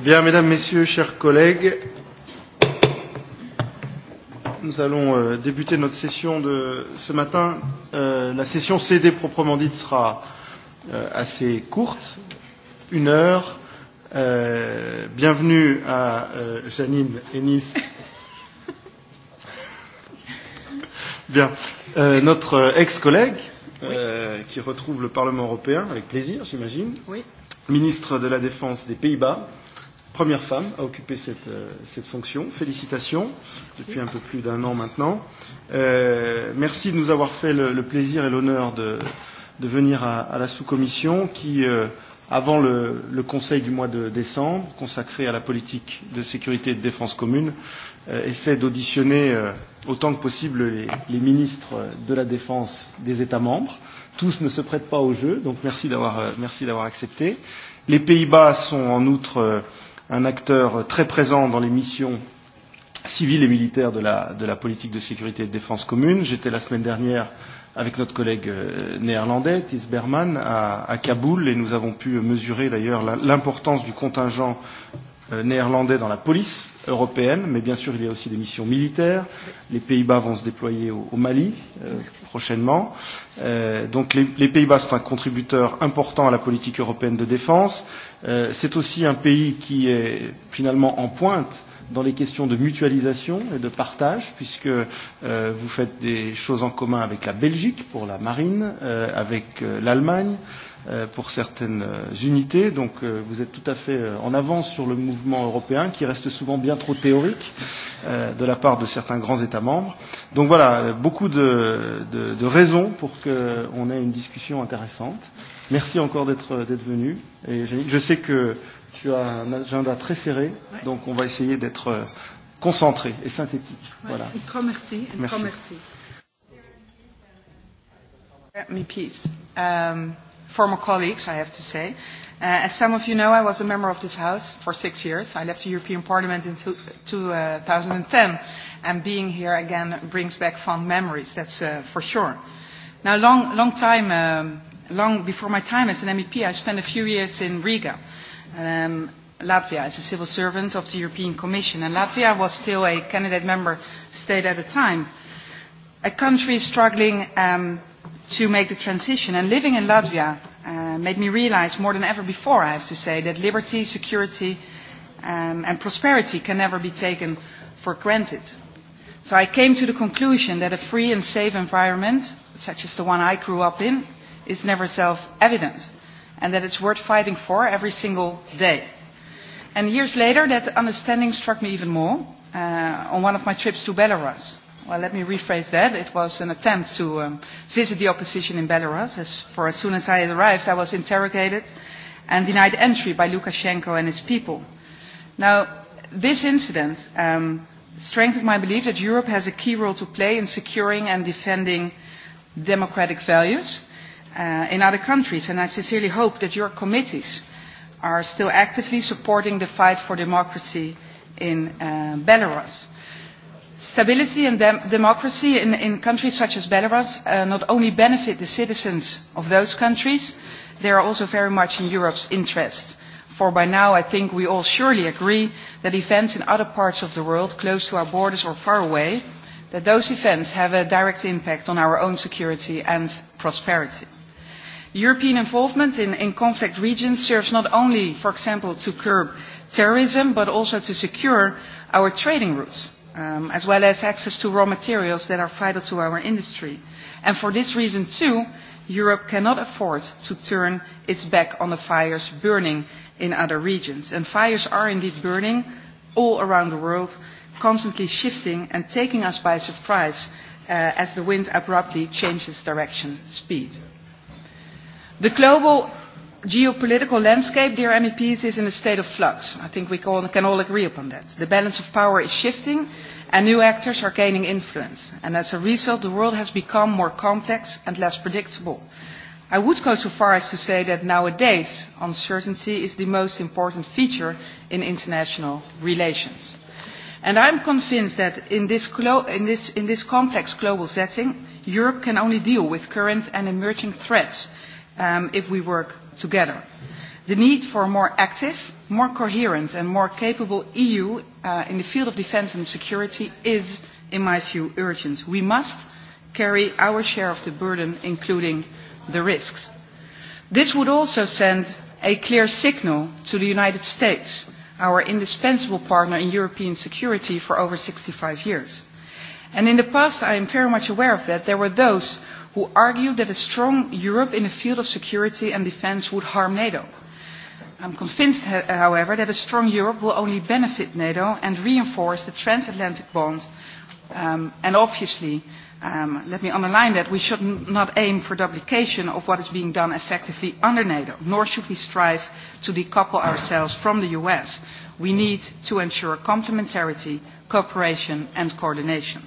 Bien, mesdames, messieurs, chers collègues. Nous allons euh, débuter notre session de ce matin. Euh, la session CD proprement dite sera euh, assez courte, une heure. Euh, bienvenue à euh, Janine Ennis. Bien, euh, notre ex-collègue euh, qui retrouve le Parlement européen avec plaisir, j'imagine. Oui ministre de la Défense des Pays-Bas, première femme à occuper cette, euh, cette fonction. Félicitations, depuis un peu plus d'un an maintenant. Euh, merci de nous avoir fait le, le plaisir et l'honneur de, de venir à, à la sous-commission qui, euh, avant le, le Conseil du mois de décembre, consacré à la politique de sécurité et de défense commune, euh, essaie d'auditionner euh, autant que possible les, les ministres de la Défense des États membres tous ne se prêtent pas au jeu, donc merci d'avoir, euh, merci d'avoir accepté. Les Pays-Bas sont en outre euh, un acteur très présent dans les missions civiles et militaires de la, de la politique de sécurité et de défense commune. J'étais la semaine dernière avec notre collègue néerlandais, Thys Berman, à, à Kaboul, et nous avons pu mesurer d'ailleurs l'importance du contingent néerlandais dans la police européenne, mais bien sûr il y a aussi des missions militaires. Les Pays-Bas vont se déployer au, au Mali euh, prochainement. Euh, donc les, les Pays-Bas sont un contributeur important à la politique européenne de défense. Euh, C'est aussi un pays qui est finalement en pointe dans les questions de mutualisation et de partage, puisque euh, vous faites des choses en commun avec la Belgique pour la marine, euh, avec euh, l'Allemagne euh, pour certaines unités. Donc euh, vous êtes tout à fait en avance sur le mouvement européen, qui reste souvent bien trop théorique euh, de la part de certains grands États membres. Donc voilà, beaucoup de, de, de raisons pour qu'on ait une discussion intéressante. Merci encore d'être venu. Et je sais que tu as un agenda très serré, ouais. donc on va essayer d'être concentré et synthétique. Ouais. Voilà. Un grand merci. Un merci. Grand merci. Me peace. Um, former colleagues, I have to say. Uh, as some of you know, I was a member of this House for six years. I left the European Parliament in two, 2010, and being here again brings back fond memories, that's uh, for sure. Now, long, long time, um, long before my time as an MEP, I spent a few years in Riga um, Latvia as a civil servant of the European Commission, and Latvia was still a candidate member state at the time. A country struggling um, to make the transition, and living in Latvia uh, made me realize more than ever before, I have to say, that liberty, security, um, and prosperity can never be taken for granted. So I came to the conclusion that a free and safe environment, such as the one I grew up in, is never self-evident and that it's worth fighting for every single day. And years later, that understanding struck me even more uh, on one of my trips to Belarus. Well, let me rephrase that. It was an attempt to um, visit the opposition in Belarus. As, for as soon as I arrived, I was interrogated and denied entry by Lukashenko and his people. Now, this incident um, strengthened my belief that Europe has a key role to play in securing and defending democratic values uh, in other countries, and I sincerely hope that your committees are still actively supporting the fight for democracy in uh, Belarus. Stability and dem- democracy in, in countries such as Belarus uh, not only benefit the citizens of those countries, they are also very much in Europe's interest. For by now, I think we all surely agree that events in other parts of the world, close to our borders or far away, that those events have a direct impact on our own security and prosperity. European involvement in, conflict regions serves not only, for example, to curb terrorism, but also to secure our trading routes, as well as access to raw materials that are vital to our industry. And for this reason, too, Europe cannot afford to turn its back on the fires burning in other regions. And fires are indeed burning all around the world, constantly shifting and taking us by surprise as the wind abruptly changes direction, speed. The global geopolitical landscape, dear MEPs, is in a state of flux. I think we can all agree upon that. The balance of power is shifting and new actors are gaining influence. And as a result, the world has become more complex and less predictable. I would go so far as to say that nowadays, uncertainty is the most important feature in international relations. And I'm convinced that in this, in this, in this complex global setting, Europe can only deal with current and emerging threats – um, if we work together. The need for a more active, more coherent and more capable EU uh, in the field of defence and security is, in my view, urgent. We must carry our share of the burden, including the risks. This would also send a clear signal to the United States, our indispensable partner in European security for over 65 years. And in the past, I am very much aware of that, there were those who argued that a strong Europe in the field of security and defence would harm NATO. I'm convinced, however, that a strong Europe will only benefit NATO and reinforce the transatlantic bond. Um, and obviously, um, let me underline that we should not aim for duplication of what is being done effectively under NATO, nor should we strive to decouple ourselves from the US. We need to ensure complementarity, cooperation and coordination.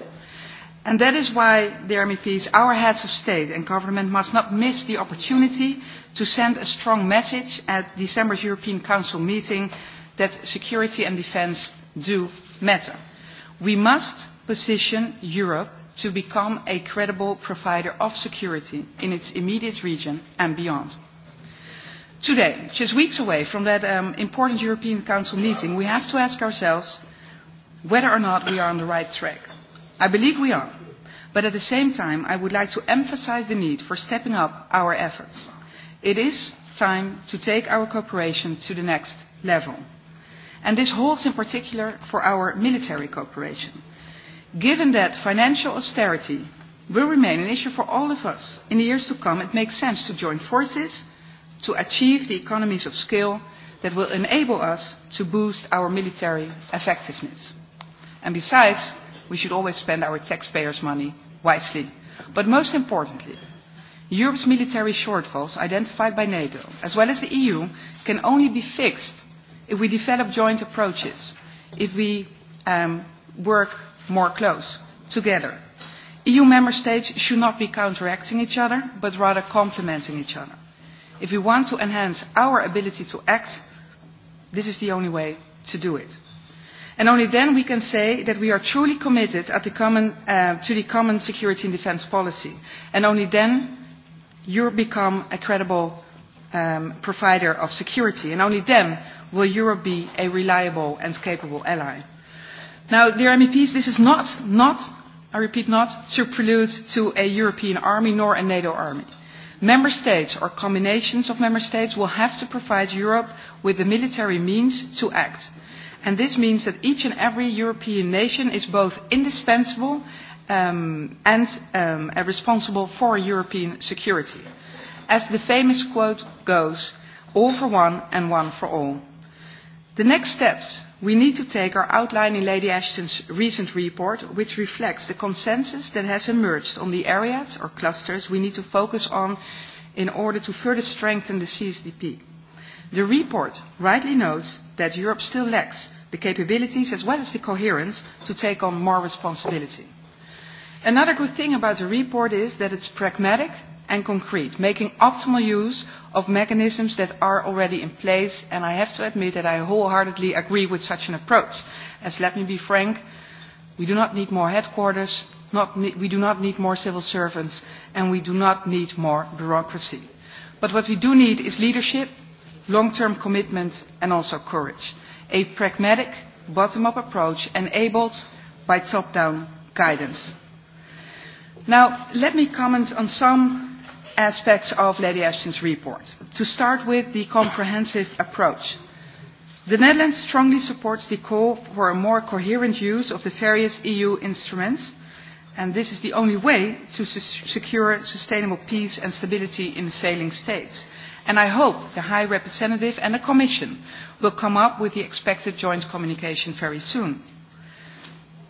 And that is why, dear MEPs, our heads of state and government must not miss the opportunity to send a strong message at December's European Council meeting that security and defence do matter. We must position Europe to become a credible provider of security in its immediate region and beyond. Today, just weeks away from that um, important European Council meeting, we have to ask ourselves whether or not we are on the right track I believe we are. But at the same time, I would like to emphasize the need for stepping up our efforts. It is time to take our cooperation to the next level. And this holds in particular for our military cooperation. Given that financial austerity will remain an issue for all of us in the years to come, it makes sense to join forces to achieve the economies of scale that will enable us to boost our military effectiveness. And besides, we should always spend our taxpayers' money wisely. But most importantly, Europe's military shortfalls identified by NATO, as well as the EU, can only be fixed if we develop joint approaches, if we um, work more close together. EU member states should not be counteracting each other, but rather complementing each other. If we want to enhance our ability to act, this is the only way to do it and only then can we say that we are truly committed to the common security and defence policy, and only then will Europe become a credible provider of security, and only then will Europe be a reliable and capable ally. Now, dear MEPs, this is not, not, I repeat, not to prelude to a European army nor a NATO army. Member states or combinations of member states will have to provide Europe with the military means to act And this means that each and every European nation is both indispensable um, and um, responsible for European security. As the famous quote goes, all for one and one for all. The next steps we need to take are outlined in Lady Ashton's recent report, which reflects the consensus that has emerged on the areas or clusters we need to focus on in order to further strengthen the CSDP. The report rightly notes that Europe still lacks the capabilities as well as the coherence to take on more responsibility. Another good thing about the report is that it's pragmatic and concrete, making optimal use of mechanisms that are already in place, and I have to admit that I wholeheartedly agree with such an approach. As let me be frank, we do not need more headquarters, not ne- we do not need more civil servants, and we do not need more bureaucracy. But what we do need is leadership long-term commitment and also courage. A pragmatic, bottom-up approach enabled by top-down guidance. Now, let me comment on some aspects of Lady Ashton's report. To start with the comprehensive approach. The Netherlands strongly supports the call for a more coherent use of the various EU instruments, and this is the only way to secure sustainable peace and stability in failing states and I hope the High Representative and the Commission will come up with the expected joint communication very soon.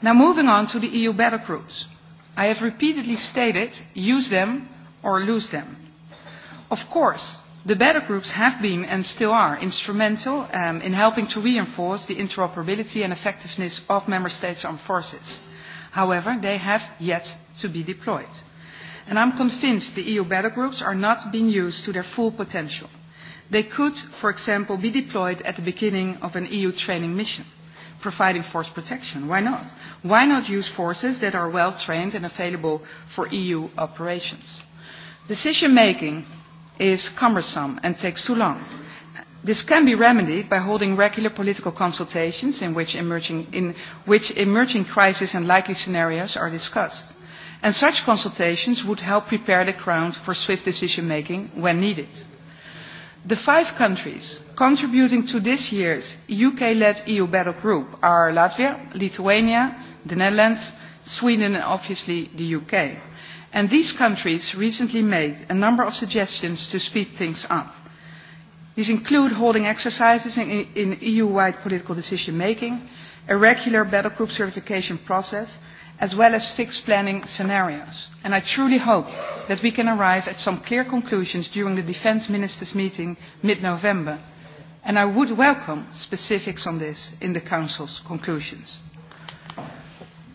Now moving on to the EU battle groups. I have repeatedly stated, use them or lose them. Of course, the battle groups have been and still are instrumental um, in helping to reinforce the interoperability and effectiveness of Member States' armed forces. However, they have yet to be deployed and I'm convinced the EU battle groups are not being used to their full potential. They could, for example, be deployed at the beginning of an EU training mission, providing force protection. Why not? Why not use forces that are well trained and available for EU operations? Decision making is cumbersome and takes too long. This can be remedied by holding regular political consultations in which emerging, in which emerging crises and likely scenarios are discussed and such consultations would help prepare the ground for swift decision making when needed. The five countries contributing to this year's UK-led EU battle group are Latvia, Lithuania, the Netherlands, Sweden and obviously the UK. And these countries recently made a number of suggestions to speed things up. These include holding exercises in, in EU-wide political decision-making, a regular battle group certification process, as well as fixed planning scenarios. And I truly hope that we can arrive at some clear conclusions during the Defence Ministers' meeting mid-November. And I would welcome specifics on this in the Council's conclusions.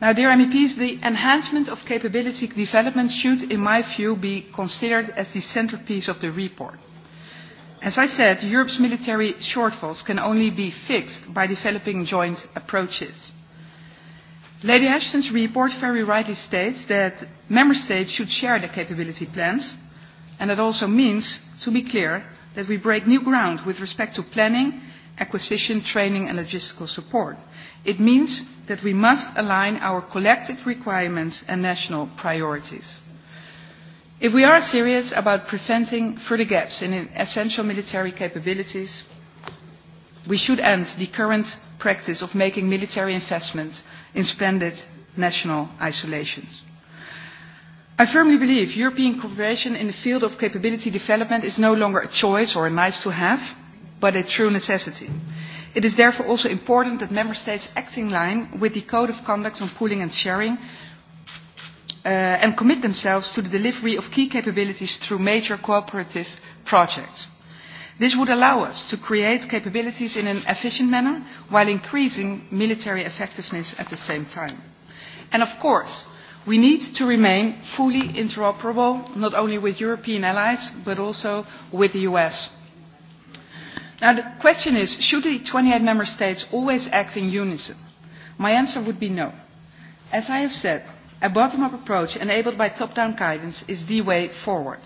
Now, dear MEPs, the enhancement of capability development should, in my view, be considered as the centrepiece of the report. As I said, Europe's military shortfalls can only be fixed by developing joint approaches. Lady Ashton's report very rightly states that member states should share their capability plans, and it also means, to be clear, that we break new ground with respect to planning, acquisition, training and logistical support. It means that we must align our collective requirements and national priorities. If we are serious about preventing further gaps in essential military capabilities, we should end the current practice of making military investments in splendid national isolations. I firmly believe European cooperation in the field of capability development is no longer a choice or a nice to have, but a true necessity. It is therefore also important that Member States act in line with the Code of Conduct on Pooling and Sharing uh, and commit themselves to the delivery of key capabilities through major cooperative projects. This would allow us to create capabilities in an efficient manner while increasing military effectiveness at the same time. And of course, we need to remain fully interoperable, not only with European allies, but also with the US. Now, the question is, should the 28 member states always act in unison? My answer would be no. As I have said, a bottom-up approach enabled by top-down guidance is the way forward.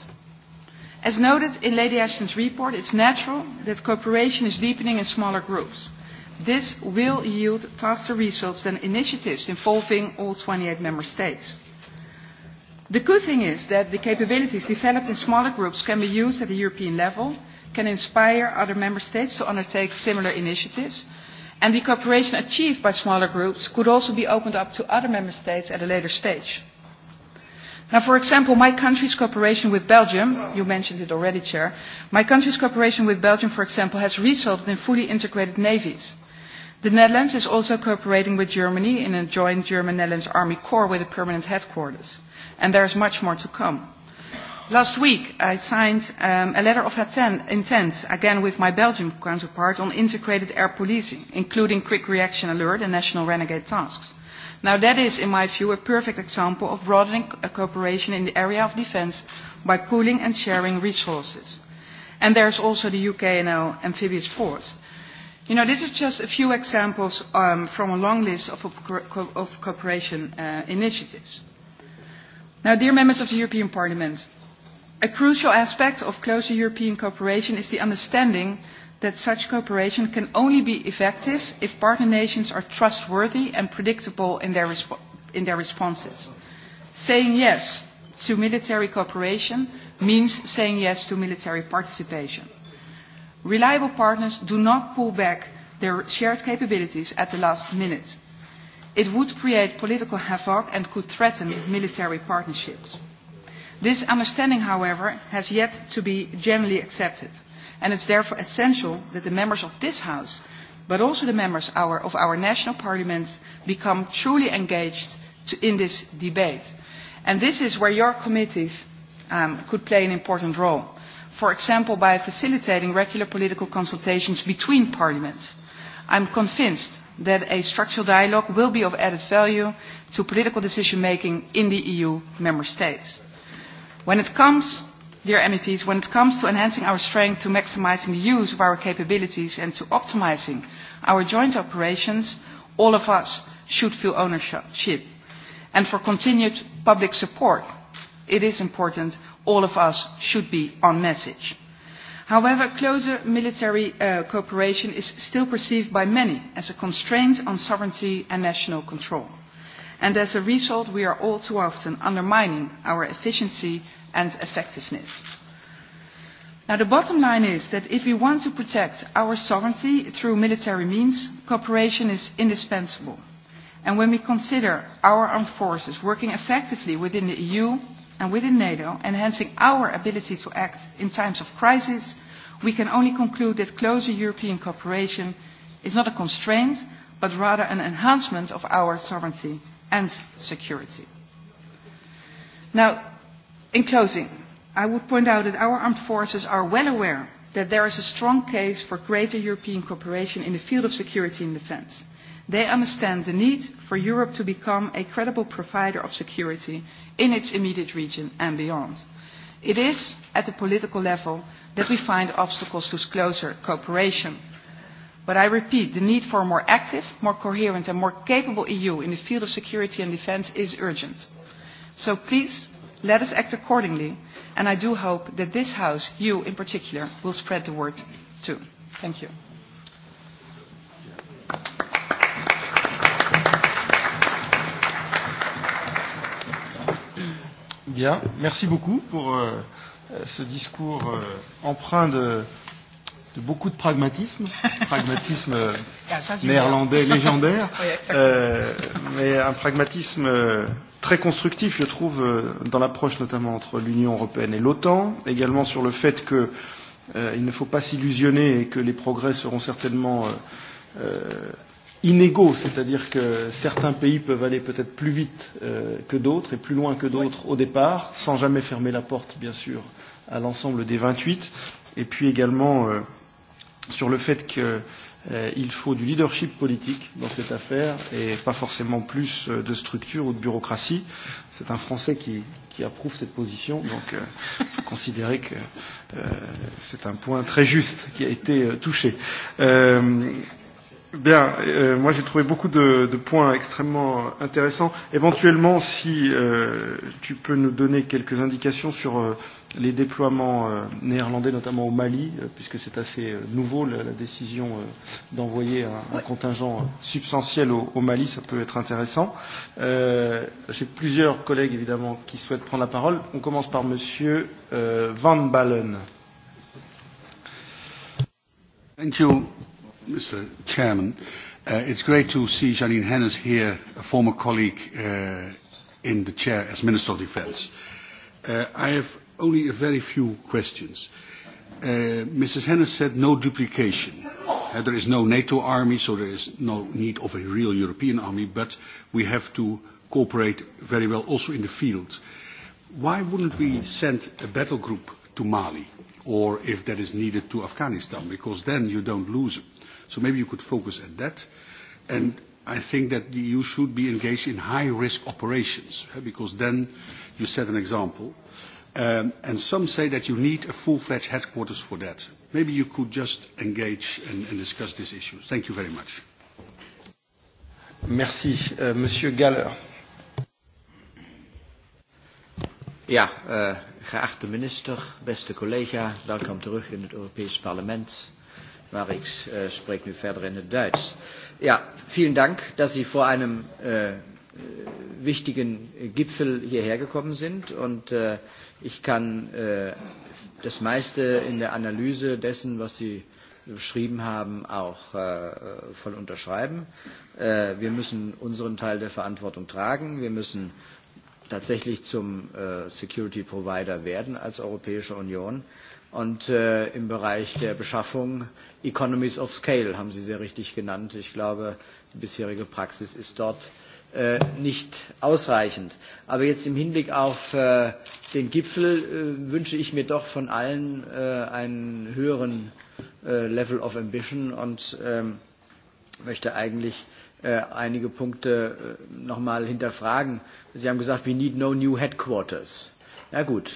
As noted in Lady Ashton's report, it's natural that cooperation is deepening in smaller groups. This will yield faster results than initiatives involving all 28 member states. The good thing is that the capabilities developed in smaller groups can be used at the European level, can inspire other member states to undertake similar initiatives, and the cooperation achieved by smaller groups could also be opened up to other member states at a later stage. Now, for example, my country's cooperation with Belgium, you mentioned it already, Chair, my country's cooperation with Belgium, for example, has resulted in fully integrated navies. The Netherlands is also cooperating with Germany in a joint German-Netherlands Army Corps with a permanent headquarters. And there is much more to come. Last week, I signed um, a letter of intent, again with my Belgian counterpart, on integrated air policing, including quick reaction alert and national renegade tasks. Now that is, in my view, a perfect example of broadening cooperation in the area of defence by pooling and sharing resources. And there's also the UKNO amphibious force. You know, this is just a few examples um, from a long list of, of cooperation uh, initiatives. Now, dear members of the European Parliament, a crucial aspect of closer European cooperation is the understanding that such cooperation can only be effective if partner nations are trustworthy and predictable in their, resp- in their responses. Saying yes to military cooperation means saying yes to military participation. Reliable partners do not pull back their shared capabilities at the last minute. It would create political havoc and could threaten military partnerships. This understanding, however, has yet to be generally accepted and it's therefore essential that the members of this House, but also the members our, of our national parliaments, become truly engaged to, in this debate. And this is where your committees um, could play an important role. For example, by facilitating regular political consultations between parliaments. I'm convinced that a structural dialogue will be of added value to political decision making in the EU member states. When it comes dear MEPs, when it comes to enhancing our strength to maximising the use of our capabilities and to optimising our joint operations, all of us should feel ownership. And for continued public support, it is important all of us should be on message. However, closer military uh, cooperation is still perceived by many as a constraint on sovereignty and national control. And as a result, we are all too often undermining our efficiency and effectiveness. Now, the bottom line is that if we want to protect our sovereignty through military means, cooperation is indispensable. And when we consider our armed forces working effectively within the EU and within NATO, enhancing our ability to act in times of crisis, we can only conclude that closer European cooperation is not a constraint, but rather an enhancement of our sovereignty and security. Now, In closing, I would point out that our armed forces are well aware that there is a strong case for greater European cooperation in the field of security and defence. They understand the need for Europe to become a credible provider of security in its immediate region and beyond. It is at the political level that we find obstacles to closer cooperation. But I repeat, the need for a more active, more coherent and more capable EU in the field of security and defence is urgent. So please Let us act accordingly, and I do hope that this House, you in particular, will spread the word too. Thank you. Bien, merci beaucoup pour euh, ce discours euh, empreint de, de beaucoup de pragmatisme, pragmatisme néerlandais légendaire, euh, mais un pragmatisme. Euh, très constructif, je trouve, dans l'approche notamment entre l'Union européenne et l'OTAN, également sur le fait qu'il euh, ne faut pas s'illusionner et que les progrès seront certainement euh, inégaux, c'est-à-dire que certains pays peuvent aller peut-être plus vite euh, que d'autres et plus loin que d'autres au départ, sans jamais fermer la porte, bien sûr, à l'ensemble des 28, et puis également euh, sur le fait que euh, il faut du leadership politique dans cette affaire et pas forcément plus de structure ou de bureaucratie. C'est un Français qui, qui approuve cette position, donc euh, faut considérer que euh, c'est un point très juste qui a été euh, touché. Euh, Bien, euh, moi j'ai trouvé beaucoup de, de points extrêmement intéressants. Éventuellement, si euh, tu peux nous donner quelques indications sur euh, les déploiements néerlandais, notamment au Mali, puisque c'est assez nouveau la, la décision d'envoyer un, un contingent substantiel au, au Mali, ça peut être intéressant. Euh, J'ai plusieurs collègues évidemment qui souhaitent prendre la parole. On commence par Monsieur euh, Van Balen. Thank you, Mr. Chairman. Uh, it's great to see Janine Hennes here, a former colleague uh, in the chair as Minister of Defence. Uh, I have only a very few questions. Uh, Mrs. Hennis said no duplication. Uh, there is no NATO army, so there is no need of a real European army, but we have to cooperate very well also in the field. Why wouldn't we send a battle group to Mali, or if that is needed to Afghanistan, because then you don't lose them. So maybe you could focus at that. And I think that the EU should be engaged in high-risk operations, because then you set an example. Uh, Um, and some say that you need a full-fledged headquarters for that. Maybe you could just engage and, and discuss this issue. Thank you very much. Merci. Uh, Monsieur Galler. Ja, uh, geachte minister, beste collega, welkom terug in het Europees Parlement. Maar ik uh, spreek nu verder in het Duits. Ja, vielen Dank, dass Sie vor einem uh, wichtigen Gipfel hierher gekommen sind. Und äh, ich kann äh, das meiste in der Analyse dessen, was Sie beschrieben haben, auch äh, voll unterschreiben. Äh, wir müssen unseren Teil der Verantwortung tragen. Wir müssen tatsächlich zum äh, Security Provider werden als Europäische Union. Und äh, im Bereich der Beschaffung Economies of Scale haben Sie sehr richtig genannt. Ich glaube, die bisherige Praxis ist dort äh, nicht ausreichend. Aber jetzt im Hinblick auf den Gipfel wünsche ich mir doch von allen einen höheren Level of Ambition und möchte eigentlich einige Punkte nochmal hinterfragen. Sie haben gesagt, we need no new headquarters. Na gut,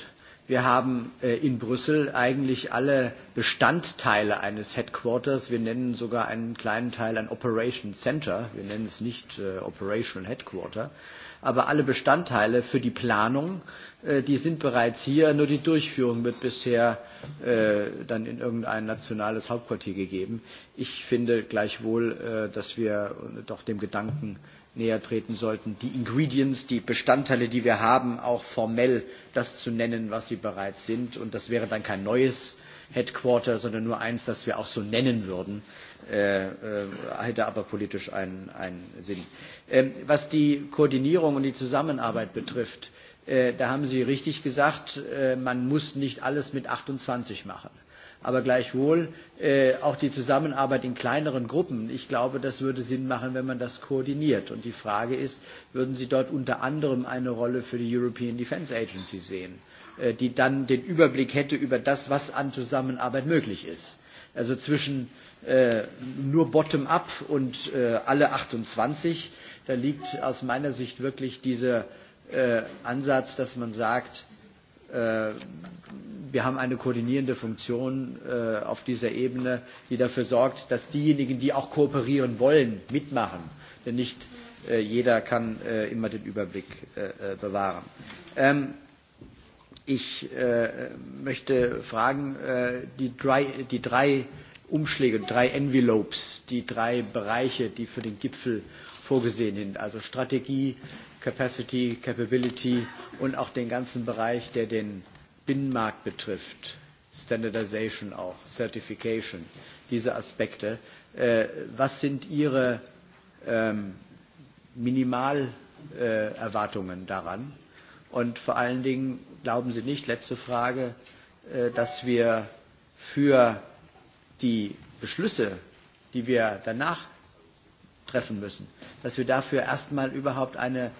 Wir haben in Brüssel eigentlich alle Bestandteile eines Headquarters. Wir nennen sogar einen kleinen Teil ein Operation Center. Wir nennen es nicht Operation Headquarter. Aber alle Bestandteile für die Planung, die sind bereits hier. Nur die Durchführung wird bisher dann in irgendein nationales Hauptquartier gegeben. Ich finde gleichwohl, dass wir doch dem Gedanken näher treten sollten, die Ingredients, die Bestandteile, die wir haben, auch formell das zu nennen, was sie bereits sind. Und das wäre dann kein neues Headquarter, sondern nur eins, das wir auch so nennen würden, äh, äh, hätte aber politisch einen, einen Sinn. Ähm, was die Koordinierung und die Zusammenarbeit betrifft, äh, da haben Sie richtig gesagt, äh, man muss nicht alles mit 28 machen. Äh, aber gleichwohl auch die Zusammenarbeit in kleineren Gruppen. Ich glaube, das würde Sinn machen, wenn man das koordiniert. Und die Frage ist, würden Sie dort unter anderem eine Rolle für die European Defence Agency sehen, die dann den Überblick hätte über das, was an Zusammenarbeit möglich ist? Also zwischen nur Bottom-up und alle 28, da liegt aus meiner Sicht wirklich dieser Ansatz, dass man sagt, wir haben eine koordinierende Funktion auf dieser Ebene, die dafür sorgt, dass diejenigen, die auch kooperieren wollen, mitmachen. Denn nicht jeder kann immer den Überblick bewahren. ich möchte fragen, die drei, die drei Umschläge, drei Envelopes, die drei Bereiche, die für den Gipfel vorgesehen sind, also Strategie, Capacity, Capability und auch den ganzen Bereich, der den Binnenmarkt betrifft, Standardization auch, Certification, diese Aspekte. was sind Ihre Minimalerwartungen daran? Und vor allen Dingen glauben Sie nicht, letzte Frage, dass wir für die Beschlüsse, die wir danach treffen müssen. Dass wir dafür erstmal überhaupt eine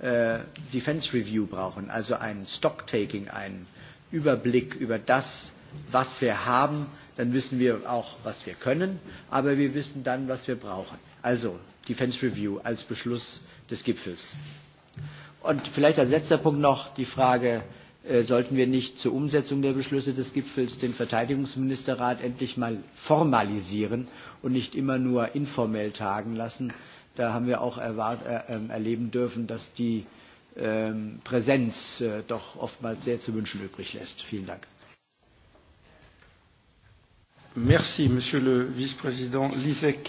äh, Defense Review brauchen, also ein Stocktaking, einen Überblick über das, was wir haben. Dann wissen wir auch, was wir können, aber wir wissen dann, was wir brauchen. Also Defense Review als Beschluss des Gipfels. Und vielleicht als letzter Punkt noch die Frage sollten wir nicht zur Umsetzung der Beschlüsse des Gipfels den Verteidigungsministerrat endlich mal formalisieren und nicht immer nur informell tagen lassen. Da haben wir auch erleben dürfen, dass die Präsenz doch oftmals sehr zu wünschen übrig lässt. Vielen Dank. Merci, Monsieur le Vice-président Lisek.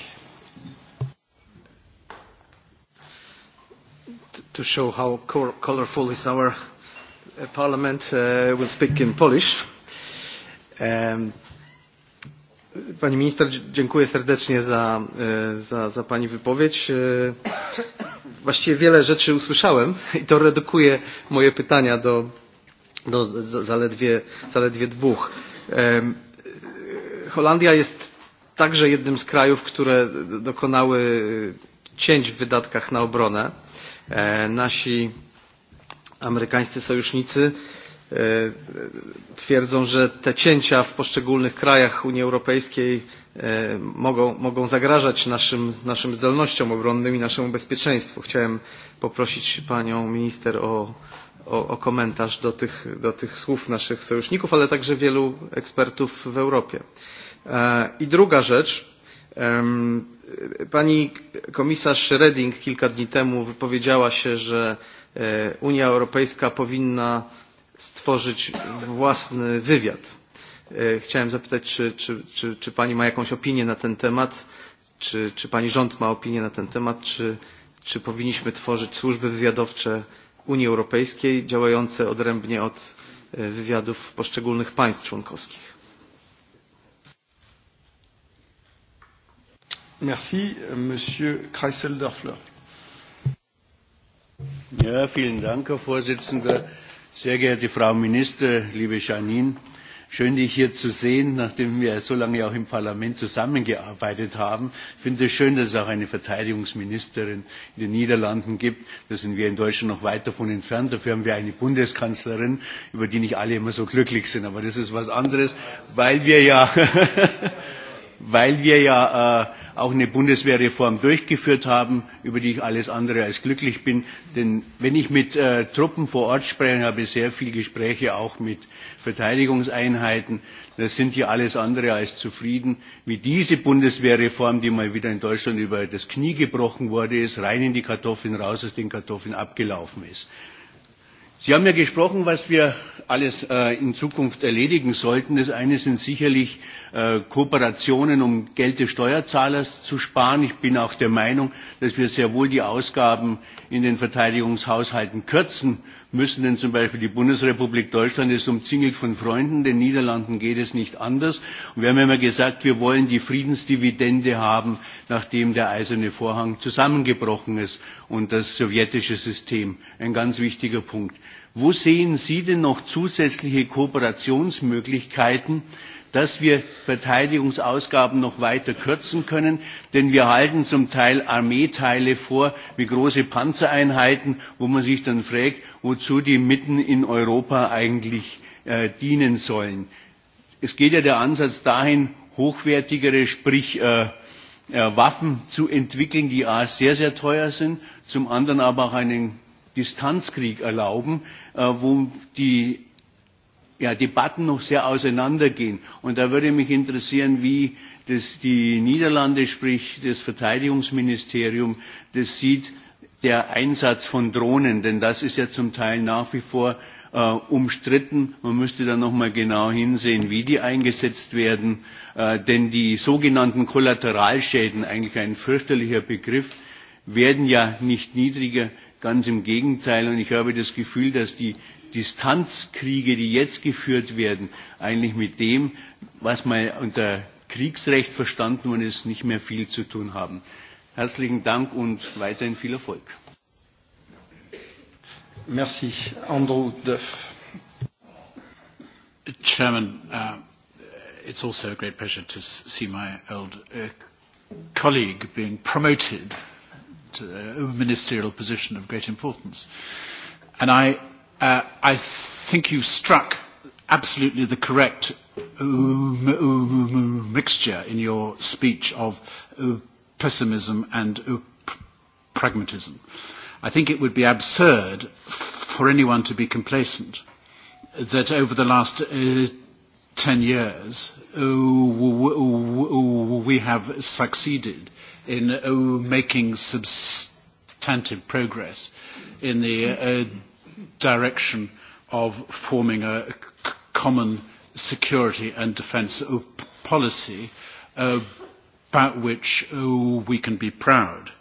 To show how colorful is our Parliament uh, will speak in Polish. Um, Pani minister, dziękuję serdecznie za, za, za Pani wypowiedź. Właściwie wiele rzeczy usłyszałem i to redukuje moje pytania do, do zaledwie, zaledwie dwóch. Holandia jest także jednym z krajów, które dokonały cięć w wydatkach na obronę. Nasi amerykańscy sojusznicy twierdzą, że te cięcia w poszczególnych krajach Unii Europejskiej mogą, mogą zagrażać naszym, naszym zdolnościom obronnym i naszemu bezpieczeństwu. Chciałem poprosić panią minister o, o, o komentarz do tych, do tych słów naszych sojuszników, ale także wielu ekspertów w Europie. I druga rzecz. Pani komisarz Reding kilka dni temu wypowiedziała się, że Unia Europejska powinna stworzyć własny wywiad. Chciałem zapytać, czy, czy, czy, czy Pani ma jakąś opinię na ten temat, czy, czy Pani rząd ma opinię na ten temat, czy, czy powinniśmy tworzyć służby wywiadowcze Unii Europejskiej działające odrębnie od wywiadów poszczególnych państw członkowskich. Merci, Monsieur Kreisel-Dörfler. Herr Vorsitzender. Sehr geehrte Frau Minister, liebe Janine, schön, dich hier zu sehen, nachdem wir so lange auch im Parlament zusammengearbeitet haben. Ich finde es schön, dass es auch eine Verteidigungsministerin in den Niederlanden gibt. Da sind wir in Deutschland noch weit davon entfernt. Dafür haben wir eine Bundeskanzlerin, über die nicht alle immer so glücklich sind. Aber das ist was anderes, weil wir ja, auch eine Bundeswehrreform durchgeführt haben, über die ich alles andere als glücklich bin. Denn wenn ich mit äh, Truppen vor Ort spreche, habe habe sehr viele Gespräche auch mit Verteidigungseinheiten, das sind die alles andere als zufrieden, wie diese Bundeswehrreform, die mal wieder in Deutschland über das Knie gebrochen worden ist, rein in die Kartoffeln, raus aus den Kartoffeln abgelaufen ist. Sie haben ja gesprochen, was wir alles in Zukunft erledigen sollten. Das eine sind sicherlich Kooperationen, um Geld des Steuerzahlers zu sparen. Ich bin auch der Meinung, dass wir sehr wohl die Ausgaben in den Verteidigungshaushalten kürzen müssen. Denn zum Beispiel die Bundesrepublik Deutschland ist umzingelt von Freunden, den Niederlanden geht es nicht anders. Und wir haben immer gesagt, wir wollen die Friedensdividende haben, nachdem der eiserne Vorhang zusammengebrochen ist und das sowjetische System. Ein ganz wichtiger Punkt. Wo sehen Sie denn noch zusätzliche Kooperationsmöglichkeiten, dass wir Verteidigungsausgaben noch weiter kürzen können, denn wir halten zum Teil Armeeteile vor wie große Panzereinheiten, wo man sich dann fragt, wozu die mitten in Europa eigentlich äh, dienen sollen. Es geht ja der Ansatz dahin, hochwertigere, sprich äh, Waffen zu entwickeln, die a sehr, sehr teuer sind, zum anderen aber auch einen Distanzkrieg erlauben, wo die ja, Debatten noch sehr auseinandergehen. Und da würde mich interessieren, wie das die Niederlande, sprich das Verteidigungsministerium, das sieht, der Einsatz von Drohnen, denn das ist ja zum Teil nach wie vor äh, umstritten. Man müsste da nochmal genau hinsehen, wie die eingesetzt werden, äh, denn die sogenannten Kollateralschäden, eigentlich ein fürchterlicher Begriff, werden ja nicht niedriger, ganz im Gegenteil. Und ich habe das Gefühl, dass die Distanzkriege, die jetzt geführt werden, eigentlich mit dem, was mal unter Kriegsrecht verstanden worden ist, nicht mehr viel zu tun haben. Herzlichen Dank und weiterhin viel Erfolg. Merci. Andrew Duff. Chairman, uh, it's also a great pleasure to see my old uh, colleague being promoted to a ministerial position of great importance. And I Uh, I think you struck absolutely the correct mixture in your speech of pessimism and pragmatism. I think it would be absurd for anyone to be complacent that over the last uh, 10 years uh, we have succeeded in uh, making substantive progress in the uh, direction of forming a common security and defence policy about which we can be proud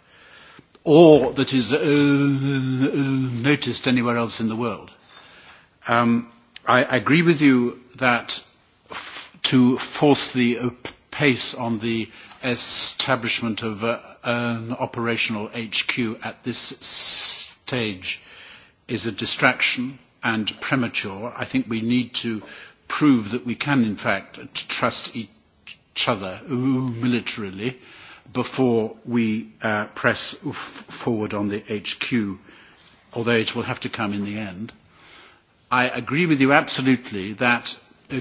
or that is noticed anywhere else in the world. Um, I agree with you that to force the pace on the establishment of an operational HQ at this stage is a distraction and premature. I think we need to prove that we can, in fact, trust each other militarily before we uh, press f- forward on the HQ, although it will have to come in the end. I agree with you absolutely that uh,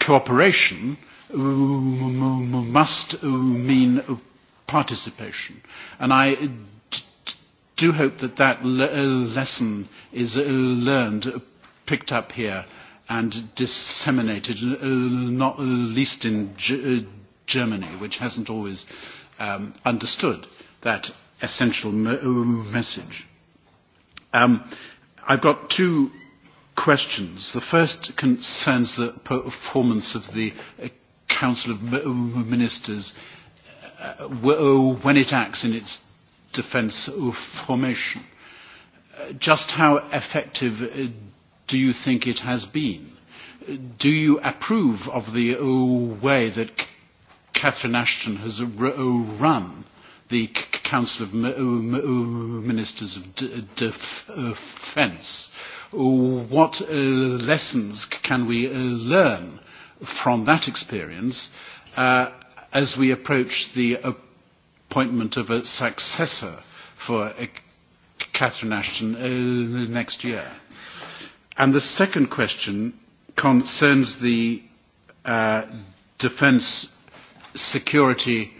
cooperation must mean participation. And I do hope that that lesson is learned, picked up here, and disseminated, not least in Germany, which hasn't always um, understood that essential message. Um, I've got two questions. The first concerns the performance of the Council of Ministers when it acts in its defence formation. Just how effective do you think it has been? Do you approve of the way that Catherine Ashton has run the Council of Ministers of Defence? What lessons can we learn from that experience as we approach the appointment of a successor for Catherine Ashton next year. And the second question concerns the defence, security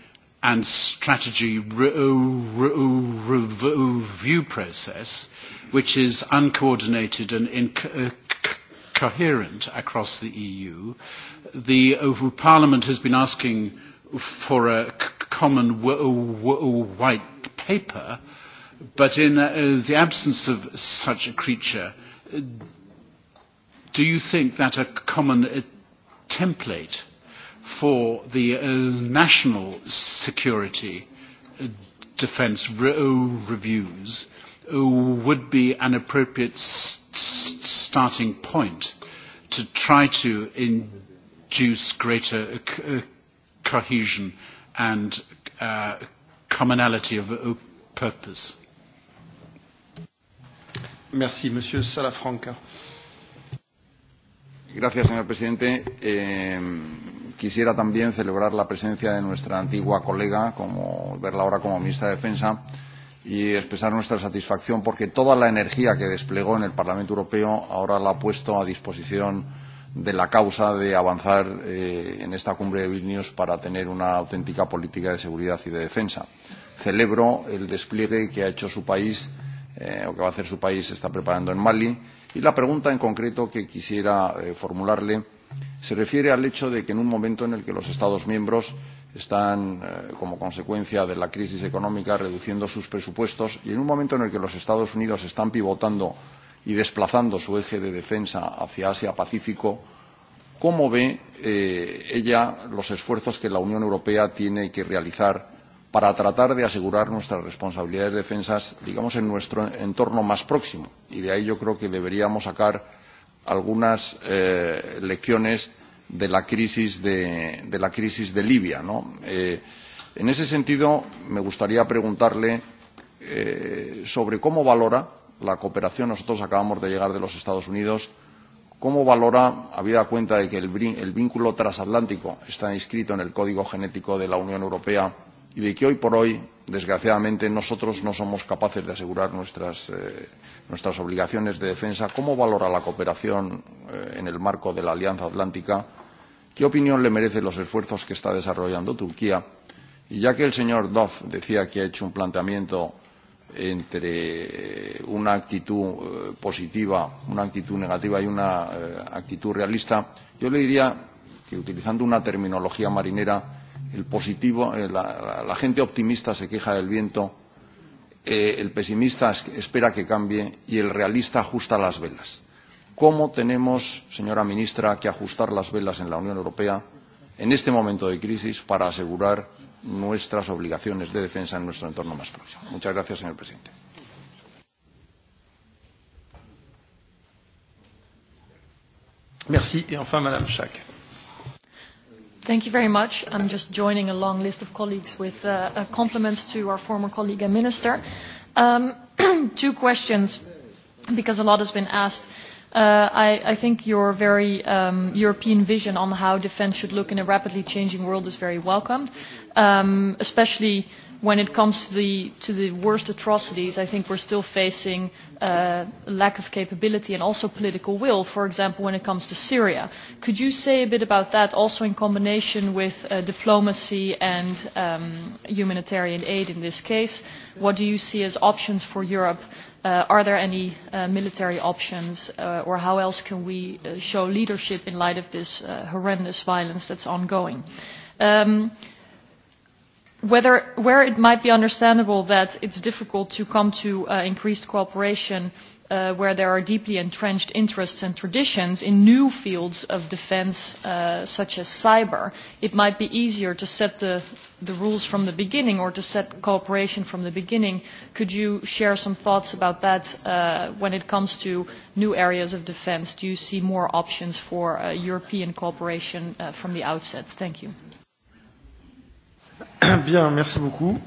and strategy review process, which is uncoordinated and incoherent across the EU. The Parliament has been asking for a common w white paper, but in uh, the absence of such a creature, do you think that a common uh, template for the uh, national security defence re- reviews would be an appropriate s- starting point to try to induce greater cohesion and commonality of uh, purpose. Merci, Monsieur Salafranca. Gracias, señor presidente. Eh, quisiera también celebrar la presencia de nuestra antigua colega, como verla ahora como ministra de Defensa, y expresar nuestra satisfacción porque toda la energía que desplegó en el Parlamento Europeo ahora la ha puesto a disposición de la causa de avanzar eh, en esta cumbre de Vilnius para tener una auténtica política de seguridad y de defensa. Celebro el despliegue que ha hecho su país eh, o que va a hacer su país está preparando en Mali y la pregunta en concreto que quisiera eh, formularle se refiere al hecho de que en un momento en el que los Estados miembros están, eh, como consecuencia de la crisis económica, reduciendo sus presupuestos y en un momento en el que los Estados Unidos están pivotando y desplazando su eje de defensa hacia Asia-Pacífico, ¿cómo ve eh, ella los esfuerzos que la Unión Europea tiene que realizar para tratar de asegurar nuestras responsabilidades de defensas, digamos, en nuestro entorno más próximo? Y de ahí yo creo que deberíamos sacar algunas eh, lecciones de la crisis de, de, la crisis de Libia. ¿no? Eh, en ese sentido, me gustaría preguntarle eh, sobre cómo valora la cooperación. Nosotros acabamos de llegar de los Estados Unidos. ¿Cómo valora, habida cuenta de que el, el vínculo transatlántico está inscrito en el código genético de la Unión Europea y de que hoy por hoy, desgraciadamente, nosotros no somos capaces de asegurar nuestras, eh, nuestras obligaciones de defensa? ¿Cómo valora la cooperación eh, en el marco de la Alianza Atlántica? ¿Qué opinión le merecen los esfuerzos que está desarrollando Turquía? Y ya que el señor Duff decía que ha hecho un planteamiento entre una actitud positiva, una actitud negativa y una actitud realista, yo le diría que utilizando una terminología marinera, el positivo, la, la, la gente optimista se queja del viento, eh, el pesimista espera que cambie y el realista ajusta las velas. ¿Cómo tenemos, señora ministra, que ajustar las velas en la Unión Europea en este momento de crisis para asegurar nuestras obligaciones de defensa en nuestro entorno más próximo. Muchas gracias, señor presidente. Merci. Et enfin, Madame Schack. Thank you very much. I'm just joining a long list of colleagues with uh, compliments to our former colleague and minister. Um, two questions, because a lot has been asked. Uh, I, I think your very um, European vision on how defence should look in a rapidly changing world is very welcomed, um, especially when it comes to the, to the worst atrocities. I think we're still facing uh, lack of capability and also political will, for example, when it comes to Syria. Could you say a bit about that also in combination with uh, diplomacy and um, humanitarian aid in this case? What do you see as options for Europe uh, are there any uh, military options uh, or how else can we uh, show leadership in light of this uh, horrendous violence that's ongoing? Um, whether, where it might be understandable that it's difficult to come to uh, increased cooperation uh, uh, where there are deeply entrenched interests and traditions in new fields of defense, uh, such as cyber. It might be easier to set the, the rules from the beginning or to set cooperation from the beginning. Could you share some thoughts about that uh, when it comes to new areas of defense? Do you see more options for uh, European cooperation uh, from the outset? Thank you. Bien, merci beaucoup.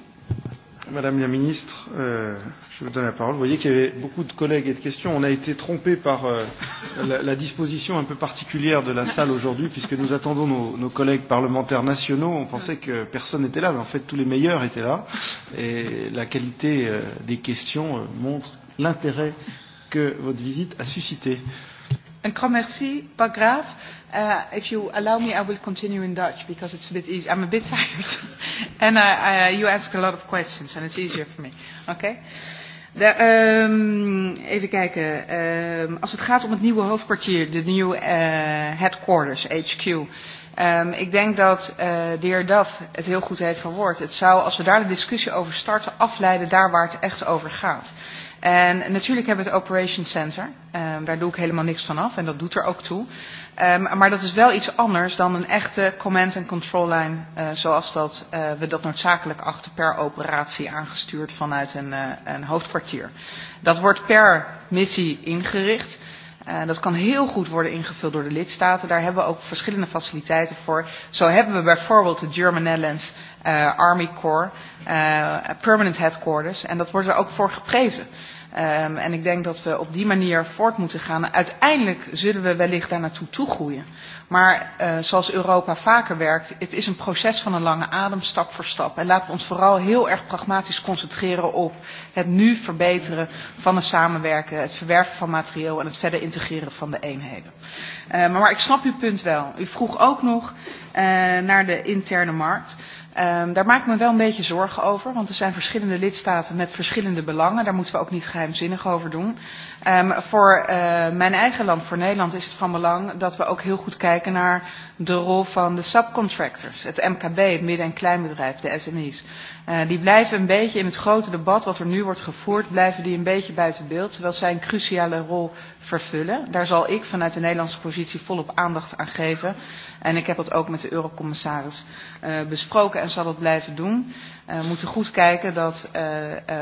Madame la ministre, euh, je vous donne la parole. Vous voyez qu'il y avait beaucoup de collègues et de questions. On a été trompé par euh, la, la disposition un peu particulière de la salle aujourd'hui, puisque nous attendons nos, nos collègues parlementaires nationaux. On pensait que personne n'était là, mais en fait tous les meilleurs étaient là. Et la qualité euh, des questions euh, montre l'intérêt que votre visite a suscité. Euh, Een grand pas grave. Uh, if you allow me, I will continue in Dutch because it's a bit easy. I'm a bit tired. and I, I, you ask a lot of questions and it's easier for me. Okay? De, um, even kijken. Um, als het gaat om het nieuwe hoofdkwartier, de nieuwe uh, headquarters, HQ. Um, ik denk dat uh, de heer Duff het heel goed heeft verwoord. Het zou, als we daar de discussie over starten, afleiden daar waar het echt over gaat. En natuurlijk hebben we het Operation Center. Um, daar doe ik helemaal niks van af en dat doet er ook toe. Um, maar dat is wel iets anders dan een echte command and control line uh, zoals dat, uh, we dat noodzakelijk achter per operatie aangestuurd vanuit een, uh, een hoofdkwartier. Dat wordt per missie ingericht. Uh, dat kan heel goed worden ingevuld door de lidstaten. Daar hebben we ook verschillende faciliteiten voor. Zo hebben we bijvoorbeeld de German Netherlands uh, Army Corps, uh, Permanent Headquarters. En dat wordt er ook voor geprezen. Uh, Um, en ik denk dat we op die manier voort moeten gaan. Uiteindelijk zullen we wellicht daar naartoe toegroeien. Maar uh, zoals Europa vaker werkt, het is een proces van een lange adem, stap voor stap. En laten we ons vooral heel erg pragmatisch concentreren op het nu verbeteren van het samenwerken, het verwerven van materieel en het verder integreren van de eenheden. Uh, maar, maar ik snap uw punt wel. U vroeg ook nog uh, naar de interne markt. Um, daar maak ik me wel een beetje zorgen over, want er zijn verschillende lidstaten met verschillende belangen. Daar moeten we ook niet geheimzinnig over doen. Um, voor uh, mijn eigen land, voor Nederland, is het van belang dat we ook heel goed kijken naar de rol van de subcontractors, het MKB, het midden- en kleinbedrijf, de SME's. Uh, die blijven een beetje in het grote debat wat er nu wordt gevoerd, blijven die een beetje buiten beeld, terwijl zij een cruciale rol vervullen. Daar zal ik vanuit de Nederlandse positie volop aandacht aan geven. En ik heb dat ook met de eurocommissaris uh, besproken en zal dat blijven doen. Uh, we moeten goed kijken dat uh,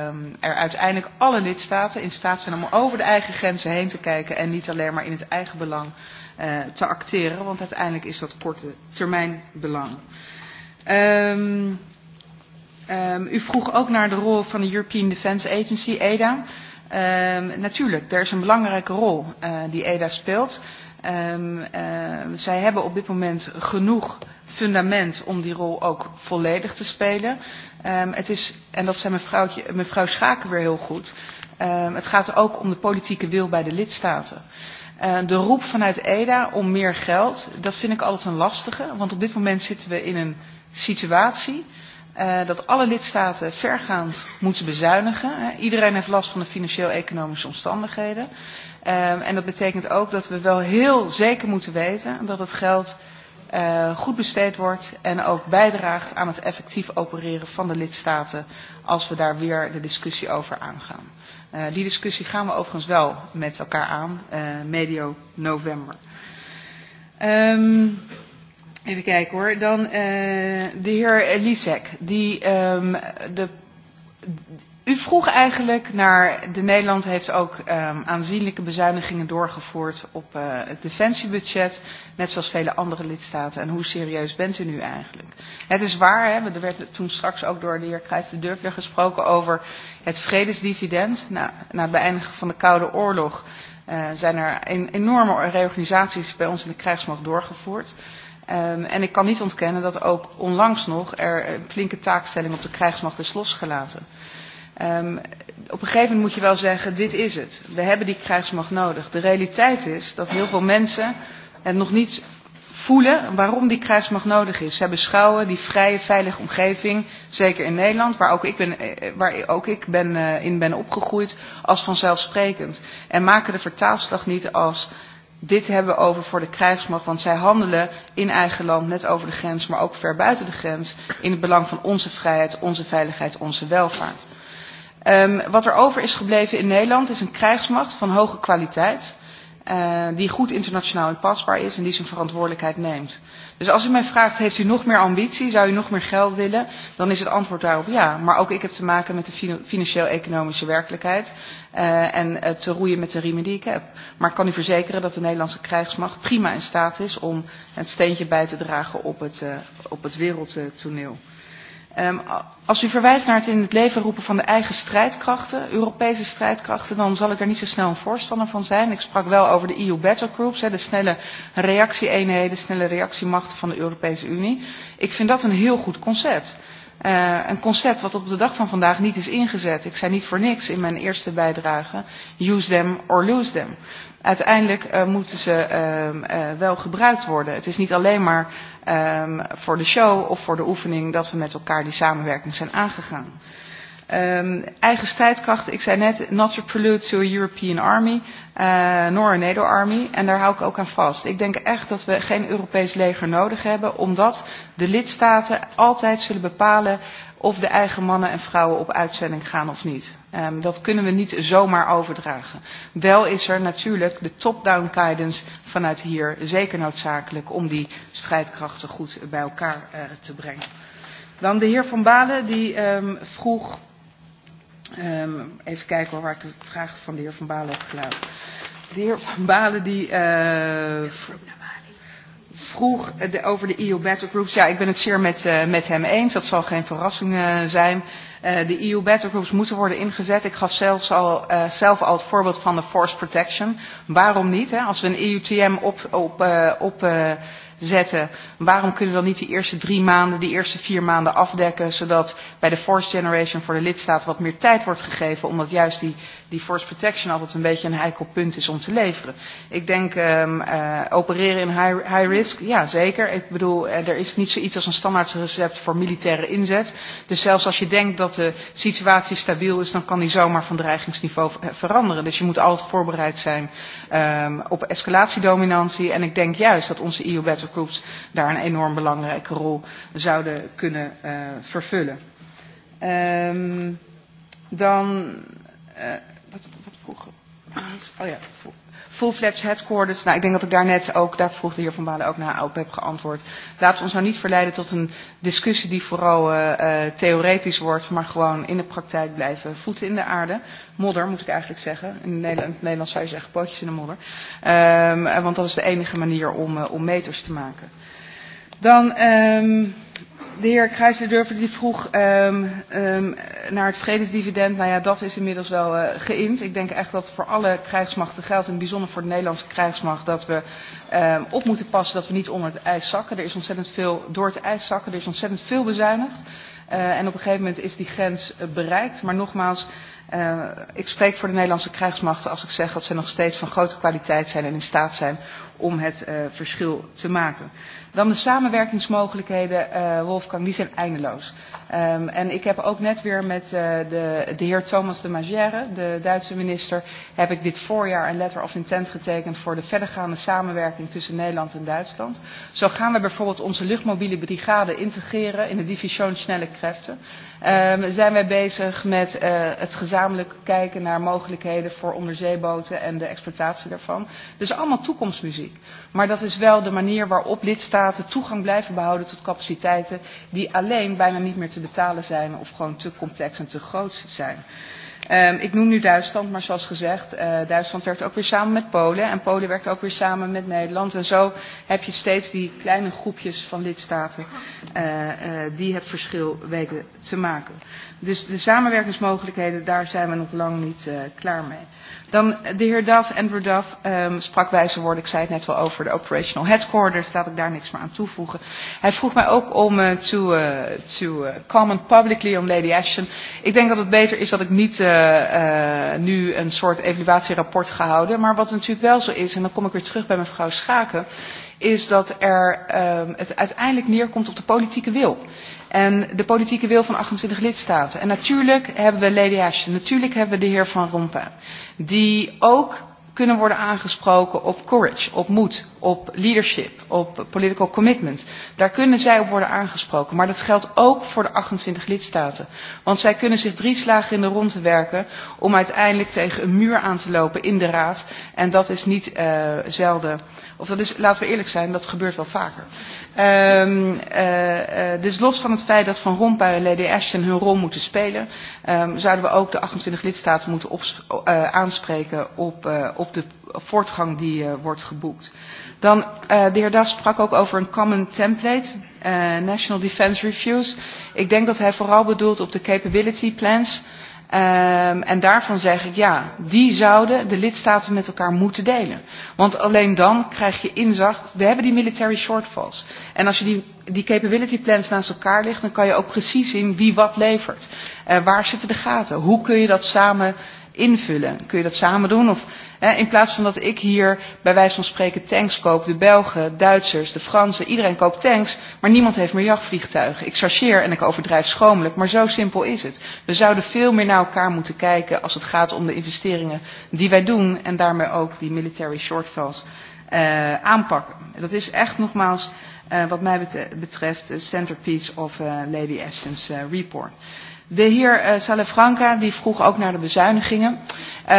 um, er uiteindelijk alle lidstaten in staat zijn om over de eigen grenzen heen te kijken en niet alleen maar in het eigen belang uh, te acteren, want uiteindelijk is dat korte termijn belang. Um, Um, u vroeg ook naar de rol van de European Defence Agency, EDA. Um, natuurlijk, er is een belangrijke rol uh, die EDA speelt. Um, uh, zij hebben op dit moment genoeg fundament om die rol ook volledig te spelen. Um, het is, en dat zei mevrouwtje, mevrouw Schaken weer heel goed, um, het gaat er ook om de politieke wil bij de lidstaten. Uh, de roep vanuit EDA om meer geld, dat vind ik altijd een lastige, want op dit moment zitten we in een situatie uh, dat alle lidstaten vergaand moeten bezuinigen. Iedereen heeft last van de financieel-economische omstandigheden. Uh, en dat betekent ook dat we wel heel zeker moeten weten dat het geld uh, goed besteed wordt en ook bijdraagt aan het effectief opereren van de lidstaten als we daar weer de discussie over aangaan. Uh, die discussie gaan we overigens wel met elkaar aan, uh, medio november. Um, Even kijken hoor. Dan uh, de heer Lisek. Die, um, de, u vroeg eigenlijk naar. De Nederland heeft ook um, aanzienlijke bezuinigingen doorgevoerd op uh, het defensiebudget. Net zoals vele andere lidstaten. En hoe serieus bent u nu eigenlijk? Het is waar, hè, er werd toen straks ook door de heer Krijs de Durfler gesproken over het vredesdividend. Nou, na het beëindigen van de Koude Oorlog uh, zijn er een enorme reorganisaties bij ons in de krijgsmacht doorgevoerd. Um, en ik kan niet ontkennen dat ook onlangs nog er een flinke taakstelling op de krijgsmacht is losgelaten. Um, op een gegeven moment moet je wel zeggen, dit is het. We hebben die krijgsmacht nodig. De realiteit is dat heel veel mensen het nog niet voelen waarom die krijgsmacht nodig is. hebben beschouwen die vrije, veilige omgeving, zeker in Nederland, waar ook ik, ben, waar ook ik ben, uh, in ben opgegroeid, als vanzelfsprekend. En maken de vertaalslag niet als dit hebben we over voor de krijgsmacht, want zij handelen in eigen land, net over de grens, maar ook ver buiten de grens, in het belang van onze vrijheid, onze veiligheid, onze welvaart. Um, wat er over is gebleven in Nederland is een krijgsmacht van hoge kwaliteit uh, die goed internationaal inpasbaar is en die zijn verantwoordelijkheid neemt. Dus als u mij vraagt, heeft u nog meer ambitie, zou u nog meer geld willen, dan is het antwoord daarop ja. Maar ook ik heb te maken met de financieel-economische werkelijkheid uh, en uh, te roeien met de riemen die ik heb. Maar ik kan u verzekeren dat de Nederlandse krijgsmacht prima in staat is om het steentje bij te dragen op het, uh, op het wereldtoneel. Uh, Um, als u verwijst naar het in het leven roepen van de eigen strijdkrachten, Europese strijdkrachten, dan zal ik er niet zo snel een voorstander van zijn. Ik sprak wel over de EU Battle Groups, de snelle reactieeenheden, snelle reactiemachten van de Europese Unie. Ik vind dat een heel goed concept. Uh, een concept wat op de dag van vandaag niet is ingezet. Ik zei niet voor niks in mijn eerste bijdrage, use them or lose them uiteindelijk uh, moeten ze um, uh, wel gebruikt worden. Het is niet alleen maar um, voor de show of voor de oefening dat we met elkaar die samenwerking zijn aangegaan. Um, eigen strijdkracht, ik zei net, not a prelude to a European army, uh, nor a NATO army. En daar hou ik ook aan vast. Ik denk echt dat we geen Europees leger nodig hebben, omdat de lidstaten altijd zullen bepalen of de eigen mannen en vrouwen op uitzending gaan of niet. Um, dat kunnen we niet zomaar overdragen. Wel is er natuurlijk de top-down guidance vanuit hier zeker noodzakelijk om die strijdkrachten goed bij elkaar uh, te brengen. Dan de heer Van Balen die um, vroeg, um, even kijken hoor, waar ik de vraag van de heer Van Balen heb geluid. De heer Van Balen die uh, vroeg de, over de EU Battlegroups. Ja, ik ben het zeer met, uh, met hem eens. Dat zal geen verrassing uh, zijn. Uh, de EU Battlegroups moeten worden ingezet. Ik gaf zelfs al, uh, zelf al het voorbeeld van de Force Protection. Waarom niet? Hè? Als we een EUTM op... op, uh, op uh, zetten. Waarom kunnen we dan niet die eerste drie maanden, die eerste vier maanden afdekken, zodat bij de force generation voor de lidstaat wat meer tijd wordt gegeven, omdat juist die die force protection altijd een beetje een heikel punt is om te leveren. Ik denk um, uh, opereren in high, high risk, ja zeker. Ik bedoel, er is niet zoiets als een standaard recept voor militaire inzet. Dus zelfs als je denkt dat de situatie stabiel is, dan kan die zomaar van dreigingsniveau veranderen. Dus je moet altijd voorbereid zijn um, op escalatiedominantie. En ik denk juist dat onze EU Battle Groups daar een enorm belangrijke rol zouden kunnen uh, vervullen. Um, dan uh, wat, wat vroeger? Oh ja, full-fledged headquarters. Nou, ik denk dat ik daar net ook, daar vroeg de heer Van Balen ook naar op heb geantwoord. Laten we ons nou niet verleiden tot een discussie die vooral uh, uh, theoretisch wordt, maar gewoon in de praktijk blijven. Voeten in de aarde, modder moet ik eigenlijk zeggen. In in het Nederlands zou je zeggen pootjes in de modder. Um, want dat is de enige manier om, uh, om meters te maken. Dan... Um, de heer kruijsler die vroeg um, um, naar het vredesdividend. Nou ja, dat is inmiddels wel uh, geïnd. Ik denk echt dat voor alle krijgsmachten geldt, en bijzonder voor de Nederlandse krijgsmacht, dat we um, op moeten passen dat we niet onder het ijs zakken. Er is ontzettend veel door het ijs zakken, er is ontzettend veel bezuinigd. Uh, en op een gegeven moment is die grens uh, bereikt. Maar nogmaals, Uh, ik spreek voor de Nederlandse krijgsmachten als ik zeg dat ze nog steeds van grote kwaliteit zijn en in staat zijn om het uh, verschil te maken. Dan de samenwerkingsmogelijkheden, uh, Wolfgang, die zijn eindeloos. Um, en ik heb ook net weer met uh, de, de heer Thomas de Magère, de Duitse minister, heb ik dit voorjaar een letter of intent getekend voor de verdergaande samenwerking tussen Nederland en Duitsland. Zo gaan we bijvoorbeeld onze luchtmobiele brigade integreren in de division snelle krachten um, zijn wij bezig met uh, het gezamenlijk kijken naar mogelijkheden voor onderzeeboten en de exploitatie daarvan. Dus allemaal toekomstmuziek. Maar dat is wel de manier waarop lidstaten toegang blijven behouden tot capaciteiten die alleen bijna niet meer te betalen zijn of gewoon te complex en te groot zijn. Uh, ik noem nu Duitsland, maar zoals gezegd, Duitsland werkt ook weer samen met Polen. En Polen werkt ook weer samen met Nederland. En zo heb je steeds die kleine groepjes van lidstaten die het verschil weten te maken. Dus de samenwerkingsmogelijkheden, daar zijn we nog lang niet uh, klaar mee. Dan de heer Duff, Andrew Duff, um, sprak wijze woorden. Ik zei het net wel over de operational headquarters. Laat ik daar niks meer aan toevoegen. Hij vroeg mij ook om uh, to, uh, to uh, comment publicly on Lady Ashton. Ik denk dat het beter is dat ik niet uh, uh, nu een soort evaluatierapport ga houden. Maar wat natuurlijk wel zo is, en dan kom ik weer terug bij mevrouw Schaken, is dat er, uh, het uiteindelijk neerkomt op de politieke wil en de politieke wil van 28 lidstaten. En natuurlijk hebben we Lady Ashton, natuurlijk hebben we de heer Van Rompuy, die ook kunnen worden aangesproken op courage, op moed, op leadership, op political commitment. Daar kunnen zij op worden aangesproken. Maar dat geldt ook voor de 28 lidstaten. Want zij kunnen zich drie slagen in de rond werken om uiteindelijk tegen een muur aan te lopen in de raad. En dat is niet uh, zelden uh, Of dat is, laten we eerlijk zijn, dat gebeurt wel vaker. Um, uh, uh, dus los van het feit dat Van Rompuy en Lady Ashton hun rol moeten spelen, um, zouden we ook de 28 lidstaten moeten op, uh, aanspreken op, uh, op de voortgang die uh, wordt geboekt. Dan, uh, de heer Das sprak ook over een common template, uh, National Defense Reviews. Ik denk dat hij vooral bedoelt op de capability plans. Uh, Um, en daarvan zeg ik ja, die zouden de lidstaten met elkaar moeten delen. Want alleen dan krijg je inzicht, we hebben die military shortfalls. En als je die, die capability plans naast elkaar legt, dan kan je ook precies zien wie wat levert. Uh, waar zitten de gaten? Hoe kun je dat samen invullen. Kun je dat samen doen? Of hè, in plaats van dat ik hier bij wijze van spreken tanks koop, de Belgen, Duitsers, de Fransen, iedereen koopt tanks, maar niemand heeft meer jachtvliegtuigen. Ik chargeer en ik overdrijf schomelijk, maar zo simpel is het. We zouden veel meer naar elkaar moeten kijken als het gaat om de investeringen die wij doen en daarmee ook die military shortfalls eh, aanpakken. Dat is echt nogmaals eh, wat mij betreft de centerpiece of eh, Lady Ashton's eh, report. De heer uh, Salafranca die vroeg ook naar de bezuinigingen. Uh,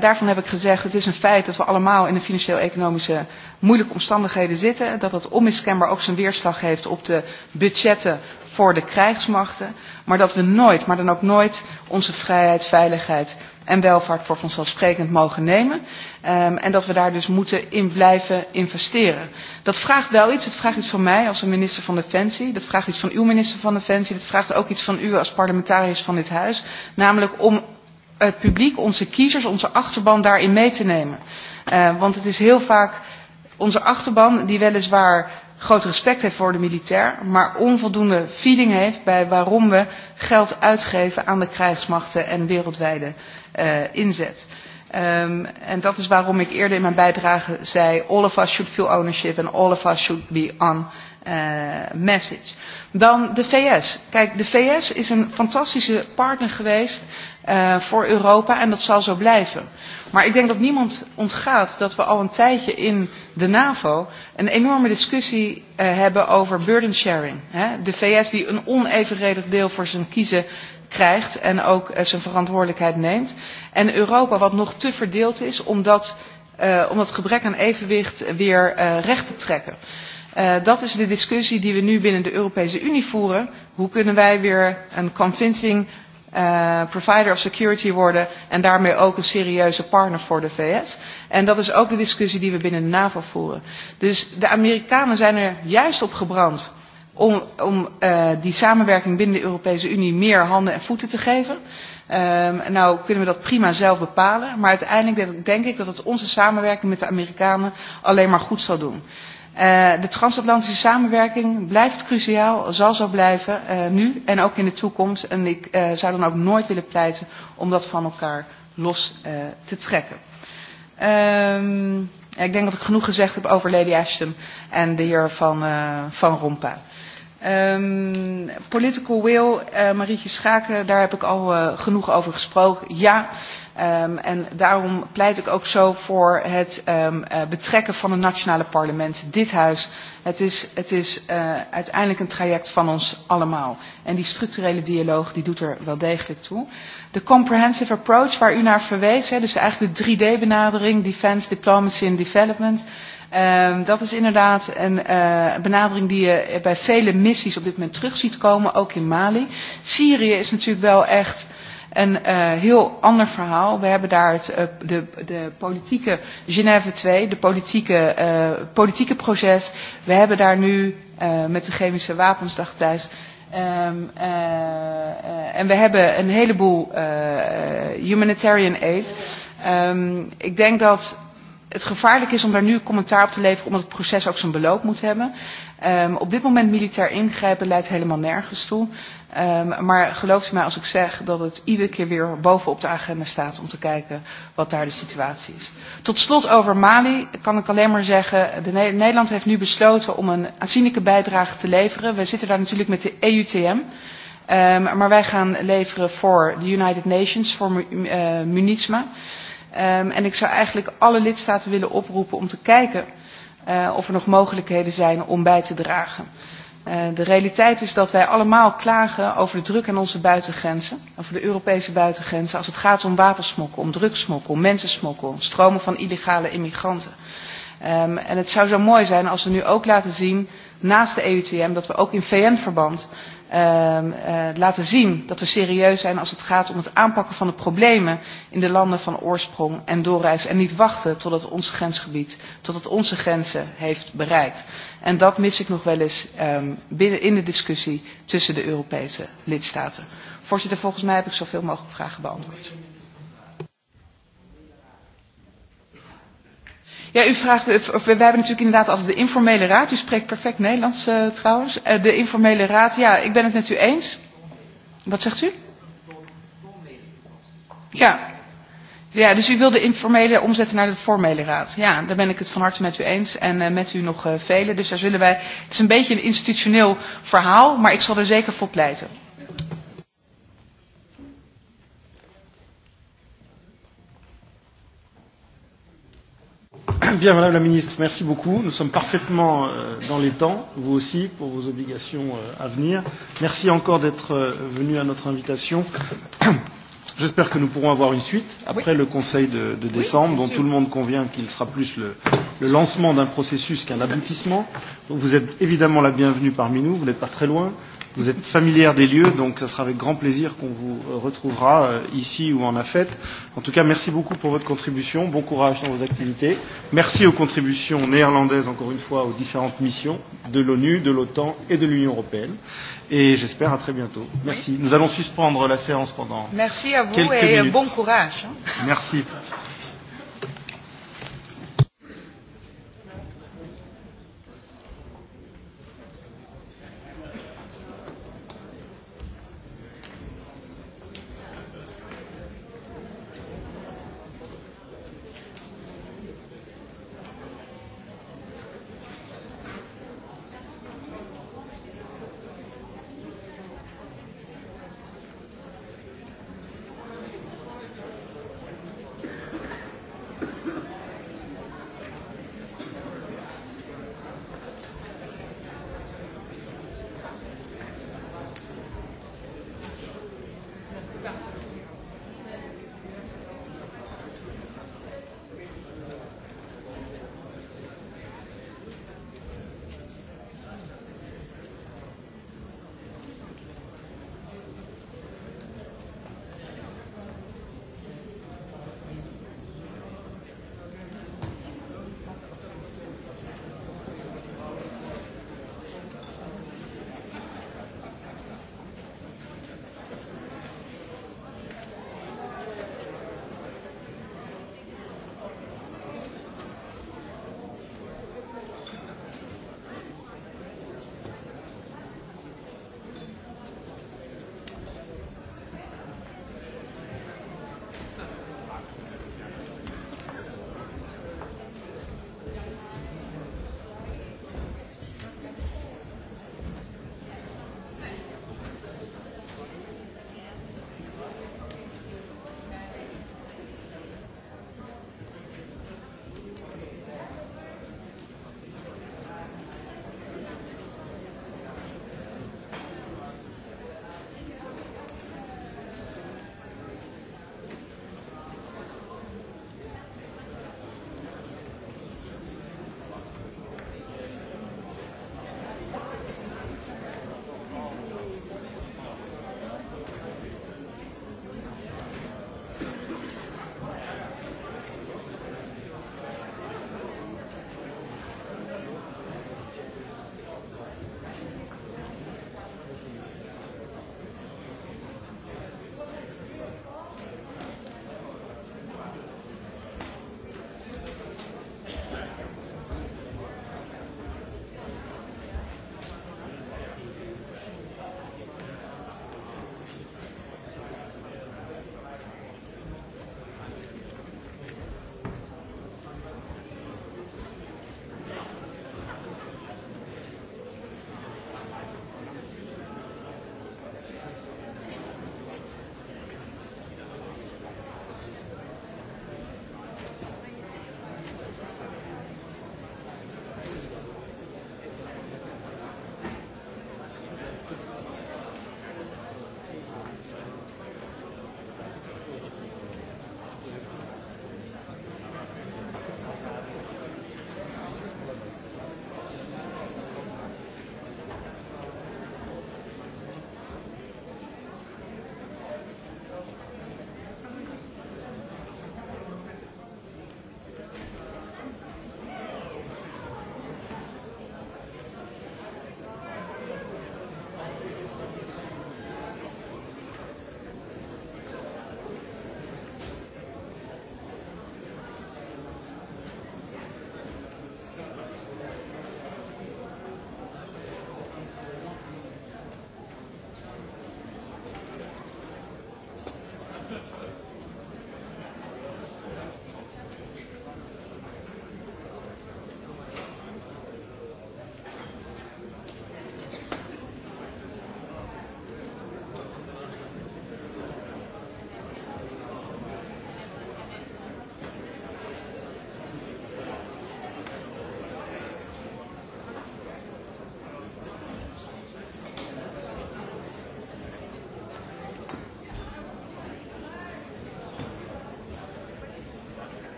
daarvan heb ik gezegd, het is een feit dat we allemaal in de financieel-economische moeilijke omstandigheden zitten. Dat dat onmiskenbaar ook zijn weerslag heeft op de budgetten voor de krijgsmachten. Maar dat we nooit, maar dan ook nooit, onze vrijheid, veiligheid en welvaart voor vanzelfsprekend mogen nemen. Um, en dat we daar dus moeten in blijven investeren. Dat vraagt wel iets. Het vraagt iets van mij als een minister van Defensie. Dat vraagt iets van uw minister van Defensie. Dat vraagt ook iets van u als parlementariërs van dit huis. Namelijk om het publiek, onze kiezers, onze achterban daarin mee te nemen. Uh, want het is heel vaak onze achterban die weliswaar groot respect heeft voor de militair, maar onvoldoende feeling heeft bij waarom we geld uitgeven aan de krijgsmachten en wereldwijde uh, inzet. Um, en dat is waarom ik eerder in mijn bijdrage zei, all of us should feel ownership and all of us should be on uh, message. Dan de VS. Kijk, de VS is een fantastische partner geweest uh, voor Europa en dat zal zo blijven. Maar ik denk dat niemand ontgaat dat we al een tijdje in de NAVO een enorme discussie uh, hebben over burden sharing. Hè? De VS die een onevenredig deel voor zijn kiezen krijgt en ook uh, zijn verantwoordelijkheid neemt. En Europa wat nog te verdeeld is om dat, uh, om dat gebrek aan evenwicht weer uh, recht te trekken. Uh, dat is de discussie die we nu binnen de Europese Unie voeren. Hoe kunnen wij weer een convincing uh, provider of security worden en daarmee ook een serieuze partner voor de VS. En dat is ook de discussie die we binnen de NAVO voeren. Dus de Amerikanen zijn er juist op gebrand om, om uh, die samenwerking binnen de Europese Unie meer handen en voeten te geven. Uh, nou kunnen we dat prima zelf bepalen, maar uiteindelijk denk ik dat het onze samenwerking met de Amerikanen alleen maar goed zal doen. Uh, de transatlantische samenwerking blijft cruciaal, zal zo blijven, uh, nu en ook in de toekomst. En ik uh, zou dan ook nooit willen pleiten om dat van elkaar los uh, te trekken. Um, ik denk dat ik genoeg gezegd heb over Lady Ashton en de heer Van, uh, van Rompa. Um, political will, uh, Marietje Schaken, daar heb ik al uh, genoeg over gesproken. Ja, um, en daarom pleit ik ook zo voor het um, uh, betrekken van het nationale parlement, dit huis. Het is, het is uh, uiteindelijk een traject van ons allemaal. En die structurele dialoog die doet er wel degelijk toe. De comprehensive approach waar u naar verwees, hè, dus eigenlijk de 3D-benadering, defense, diplomacy en development Um, dat is inderdaad een uh, benadering die je bij vele missies op dit moment terug ziet komen, ook in Mali. Syrië is natuurlijk wel echt een uh, heel ander verhaal. We hebben daar het, uh, de, de politieke Genève 2, de politieke, uh, politieke proces. We hebben daar nu uh, met de chemische wapensdag thuis Um, uh, uh, en we hebben een heleboel uh, humanitarian aid. Um, ik denk dat het gevaarlijk is om daar nu commentaar op te leveren, omdat het proces ook zijn beloop moet hebben. Um, op dit moment militair ingrijpen leidt helemaal nergens toe. Um, maar gelooft u mij als ik zeg dat het iedere keer weer bovenop de agenda staat om te kijken wat daar de situatie is. Tot slot over Mali kan ik alleen maar zeggen, de ne Nederland heeft nu besloten om een aanzienlijke bijdrage te leveren. We zitten daar natuurlijk met de EUTM. Um, maar wij gaan leveren voor de United Nations, voor uh, Munitsma. Um, en ik zou eigenlijk alle lidstaten willen oproepen om te kijken uh, of er nog mogelijkheden zijn om bij te dragen. Uh, de realiteit is dat wij allemaal klagen over de druk aan onze buitengrenzen, over de Europese buitengrenzen, als het gaat om wapensmokkel, om drugsmokkel, mensensmokkel, stromen van illegale immigranten. Um, en het zou zo mooi zijn als we nu ook laten zien, naast de EUTM, dat we ook in VN-verband laten zien dat we serieus zijn als het gaat om het aanpakken van de problemen in de landen van oorsprong en doorreis. En niet wachten tot het ons grensgebied, tot het onze grenzen heeft bereikt. En dat mis ik nog wel eens binnen in de discussie tussen de Europese lidstaten. Voorzitter, volgens mij heb ik zoveel mogelijk vragen beantwoord. Ja, u vraagt, of, we hebben natuurlijk inderdaad altijd de informele raad. U spreekt perfect Nederlands uh, trouwens. Uh, de informele raad, ja, ik ben het met u eens. Wat zegt u? Ja. Ja, dus u wil de informele omzetten naar de formele raad. Ja, daar ben ik het van harte met u eens en uh, met u nog uh, velen. Dus daar zullen wij. Het is een beetje een institutioneel verhaal, maar ik zal er zeker voor pleiten. Bien, Madame la Ministre, merci beaucoup. Nous sommes parfaitement dans les temps, vous aussi, pour vos obligations à venir. Merci encore d'être venu à notre invitation. J'espère que nous pourrons avoir une suite après oui. le Conseil de, de décembre, oui, dont tout le monde convient qu'il sera plus le, le lancement d'un processus qu'un aboutissement. Donc vous êtes évidemment la bienvenue parmi nous, vous n'êtes pas très loin. Vous êtes familière des lieux, donc ce sera avec grand plaisir qu'on vous retrouvera ici ou en AFET. En tout cas, merci beaucoup pour votre contribution. Bon courage dans vos activités. Merci aux contributions néerlandaises, encore une fois, aux différentes missions de l'ONU, de l'OTAN et de l'Union européenne. Et j'espère à très bientôt. Merci. Oui. Nous allons suspendre la séance pendant. Merci à vous et minutes. bon courage. Merci.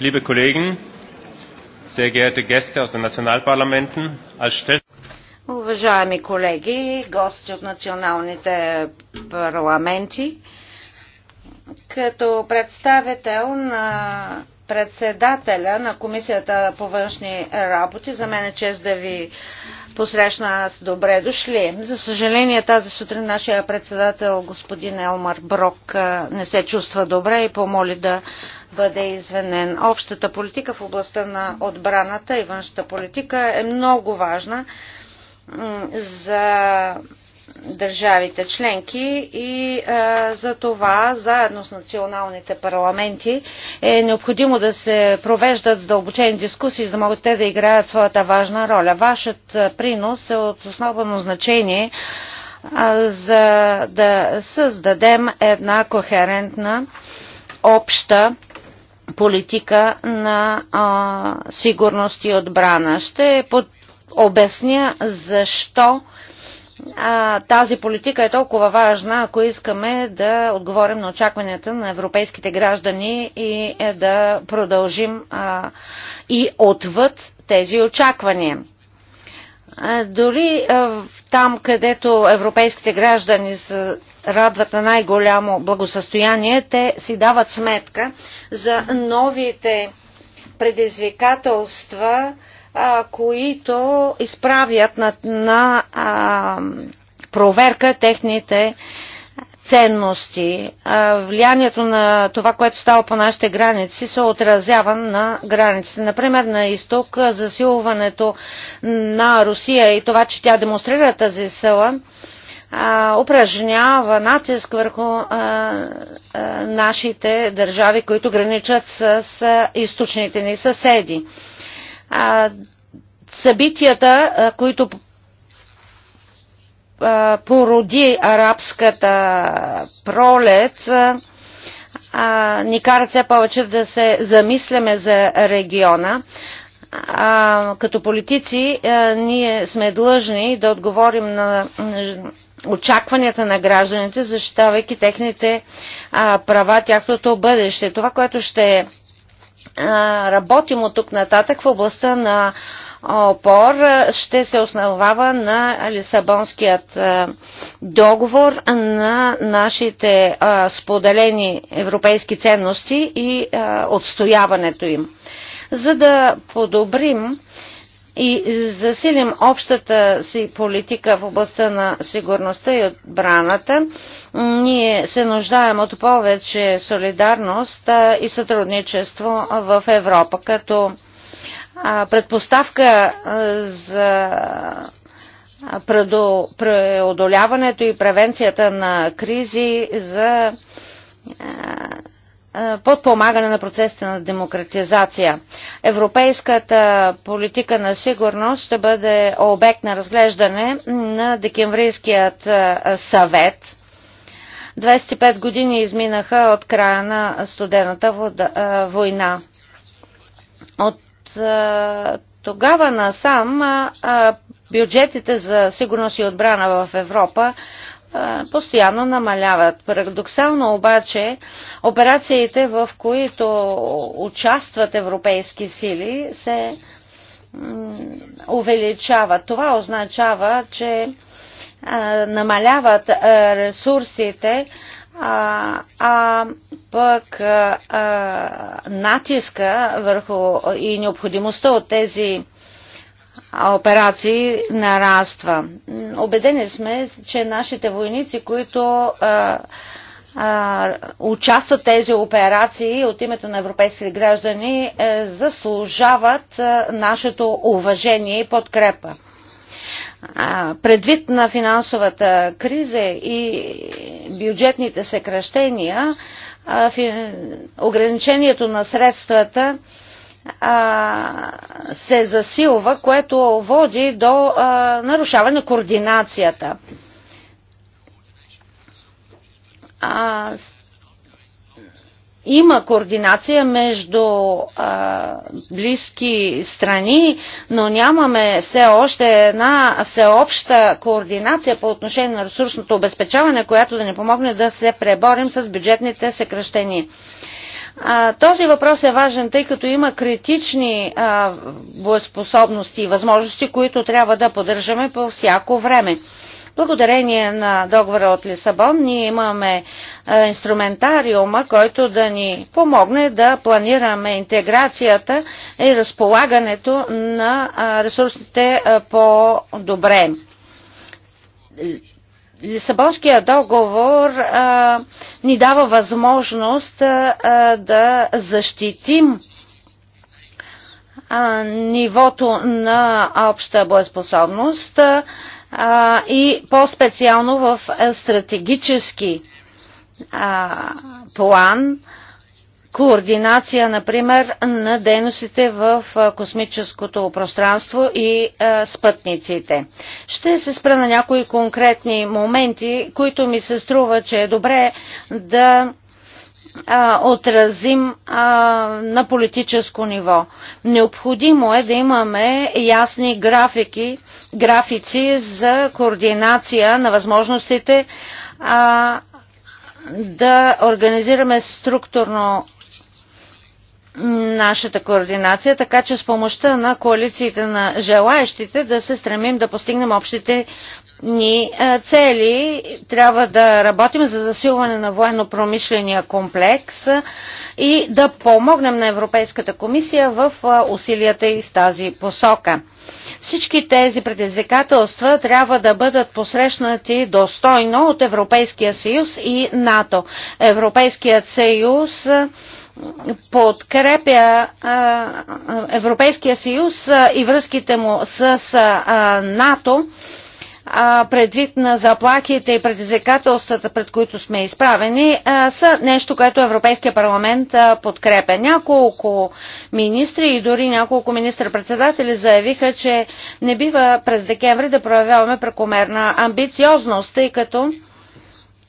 liebe Kollegen, sehr geehrte Gäste aus den Nationalparlamenten, als Stellvertreter Уважаеми колеги, гости от националните парламенти, като представител на председателя на Комисията по външни работи, за мен е чест да ви посрещна с добре дошли. За съжаление, тази сутрин нашия председател господин Елмар Брок не се чувства добре и помоли да бъде извинен. Общата политика в областта на отбраната и външната политика е много важна за държавите членки и а, за това заедно с националните парламенти е необходимо да се провеждат задълбочени дискусии, за да могат те да играят своята важна роля. Вашият принос е от основно значение а, за да създадем една кохерентна обща политика на а, сигурност и отбрана. Ще под... обясня защо а, тази политика е толкова важна, ако искаме да отговорим на очакванията на европейските граждани и е да продължим а, и отвъд тези очаквания. Дори там, където европейските граждани са радват на най-голямо благосъстояние, те си дават сметка за новите предизвикателства, а, които изправят на, на а, проверка техните ценности. Влиянието на това, което става по нашите граници, се отразява на границите. Например, на изток засилването на Русия и това, че тя демонстрира тази сила, упражнява натиск върху нашите държави, които граничат с източните ни съседи събитията, които породи арабската пролет, а, ни карат все повече да се замисляме за региона. А, като политици а, ние сме длъжни да отговорим на очакванията на гражданите, защитавайки техните а, права, тяхното бъдеще. Това, което ще а, работим от тук нататък в областта на а, опор ще се основава на Лисабонският договор на нашите споделени европейски ценности и отстояването им. За да подобрим и засилим общата си политика в областта на сигурността и отбраната, ние се нуждаем от повече солидарност и сътрудничество в Европа, като предпоставка за преодоляването и превенцията на кризи за подпомагане на процесите на демократизация. Европейската политика на сигурност ще бъде обект на разглеждане на декемврийският съвет. 25 години изминаха от края на студената война. От е, тогава насам е, е, бюджетите за сигурност и отбрана в Европа постоянно намаляват. Парадоксално обаче, операциите, в които участват европейски сили, се увеличават. Това означава, че намаляват ресурсите а, а пък а, а, натиска върху и необходимостта от тези операции нараства. Обедени сме, че нашите войници, които а, а, участват тези операции от името на европейските граждани, а, е, заслужават а, е, нашето уважение и подкрепа предвид на финансовата криза и бюджетните съкръщения, ограничението на средствата се засилва, което води до нарушаване на координацията. Има координация между а, близки страни, но нямаме все още една всеобща координация по отношение на ресурсното обезпечаване, която да ни помогне да се преборим с бюджетните съкръщения. А, този въпрос е важен, тъй като има критични а, боеспособности и възможности, които трябва да поддържаме по всяко време. Благодарение на договора от Лисабон ние имаме е, инструментариума, който да ни помогне да планираме интеграцията и разполагането на ресурсите е, по-добре. Лисабонския договор а, е, ни дава възможност а, да защитим а, нивото на обща боеспособност. А, а, и по-специално в е, стратегически а, план, координация, например, на дейностите в е, космическото пространство и а, е, спътниците. Ще се спра на някои конкретни моменти, които ми се струва, че е добре да а, отразим а, на политическо ниво. Необходимо е да имаме ясни графики, графици за координация на възможностите а, да организираме структурно нашата координация, така че с помощта на коалициите на желаящите да се стремим да постигнем общите ни е, цели. Трябва да работим за засилване на военно-промишления комплекс и да помогнем на Европейската комисия в е, усилията и в тази посока. Всички тези предизвикателства трябва да бъдат посрещнати достойно от Европейския съюз и НАТО. Европейският съюз е, подкрепя Европейския съюз и връзките му с НАТО а, предвид на заплахите и предизвикателствата, пред които сме изправени, са нещо, което Европейския парламент подкрепя. Няколко министри и дори няколко министр-председатели заявиха, че не бива през декември да проявяваме прекомерна амбициозност, тъй като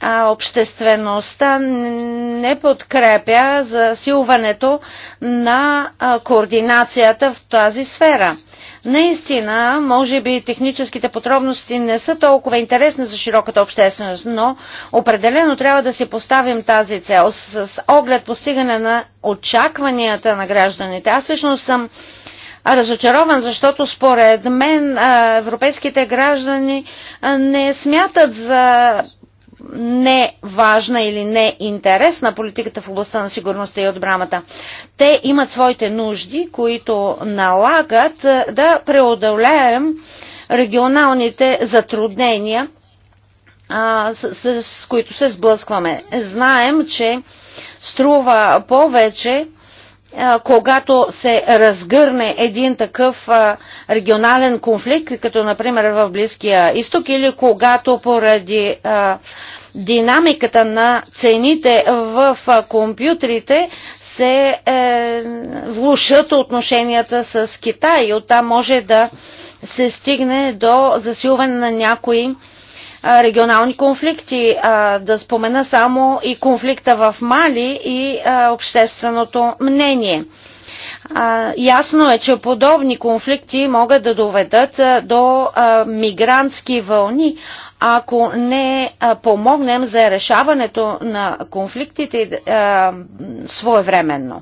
а обществеността не подкрепя засилването на координацията в тази сфера. Наистина, може би техническите подробности не са толкова интересни за широката общественост, но определено трябва да си поставим тази цел с оглед постигане на очакванията на гражданите. Аз лично съм разочарован, защото според мен европейските граждани не смятат за не важна или не на политиката в областта на сигурността и отбраната. Те имат своите нужди, които налагат е, да преодолеем регионалните затруднения, е, с, с, с които се сблъскваме. Знаем, че струва повече когато се разгърне един такъв регионален конфликт, като например в Близкия изток или когато поради динамиката на цените в компютрите се е, влушат отношенията с Китай. Оттам може да се стигне до засилване на някои регионални конфликти. Да спомена само и конфликта в Мали и общественото мнение. Ясно е, че подобни конфликти могат да доведат до мигрантски вълни, ако не помогнем за решаването на конфликтите своевременно.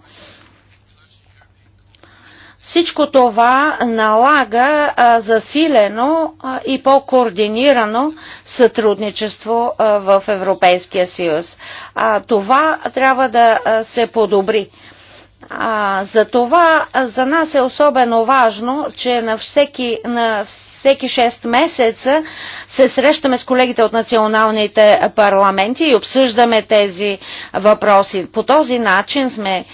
Всичко това налага засилено и по-координирано сътрудничество в Европейския съюз. Това трябва да се подобри. за това за нас е особено важно, че на всеки, на всеки 6 месеца се срещаме с колегите от националните парламенти и обсъждаме тези въпроси. По този начин сме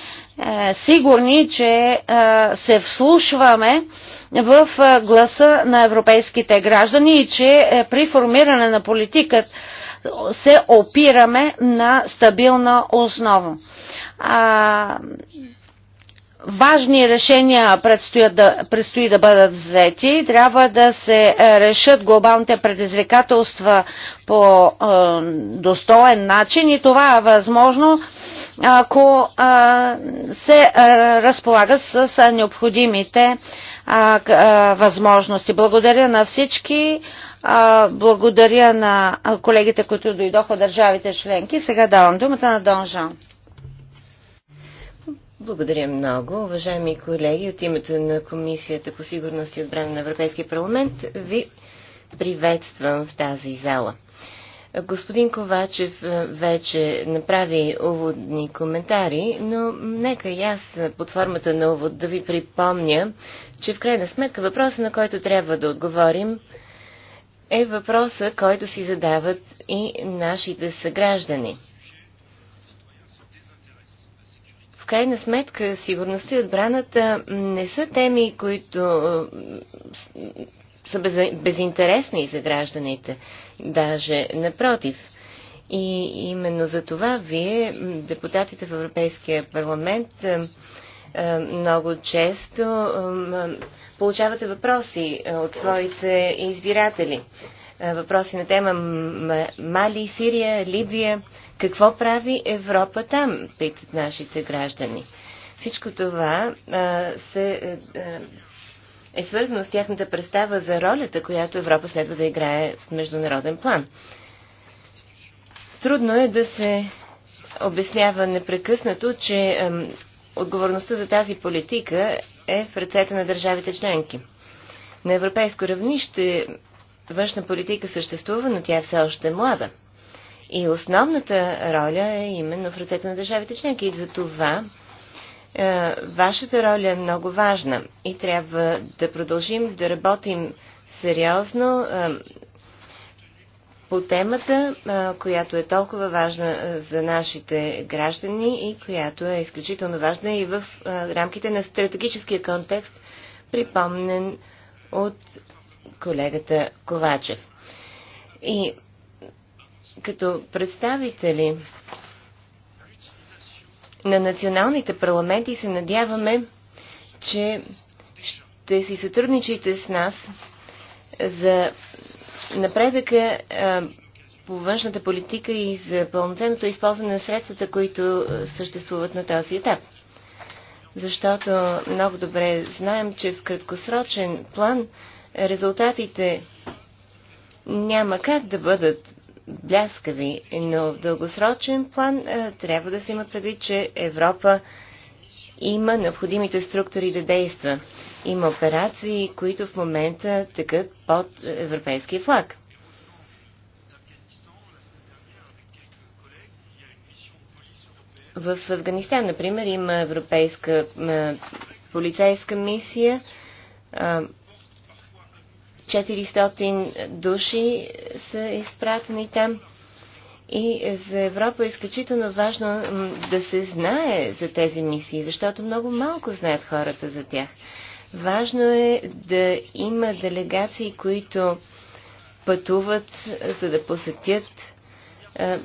е, сигурни, че е, се вслушваме в е, гласа на европейските граждани и че при формиране на политиката се опираме на стабилна основа. Важни решения предстоят да, предстои да бъдат взети. Трябва да се е, решат глобалните предизвикателства по е, достоен начин и това е възможно, ако е, се е, разполага с, необходимите е, е, възможности. Благодаря на всички. Е, благодаря на колегите, които дойдоха от държавите членки. Сега давам думата на Дон Жан. Благодаря много. Уважаеми колеги, от името на Комисията по сигурност и отбрана на Европейския парламент ви приветствам в тази зала. Господин Ковачев е, вече направи уводни коментари, но нека и аз е, под формата на увод да ви припомня, че в крайна сметка въпросът, на който трябва да отговорим, е въпроса, който си задават и нашите съграждани – В крайна сметка, сигурността и отбраната не са теми, които са без, безинтересни за гражданите. Даже напротив. И именно за това вие, депутатите в Европейския парламент, много често получавате въпроси от своите избиратели. Въпроси на тема Мали, Сирия, Либия. Какво прави Европа там, питат нашите граждани. Всичко това а, се, а, е, е, е свързано с тяхната представа за ролята, която Европа следва да играе в международен план. Трудно е да се обяснява непрекъснато, че а, отговорността за тази политика е в ръцете на държавите членки. На европейско равнище външна политика съществува, но тя е все още млада – и основната роля е именно в ръцете на държавите членки. И за това е, вашата роля е много важна и трябва да продължим да работим сериозно е, по темата, е, която е толкова важна е, за нашите граждани и която е изключително важна и в е, рамките на стратегическия контекст, припомнен от колегата Ковачев. И като представители на националните парламенти се надяваме, че ще си сътрудничите с нас за напредъка по външната политика и за пълноценното използване на средствата, които съществуват на този етап. Защото много добре знаем, че в краткосрочен план резултатите няма как да бъдат бляскави, но в дългосрочен план е, трябва да се има предвид, че Европа има необходимите структури да действа. Има операции, които в момента тъкат под европейския флаг. В Афганистан, например, има европейска полицейска мисия. 400 души са изпратени там. И за Европа е изключително важно да се знае за тези мисии, защото много малко знаят хората за тях. Важно е да има делегации, които пътуват, за да посетят е,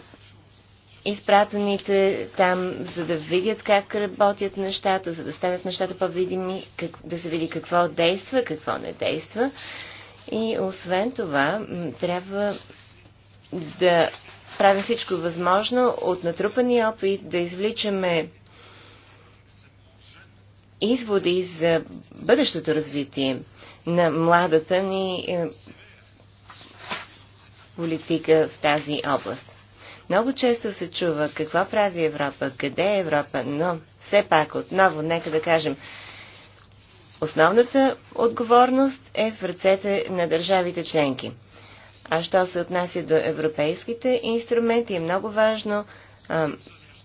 изпратените там, за да видят как работят нещата, за да станат нещата по-видими, да се види какво действа, какво не действа. И освен това, трябва да правим всичко възможно от натрупания опит да извличаме изводи за бъдещото развитие на младата ни е, политика в тази област. Много често се чува какво прави Европа, къде е Европа, но все пак отново нека да кажем, Основната отговорност е в ръцете на държавите членки. А що се отнася до европейските инструменти, е много важно а,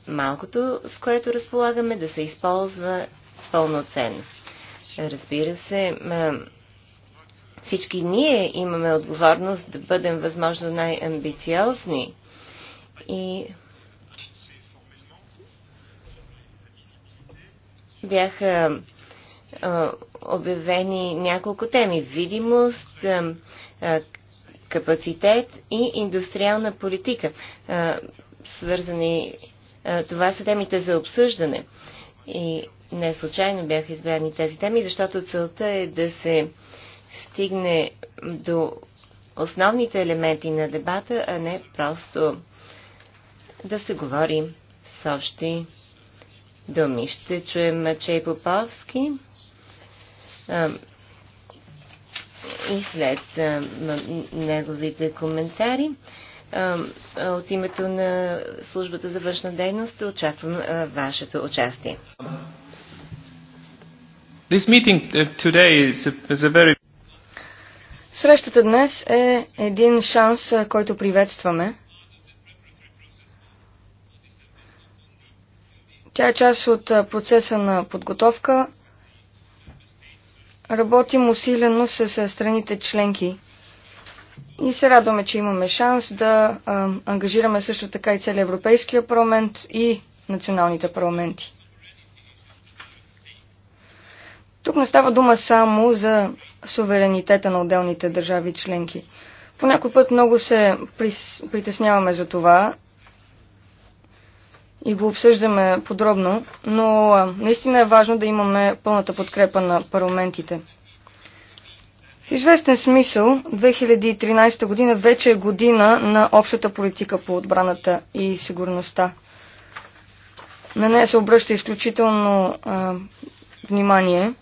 малкото, с което разполагаме, да се използва пълноценно. Разбира се, а, всички ние имаме отговорност да бъдем възможно най-амбициозни и бяха обявени няколко теми. Видимост, капацитет и индустриална политика. Свързани, това са темите за обсъждане. И не случайно бяха избрани тези теми, защото целта е да се стигне до основните елементи на дебата, а не просто да се говори с общи думи. Ще чуем Мачей Поповски и след неговите коментари. От името на службата за външна дейност очаквам вашето участие. This meeting uh, today is a, is a very... Срещата днес е един шанс, който приветстваме. Тя е част от процеса на подготовка Работим усилено с страните членки и се радваме, че имаме шанс да а, ангажираме също така и целият Европейския парламент и националните парламенти. Тук не става дума само за суверенитета на отделните държави членки. По някой път много се притесняваме за това, и го обсъждаме подробно, но наистина е важно да имаме пълната подкрепа на парламентите. В известен смисъл 2013 година вече е година на общата политика по отбраната и сигурността. На нея се обръща изключително а, внимание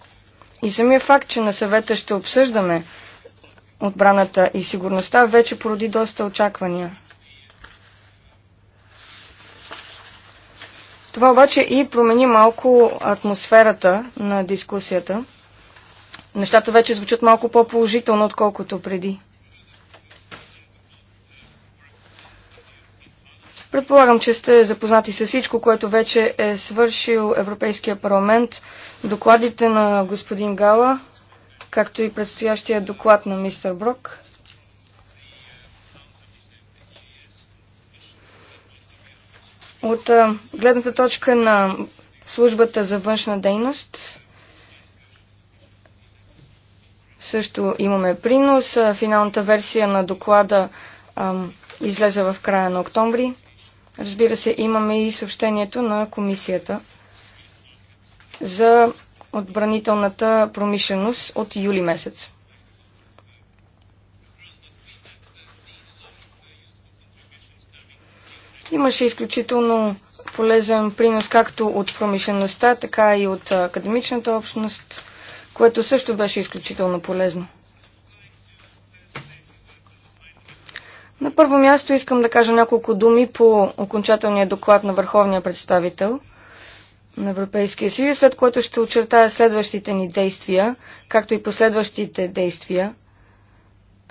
и самия факт, че на съвета ще обсъждаме отбраната и сигурността, вече породи доста очаквания. Това обаче и промени малко атмосферата на дискусията. Нещата вече звучат малко по-положително, отколкото преди. Предполагам, че сте запознати с всичко, което вече е свършил Европейския парламент, докладите на господин Гала, както и предстоящия доклад на мистер Брок – От гледната точка на службата за външна дейност също имаме принос. Финалната версия на доклада а, излезе в края на октомври. Разбира се, имаме и съобщението на комисията за отбранителната промишленост от юли месец. Имаше изключително полезен принос както от промишлеността, така и от академичната общност, което също беше изключително полезно. На първо място искам да кажа няколко думи по окончателния доклад на върховния представител на Европейския съюз, след което ще очертая следващите ни действия, както и последващите действия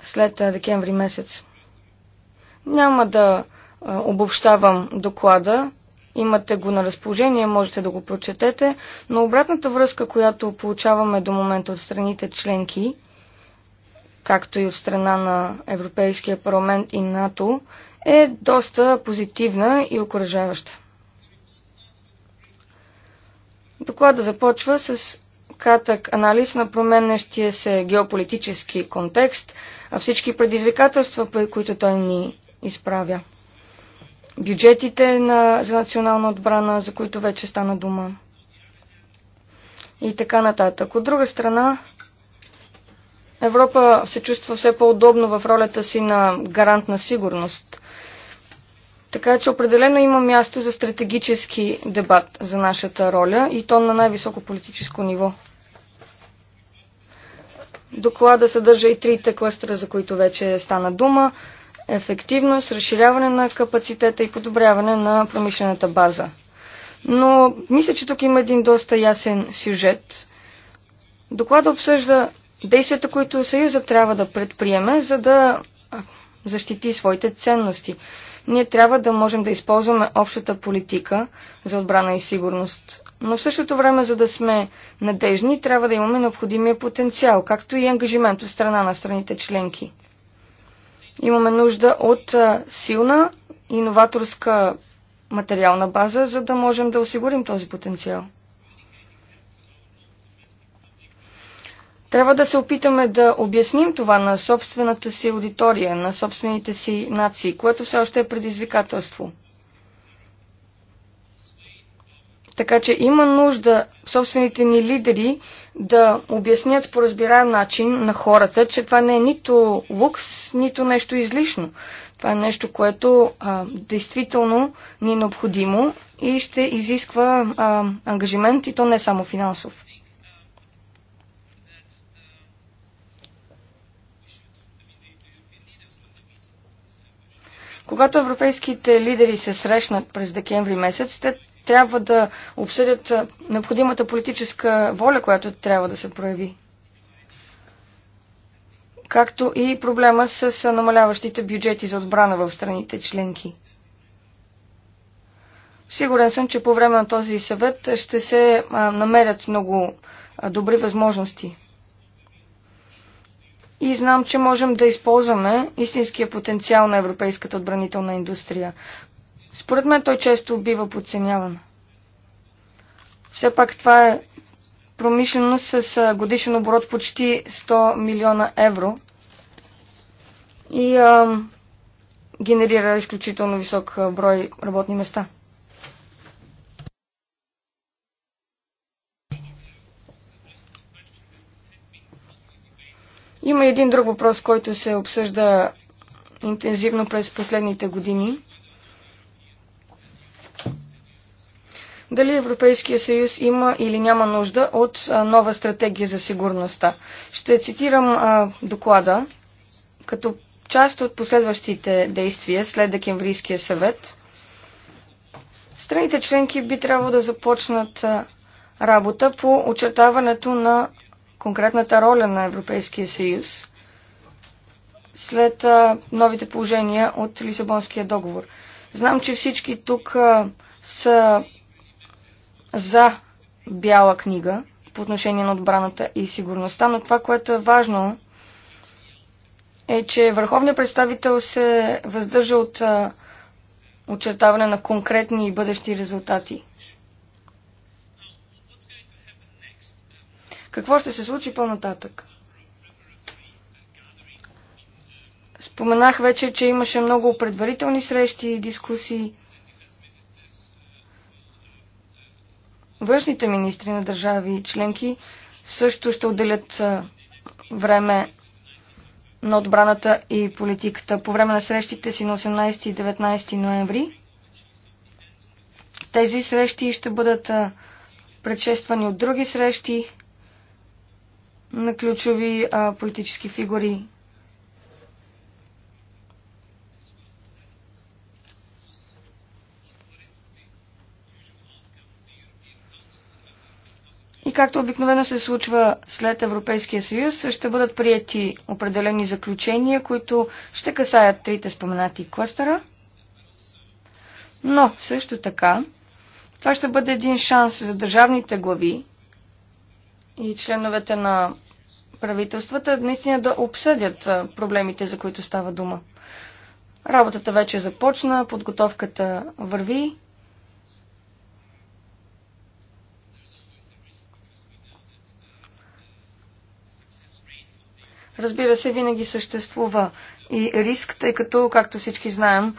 след декември месец. Няма да обобщавам доклада. Имате го на разположение, можете да го прочетете, но обратната връзка, която получаваме до момента от страните членки, както и от страна на Европейския парламент и НАТО, е доста позитивна и окоръжаваща. Доклада започва с кратък анализ на променещия се геополитически контекст, а всички предизвикателства, които той ни изправя бюджетите на, за национална отбрана, за които вече стана дума. И така нататък. От друга страна, Европа се чувства все по-удобно в ролята си на гарант на сигурност. Така че определено има място за стратегически дебат за нашата роля и то на най-високо политическо ниво. Доклада съдържа и трите клъстера, за които вече стана дума ефективност, разширяване на капацитета и подобряване на промишлената база. Но мисля, че тук има един доста ясен сюжет. Доклада обсъжда действията, които Съюза трябва да предприеме, за да защити своите ценности. Ние трябва да можем да използваме общата политика за отбрана и сигурност. Но в същото време, за да сме надежни, трябва да имаме необходимия потенциал, както и ангажимент от страна на страните членки. Имаме нужда от силна иноваторска материална база, за да можем да осигурим този потенциал. Трябва да се опитаме да обясним това на собствената си аудитория, на собствените си нации, което все още е предизвикателство – Така че има нужда собствените ни лидери да обяснят по разбираем начин на хората, че това не е нито лукс, нито нещо излишно. Това е нещо, което а, действително ни е необходимо и ще изисква а, ангажимент и то не само финансов. Когато европейските лидери се срещнат през декември месец, те трябва да обсъдят необходимата политическа воля, която трябва да се прояви. Както и проблема с намаляващите бюджети за отбрана в страните членки. Сигурен съм, че по време на този съвет ще се намерят много добри възможности. И знам, че можем да използваме истинския потенциал на европейската отбранителна индустрия. Според мен той често бива подценяван. Все пак това е промишленост с годишен оборот почти 100 милиона евро и а, генерира изключително висок брой работни места. Има един друг въпрос, който се обсъжда интензивно през последните години. дали Европейския съюз има или няма нужда от нова стратегия за сигурността. Ще цитирам а, доклада. Като част от последващите действия след Декемврийския съвет, страните членки би трябвало да започнат работа по очертаването на конкретната роля на Европейския съюз след новите положения от Лисабонския договор. Знам, че всички тук са за бяла книга по отношение на отбраната и сигурността, но това, което е важно, е, че върховният представител се въздържа от очертаване на конкретни и бъдещи резултати. Какво ще се случи по-нататък? Споменах вече, че имаше много предварителни срещи и дискусии. Външните министри на държави и членки също ще отделят време на отбраната и политиката. По време на срещите си на 18 и 19 ноември тези срещи ще бъдат предшествани от други срещи на ключови политически фигури както обикновено се случва след Европейския съюз, ще бъдат прияти определени заключения, които ще касаят трите споменати кластера. Но също така, това ще бъде един шанс за държавните глави и членовете на правителствата наистина да обсъдят проблемите, за които става дума. Работата вече започна, подготовката върви разбира се, винаги съществува и риск, тъй като, както всички знаем,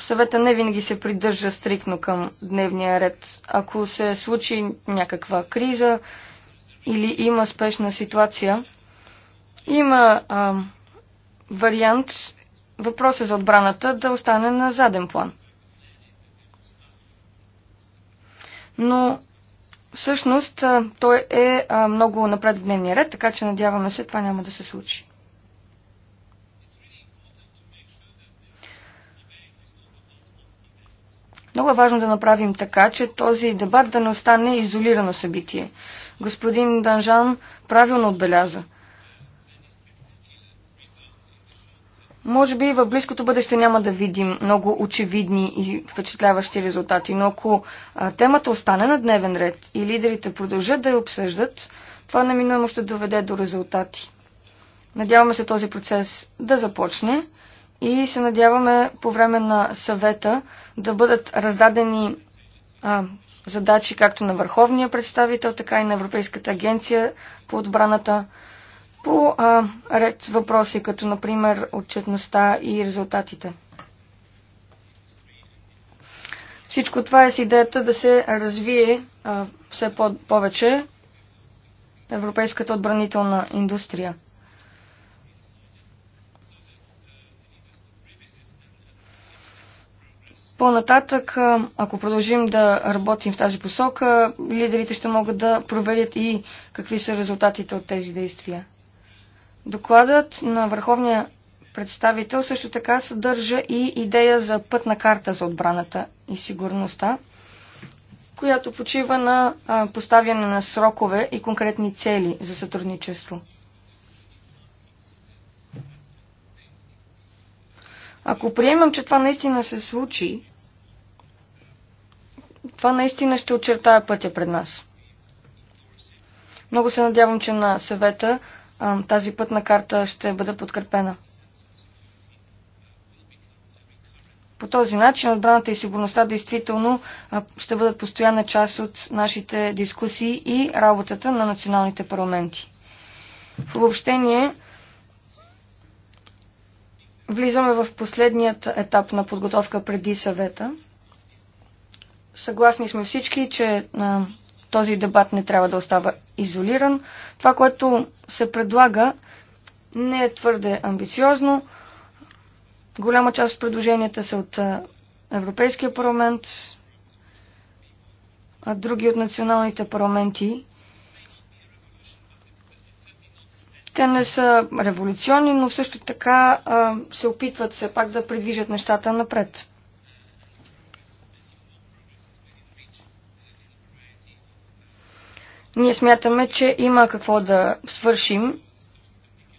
съвета не винаги се придържа стрикно към дневния ред. Ако се случи някаква криза или има спешна ситуация, има а, вариант въпроса за отбраната да остане на заден план. Но Всъщност, той е много напред в дневния ред, така че надяваме се, това няма да се случи. Много е важно да направим така, че този дебат да не остане изолирано събитие. Господин Данжан правилно отбеляза – Може би в близкото бъдеще няма да видим много очевидни и впечатляващи резултати, но ако темата остане на дневен ред и лидерите продължат да я обсъждат, това неминуемо ще доведе до резултати. Надяваме се този процес да започне и се надяваме по време на съвета да бъдат раздадени а, задачи както на върховния представител, така и на Европейската агенция по отбраната по а, ред въпроси, като например отчетността и резултатите. Всичко това е с идеята да се развие а, все по- повече европейската отбранителна индустрия. По-нататък, ако продължим да работим в тази посока, лидерите ще могат да проверят и какви са резултатите от тези действия. Докладът на Върховния представител също така съдържа и идея за пътна карта за отбраната и сигурността, която почива на поставяне на срокове и конкретни цели за сътрудничество. Ако приемам, че това наистина се случи, това наистина ще очертая пътя пред нас. Много се надявам, че на съвета тази пътна карта ще бъде подкрепена. По този начин отбраната и сигурността действително ще бъдат постоянна част от нашите дискусии и работата на националните парламенти. В обобщение влизаме в последният етап на подготовка преди съвета. Съгласни сме всички, че този дебат не трябва да остава изолиран. Това, което се предлага, не е твърде амбициозно. Голяма част от предложенията са от Европейския парламент, а други от националните парламенти. Те не са революционни, но също така а, се опитват все пак да придвижат нещата напред. Ние смятаме, че има какво да свършим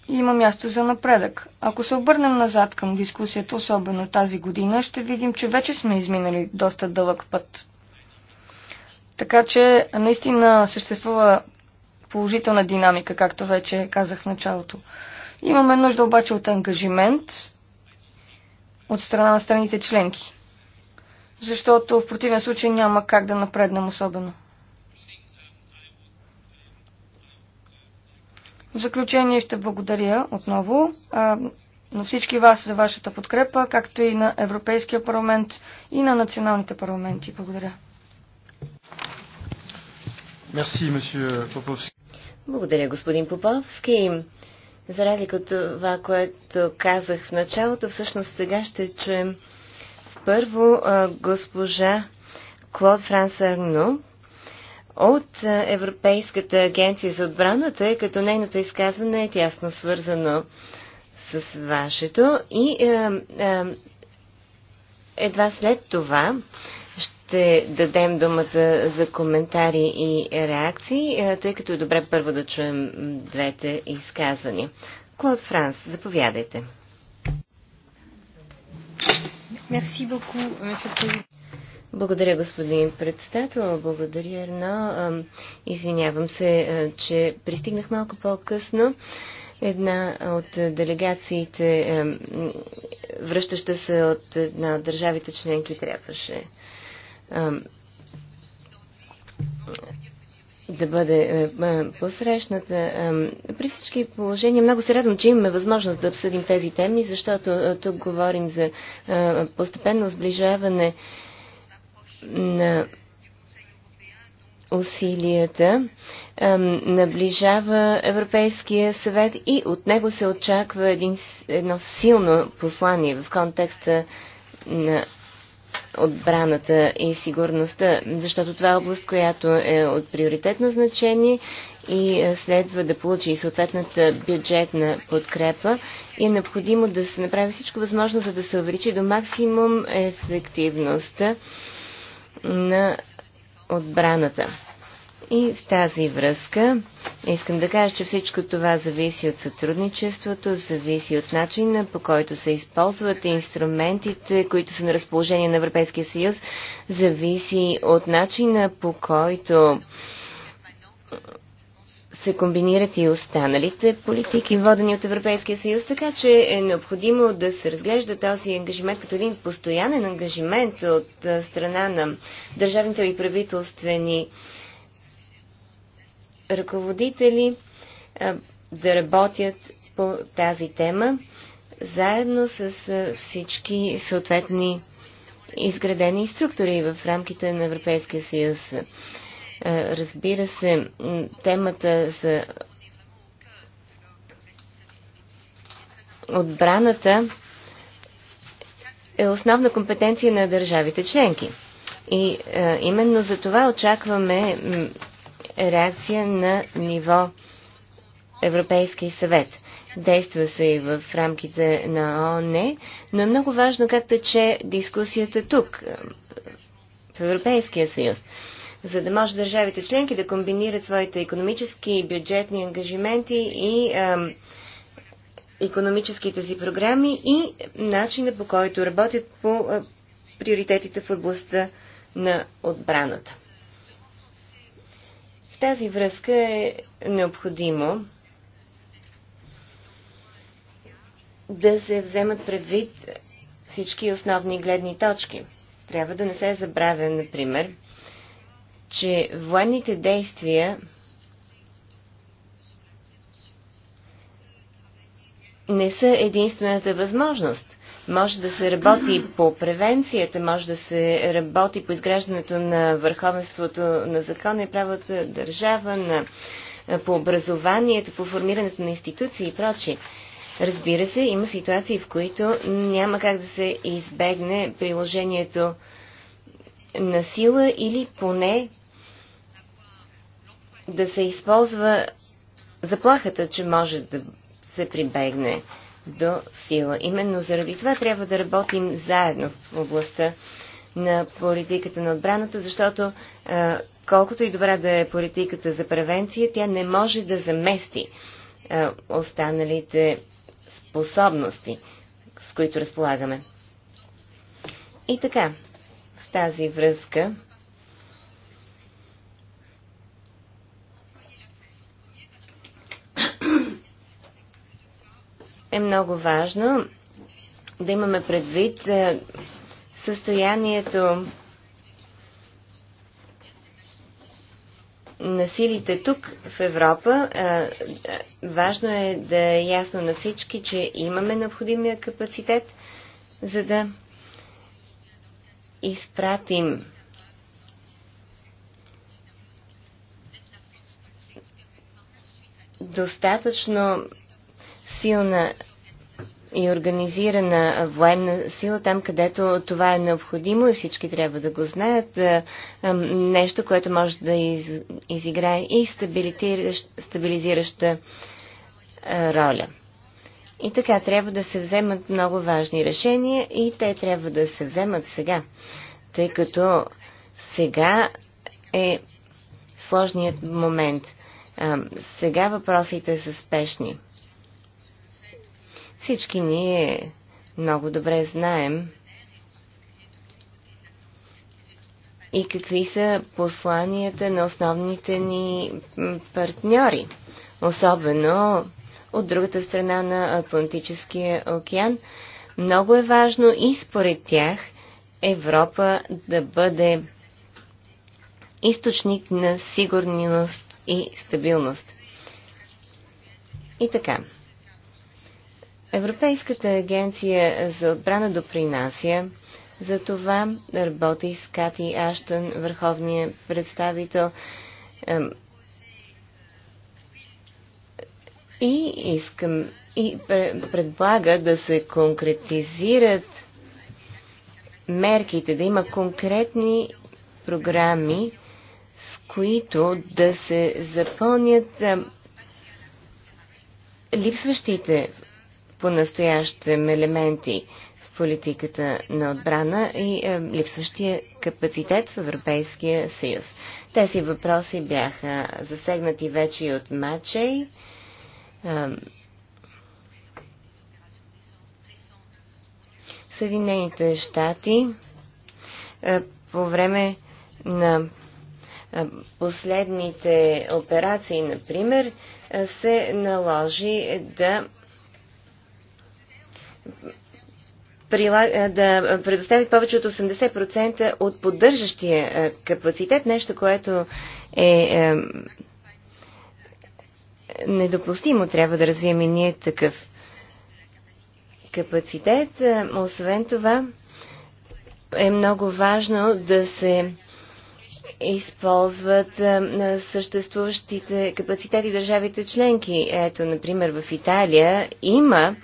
и има място за напредък. Ако се обърнем назад към дискусията, особено тази година, ще видим, че вече сме изминали доста дълъг път. Така че наистина съществува положителна динамика, както вече казах в началото. Имаме нужда обаче от ангажимент от страна на страните членки, защото в противен случай няма как да напреднем особено. В заключение ще благодаря отново на всички вас за вашата подкрепа, както и на Европейския парламент и на националните парламенти. Благодаря. Благодаря, господин Поповски. За разлика от това, което казах в началото, всъщност сега ще чуем първо госпожа Клод Франс Арно, от Европейската агенция за отбрана, тъй е като нейното изказване е тясно свързано с вашето и е, е, едва след това ще дадем думата за коментари и реакции, е, тъй като е добре първо да чуем двете изказвания. Клод Франс, заповядайте. Merci beaucoup, monsieur le président. Благодаря, господин председател. Благодаря, Ерна. Извинявам се, че пристигнах малко по-късно. Една от делегациите, връщаща се от една от държавите членки, трябваше да бъде е, е, посрещната. При всички положения много се радвам, че имаме възможност да обсъдим тези теми, защото е, тук говорим за постепенно сближаване на усилията наближава Европейския съвет и от него се очаква един, едно силно послание в контекста на отбраната и сигурността, защото това е област, която е от приоритетно значение и е, следва да получи и съответната бюджетна подкрепа и е необходимо да се направи всичко възможно, за да се увеличи до максимум ефективността на отбраната. И в тази връзка искам да кажа, че всичко това зависи от сътрудничеството, зависи от начина по който се използват инструментите, които са на разположение на Европейския съюз, зависи от начина по който се комбинират и останалите политики, водени от Европейския съюз, така че е необходимо да се разглежда този ангажимент като един постоянен ангажимент от страна на държавните и правителствени ръководители да работят по тази тема заедно с всички съответни изградени структури в рамките на Европейския съюз. Е, разбира се, темата за отбраната е основна компетенция на държавите членки. И е, именно за това очакваме реакция на ниво Европейски съвет. Действа се и в рамките на ООН, но е много важно как тече дискусията тук, е, в Европейския съюз за да може държавите членки да комбинират своите економически и бюджетни ангажименти и економическите си програми и начина по който работят по приоритетите в областта на отбраната. В тази връзка е необходимо да се вземат предвид всички основни гледни точки. Трябва да не се забравя, например, че военните действия не са единствената възможност. Може да се работи по превенцията, може да се работи по изграждането на върховенството на закона и правата държава, на, по образованието, по формирането на институции и прочи. Разбира се, има ситуации, в които няма как да се избегне приложението на сила или поне да се използва заплахата, че може да се прибегне до сила. Именно заради това трябва да работим заедно в областта на политиката на отбраната, защото колкото и добра да е политиката за превенция, тя не може да замести останалите способности, с които разполагаме. И така, в тази връзка е много важно да имаме предвид е, състоянието на силите тук в Европа. Е, е, важно е да е ясно на всички, че имаме необходимия капацитет, за да изпратим достатъчно силна и организирана военна сила там, където това е необходимо и всички трябва да го знаят. Е, е, нещо, което може да из, изиграе и стабилизираща е, роля. И така трябва да се вземат много важни решения и те трябва да се вземат сега, тъй като сега е сложният момент. Сега въпросите са спешни. Всички ние много добре знаем и какви са посланията на основните ни партньори, особено от другата страна на Атлантическия океан. Много е важно и според тях Европа да бъде източник на сигурност и стабилност. И така, Европейската агенция за отбрана допринася за това работи с Кати Аштън, върховния представител. И искам и предлага да се конкретизират мерките, да има конкретни програми, с които да се запълнят липсващите по-настоящем елементи в политиката на отбрана и е, липсващия капацитет в Европейския съюз. Тези въпроси бяха засегнати вече и от Мачей. Е, Съединените щати е, по време на е, последните операции, например, е, се наложи да е, да предостави повече от 80% от поддържащия е, капацитет, нещо, което е, е недопустимо. Трябва да развием и ние такъв капацитет. Освен това, е много важно да се използват на съществуващите капацитети държавите членки. Ето, например, в Италия има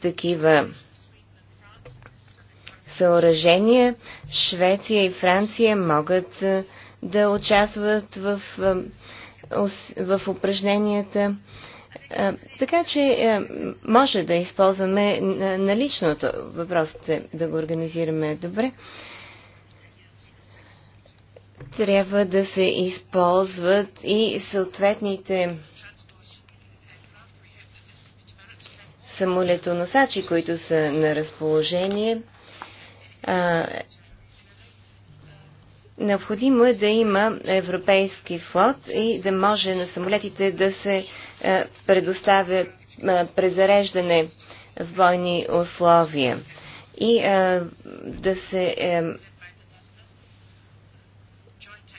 такива съоръжения. Швеция и Франция могат да участват в, в упражненията. така че може да използваме наличното. Въпросът е да го организираме добре трябва да се използват и съответните самолетоносачи, които са на разположение. А, необходимо е да има европейски флот и да може на самолетите да се а, предоставя а, презареждане в бойни условия и а, да се а,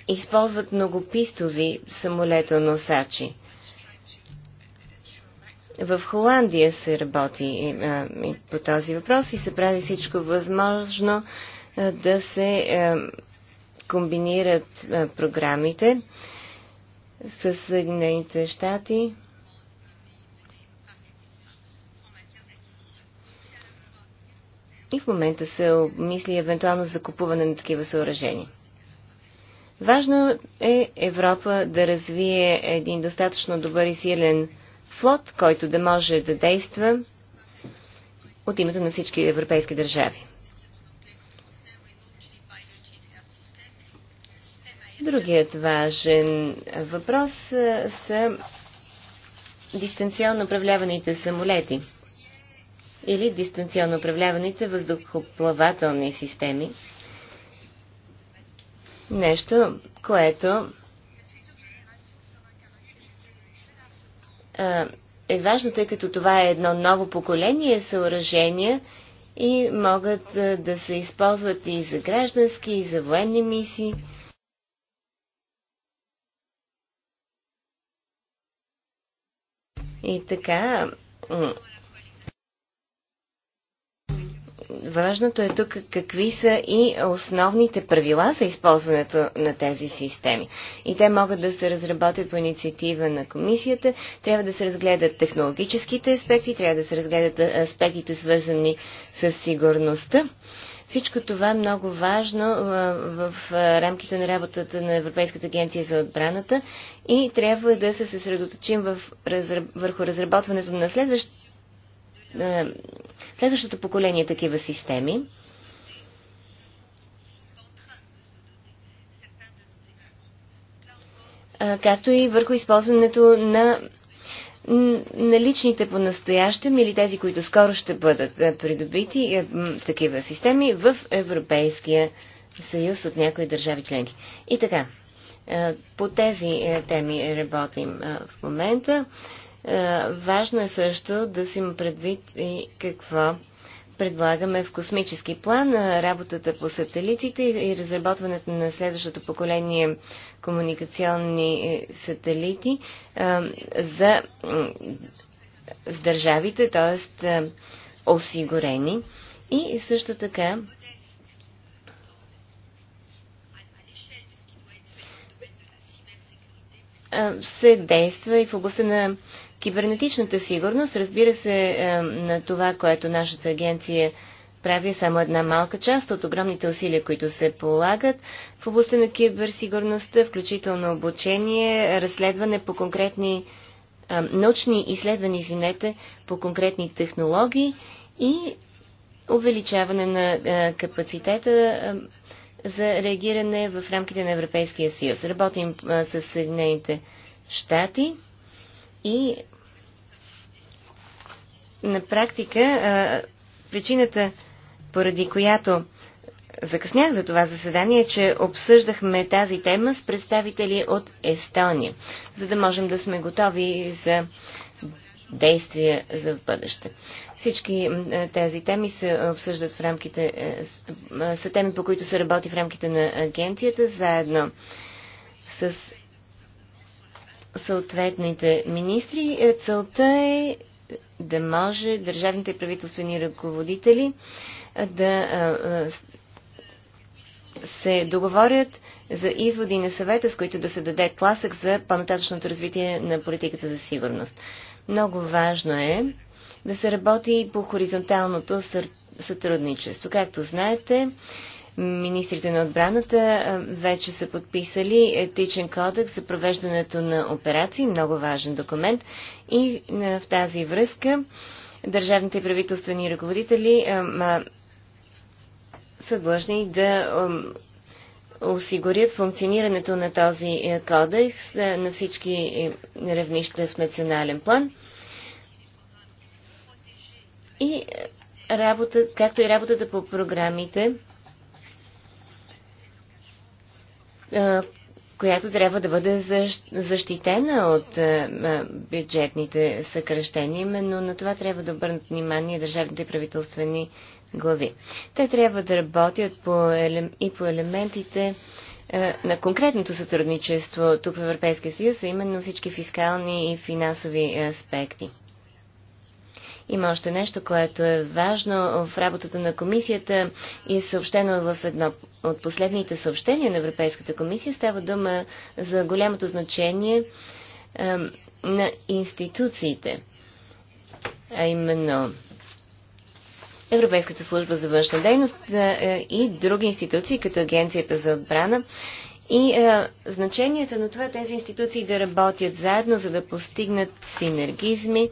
използват многопистови самолетоносачи. В Холандия се работи по този въпрос и се прави всичко възможно да се комбинират програмите с Съединените щати. И в момента се обмисли евентуално закупуване на такива съоръжения. Важно е Европа да развие един достатъчно добър и силен флот, който да може да действа от името на всички европейски държави. Другият важен въпрос са дистанционно управляваните самолети или дистанционно управляваните въздухоплавателни системи. Нещо, което е важно, тъй като това е едно ново поколение съоръжения и могат да се използват и за граждански, и за военни мисии. И така, важното е тук какви са и основните правила за използването на тези системи. И те могат да се разработят по инициатива на комисията, трябва да се разгледат технологическите аспекти, трябва да се разгледат аспектите свързани с сигурността. Всичко това е много важно в рамките на работата на Европейската агенция за отбраната и трябва да се съсредоточим върху разработването на следващ е, следващото поколение такива системи. както и върху използването на наличните по-настоящем или тези, които скоро ще бъдат е, придобити е, такива системи в Европейския съюз от някои държави членки. И така, по тези теми работим в момента. Е, важно е също да си има предвид и какво предлагаме в космически план. Е, работата по сателитите и разработването на следващото поколение комуникационни е, сателити за с държавите, т.е. осигурени. И също така се действа и в областта на Кибернетичната сигурност, разбира се, е, на това, което нашата агенция прави е само една малка част от огромните усилия, които се полагат в областта на киберсигурността, включително обучение, разследване по конкретни е, научни изследвания, извинете, по конкретни технологии и увеличаване на е, капацитета за реагиране в рамките на Европейския съюз. Работим с Съединените щати и на практика причината, поради която закъснях за това заседание, е, че обсъждахме тази тема с представители от Естония, за да можем да сме готови за действия за бъдеще. Всички тези теми се обсъждат в рамките, е, са теми, по които се работи в рамките на агенцията, заедно с съответните министри. Е, целта е да може държавните правителствени ръководители да се договорят за изводи на съвета, с които да се даде тласък за по-нататъчното развитие на политиката за сигурност. Много важно е да се работи и по хоризонталното сътрудничество. Както знаете, Министрите на отбраната вече са подписали етичен кодекс за провеждането на операции, много важен документ. И в тази връзка държавните правителствени ръководители са длъжни да осигурят функционирането на този кодекс на всички равнища в национален план. И работа, както и работата по програмите която трябва да бъде защитена от бюджетните съкръщения. Именно на това трябва да обърнат внимание държавните правителствени глави. Те трябва да работят по елем... и по елементите на конкретното сътрудничество тук в Европейския съюз, а именно всички фискални и финансови аспекти. Има още нещо, което е важно в работата на комисията и е съобщено в едно от последните съобщения на Европейската комисия. Става дума за голямото значение е, на институциите, а именно Европейската служба за външна дейност е, и други институции, като Агенцията за отбрана. И е, значението на това тези институции да работят заедно, за да постигнат синергизми,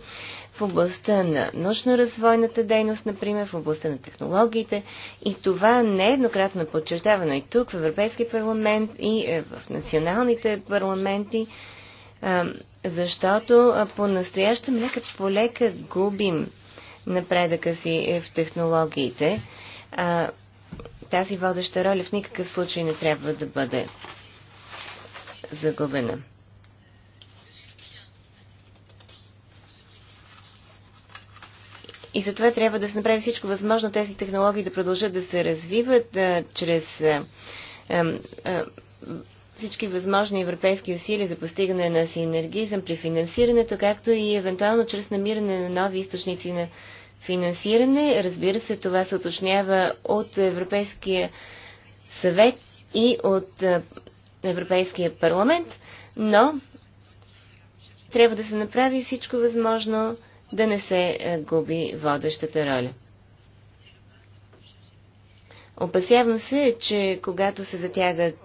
в областта на научно-развойната дейност, например, в областта на технологиите. И това не е еднократно подчертавано и тук, в Европейски парламент, и е, в националните парламенти, защото по-настоящем лека полека губим напредъка си е, в технологиите. Тази водеща роля в никакъв случай не трябва да бъде загубена. И затова трябва да се направи всичко възможно тези технологии да продължат да се развиват а, чрез а, а, всички възможни европейски усилия за постигане на синергизъм при финансирането, както и евентуално чрез намиране на нови източници на финансиране. Разбира се, това се уточнява от Европейския съвет и от Европейския парламент, но трябва да се направи всичко възможно да не се е, губи водещата роля. Опасявам се, че когато се затягат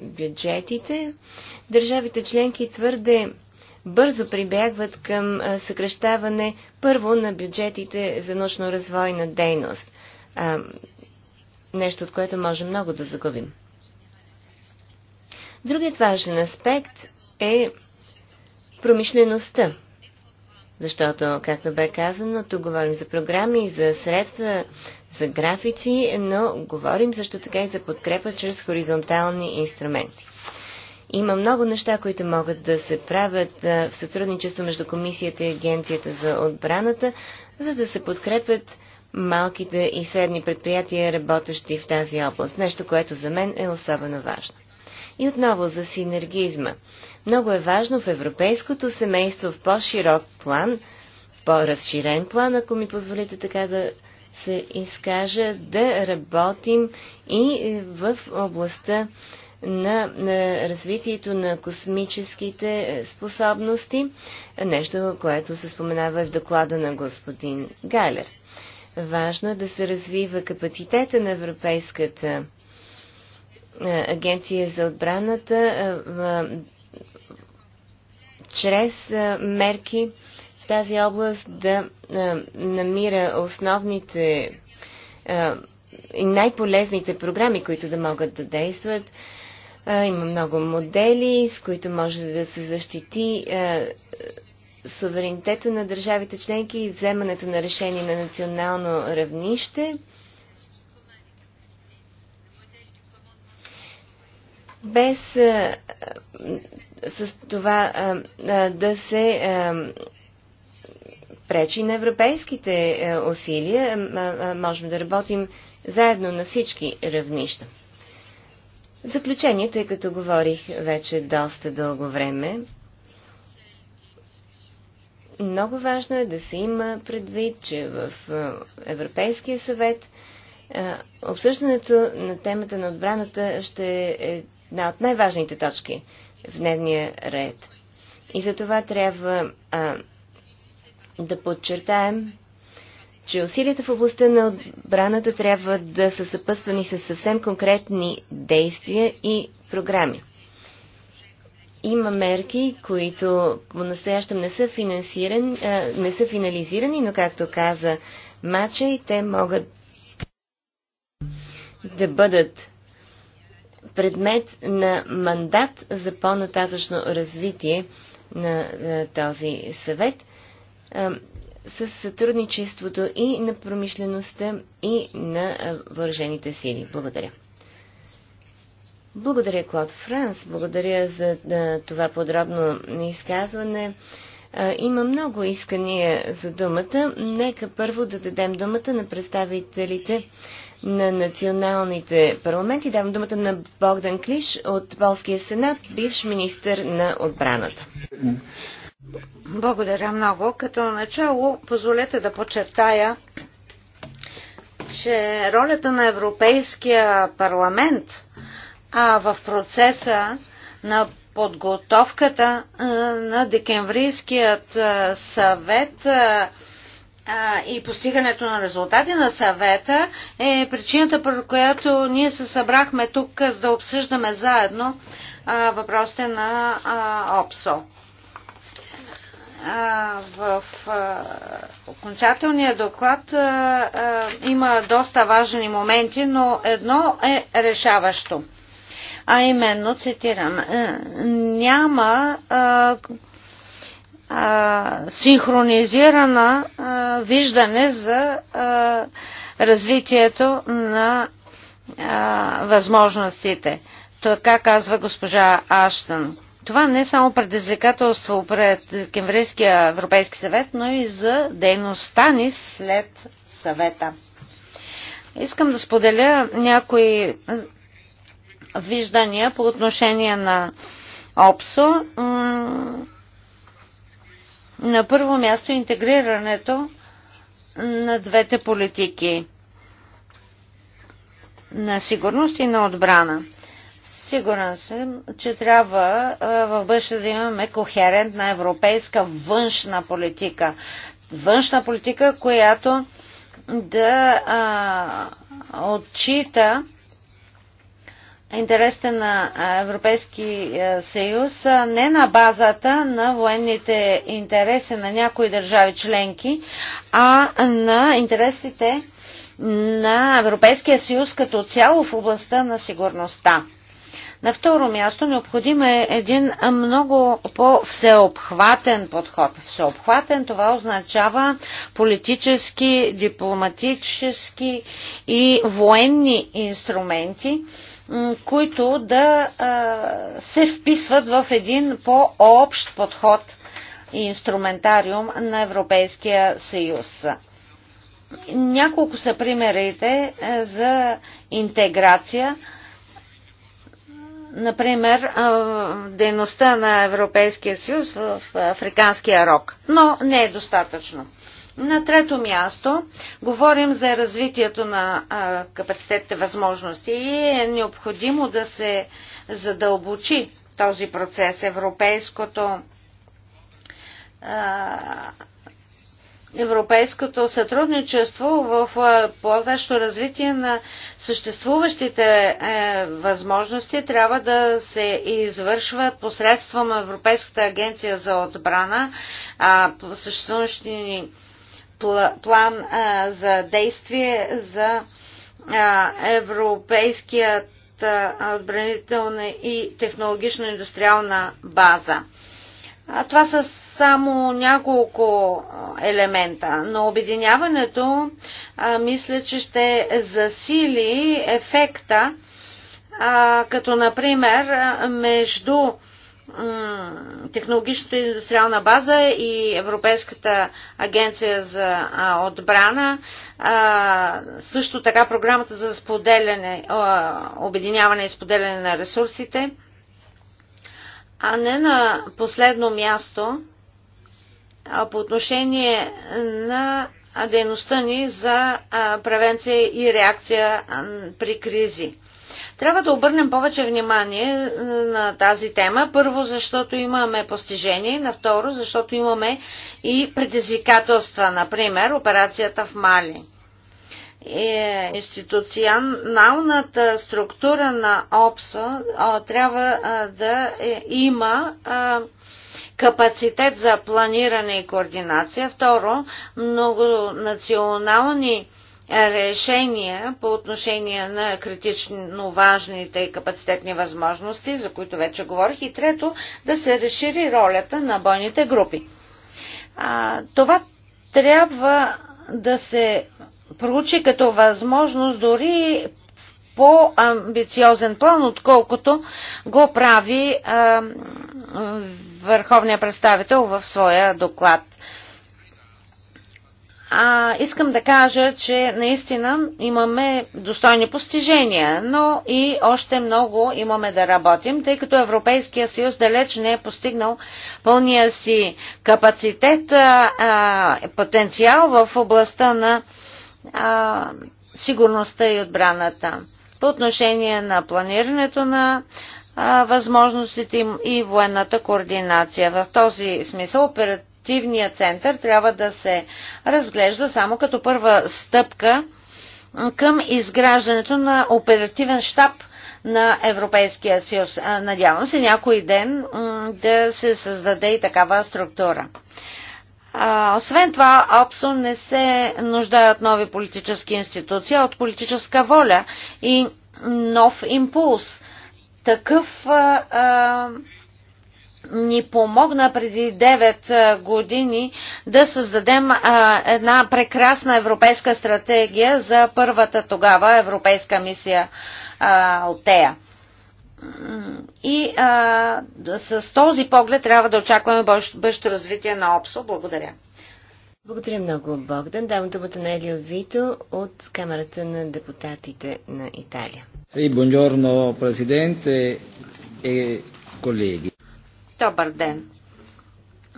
бюджетите, държавите членки твърде бързо прибягват към е, съкръщаване първо на бюджетите за научно-развойна дейност. нещо, от което може много да загубим. Другият важен аспект е промишлеността. Защото, както бе казано, тук говорим за програми, за средства, за графици, но говорим също така и за подкрепа чрез хоризонтални инструменти. Има много неща, които могат да се правят в сътрудничество между Комисията и Агенцията за отбраната, за да се подкрепят малките и средни предприятия, работещи в тази област. Нещо, което за мен е особено важно. И отново за синергизма. Много е важно в европейското семейство в по-широк план, по-разширен план, ако ми позволите така да се изкажа, да работим и е, в областта на, на развитието на космическите е, способности, нещо, което се споменава в доклада на господин Галер. Важно е да се развива капацитета на Европейската е, агенция за отбраната чрез мерки в тази област да намира основните и най-полезните програми, които да могат да действат. Има много модели, с които може да се защити суверенитета на държавите членки и вземането на решение на национално равнище. без а, с това а, а, да се а, пречи на европейските а, усилия. А, а, можем да работим заедно на всички равнища. В заключение, тъй като говорих вече доста дълго време, много важно е да се има предвид, че в Европейския съвет Обсъждането на темата на отбраната ще е една от най-важните точки в дневния ред. И за това трябва а, да подчертаем, че усилията в областта на отбраната трябва да са съпътствани с съвсем конкретни действия и програми. Има мерки, които по-настоящем не са, финансирани, а, не са финализирани, но както каза Мача, и те могат да бъдат предмет на мандат за по-нататъчно развитие на, е, този съвет е, с сътрудничеството и на промишлеността, и на е, въоръжените сили. Благодаря. Благодаря, Клод Франс. Благодаря за това подробно изказване. има много искания за думата. Нека първо да дадем думата на представителите на националните парламенти. Давам думата на Богдан Клиш от Полския сенат, бивш министр на отбраната. Благодаря много. Като начало, позволете да подчертая, че ролята на Европейския парламент а в процеса на подготовката на декемврийският съвет и постигането на резултати на съвета е причината, по която ние се събрахме тук, за да обсъждаме заедно въпросите на ОПСО. В окончателния доклад има доста важни моменти, но едно е решаващо. А именно, цитирам, «Е, няма синхронизирана а, виждане за а, развитието на а, възможностите. Така казва госпожа Аштън. Това не е само предизвикателство пред Кемврийския Европейски съвет, но и за дейността ни след съвета. Искам да споделя някои виждания по отношение на ОПСО на първо място интегрирането на двете политики на сигурност и на отбрана. Сигурен съм, че трябва в бъдеще да имаме кохерентна европейска външна политика. Външна политика, която да а, отчита интересите на Европейски съюз не на базата на военните интереси на някои държави членки, а на интересите на Европейския съюз като цяло в областта на сигурността. На второ място необходим е един много по-всеобхватен подход. Всеобхватен това означава политически, дипломатически и военни инструменти, които да се вписват в един по-общ подход и инструментариум на Европейския съюз. Няколко са примерите е, за интеграция. Например, дейността на Европейския съюз в Африканския рок. Но не е достатъчно. На трето място, говорим за развитието на капацитетите възможности и е необходимо да се задълбочи този процес. Европейското европейското сътрудничество в по развитие на съществуващите е, възможности трябва да се извършва посредством Европейската агенция за отбрана, а съществуващите план за действие за Европейският отбранителна и технологично-индустриална база. Това са само няколко елемента, но обединяването а, мисля, че ще засили ефекта, а, като например между технологичната индустриална база и Европейската агенция за отбрана, също така програмата за споделяне, обединяване и споделяне на ресурсите, а не на последно място по отношение на дейността ни за превенция и реакция при кризи. Трябва да обърнем повече внимание е, на тази тема. Първо, защото имаме постижение. На второ, защото имаме и предизвикателства. Например, операцията в Мали. Е, институционалната структура на ОПСО трябва да е, има капацитет за планиране и координация. Второ, многонационални национални решения по отношение на критично важните капацитетни възможности, за които вече говорих, и трето, да се разшири ролята на бойните групи. А, това трябва да се проучи като възможност дори по-амбициозен план, отколкото го прави а, върховния представител в своя доклад. А, искам да кажа, че наистина имаме достойни постижения, но и още много имаме да работим, тъй като Европейския съюз далеч не е постигнал пълния си капацитет, а, потенциал в областта на а, сигурността и отбраната. По отношение на планирането на а, възможностите им и военната координация. В този смисъл оперативно консултативния център трябва да се разглежда само като първа стъпка към изграждането на оперативен штаб на Европейския съюз. Надявам се някой ден да се създаде и такава структура. освен това, ОПСО не се нуждаят нови политически институции, а от политическа воля и нов импулс. Такъв а, а, ни помогна преди 9 години да създадем а, една прекрасна европейска стратегия за първата тогава европейска мисия а, Алтея. И а, с този поглед трябва да очакваме бъдещо развитие на ОПСО. Благодаря. Благодаря много, Богдан. Давам думата на Елио Вито от Камерата на депутатите на Италия. бонжорно, президенте и колеги. Добър ден!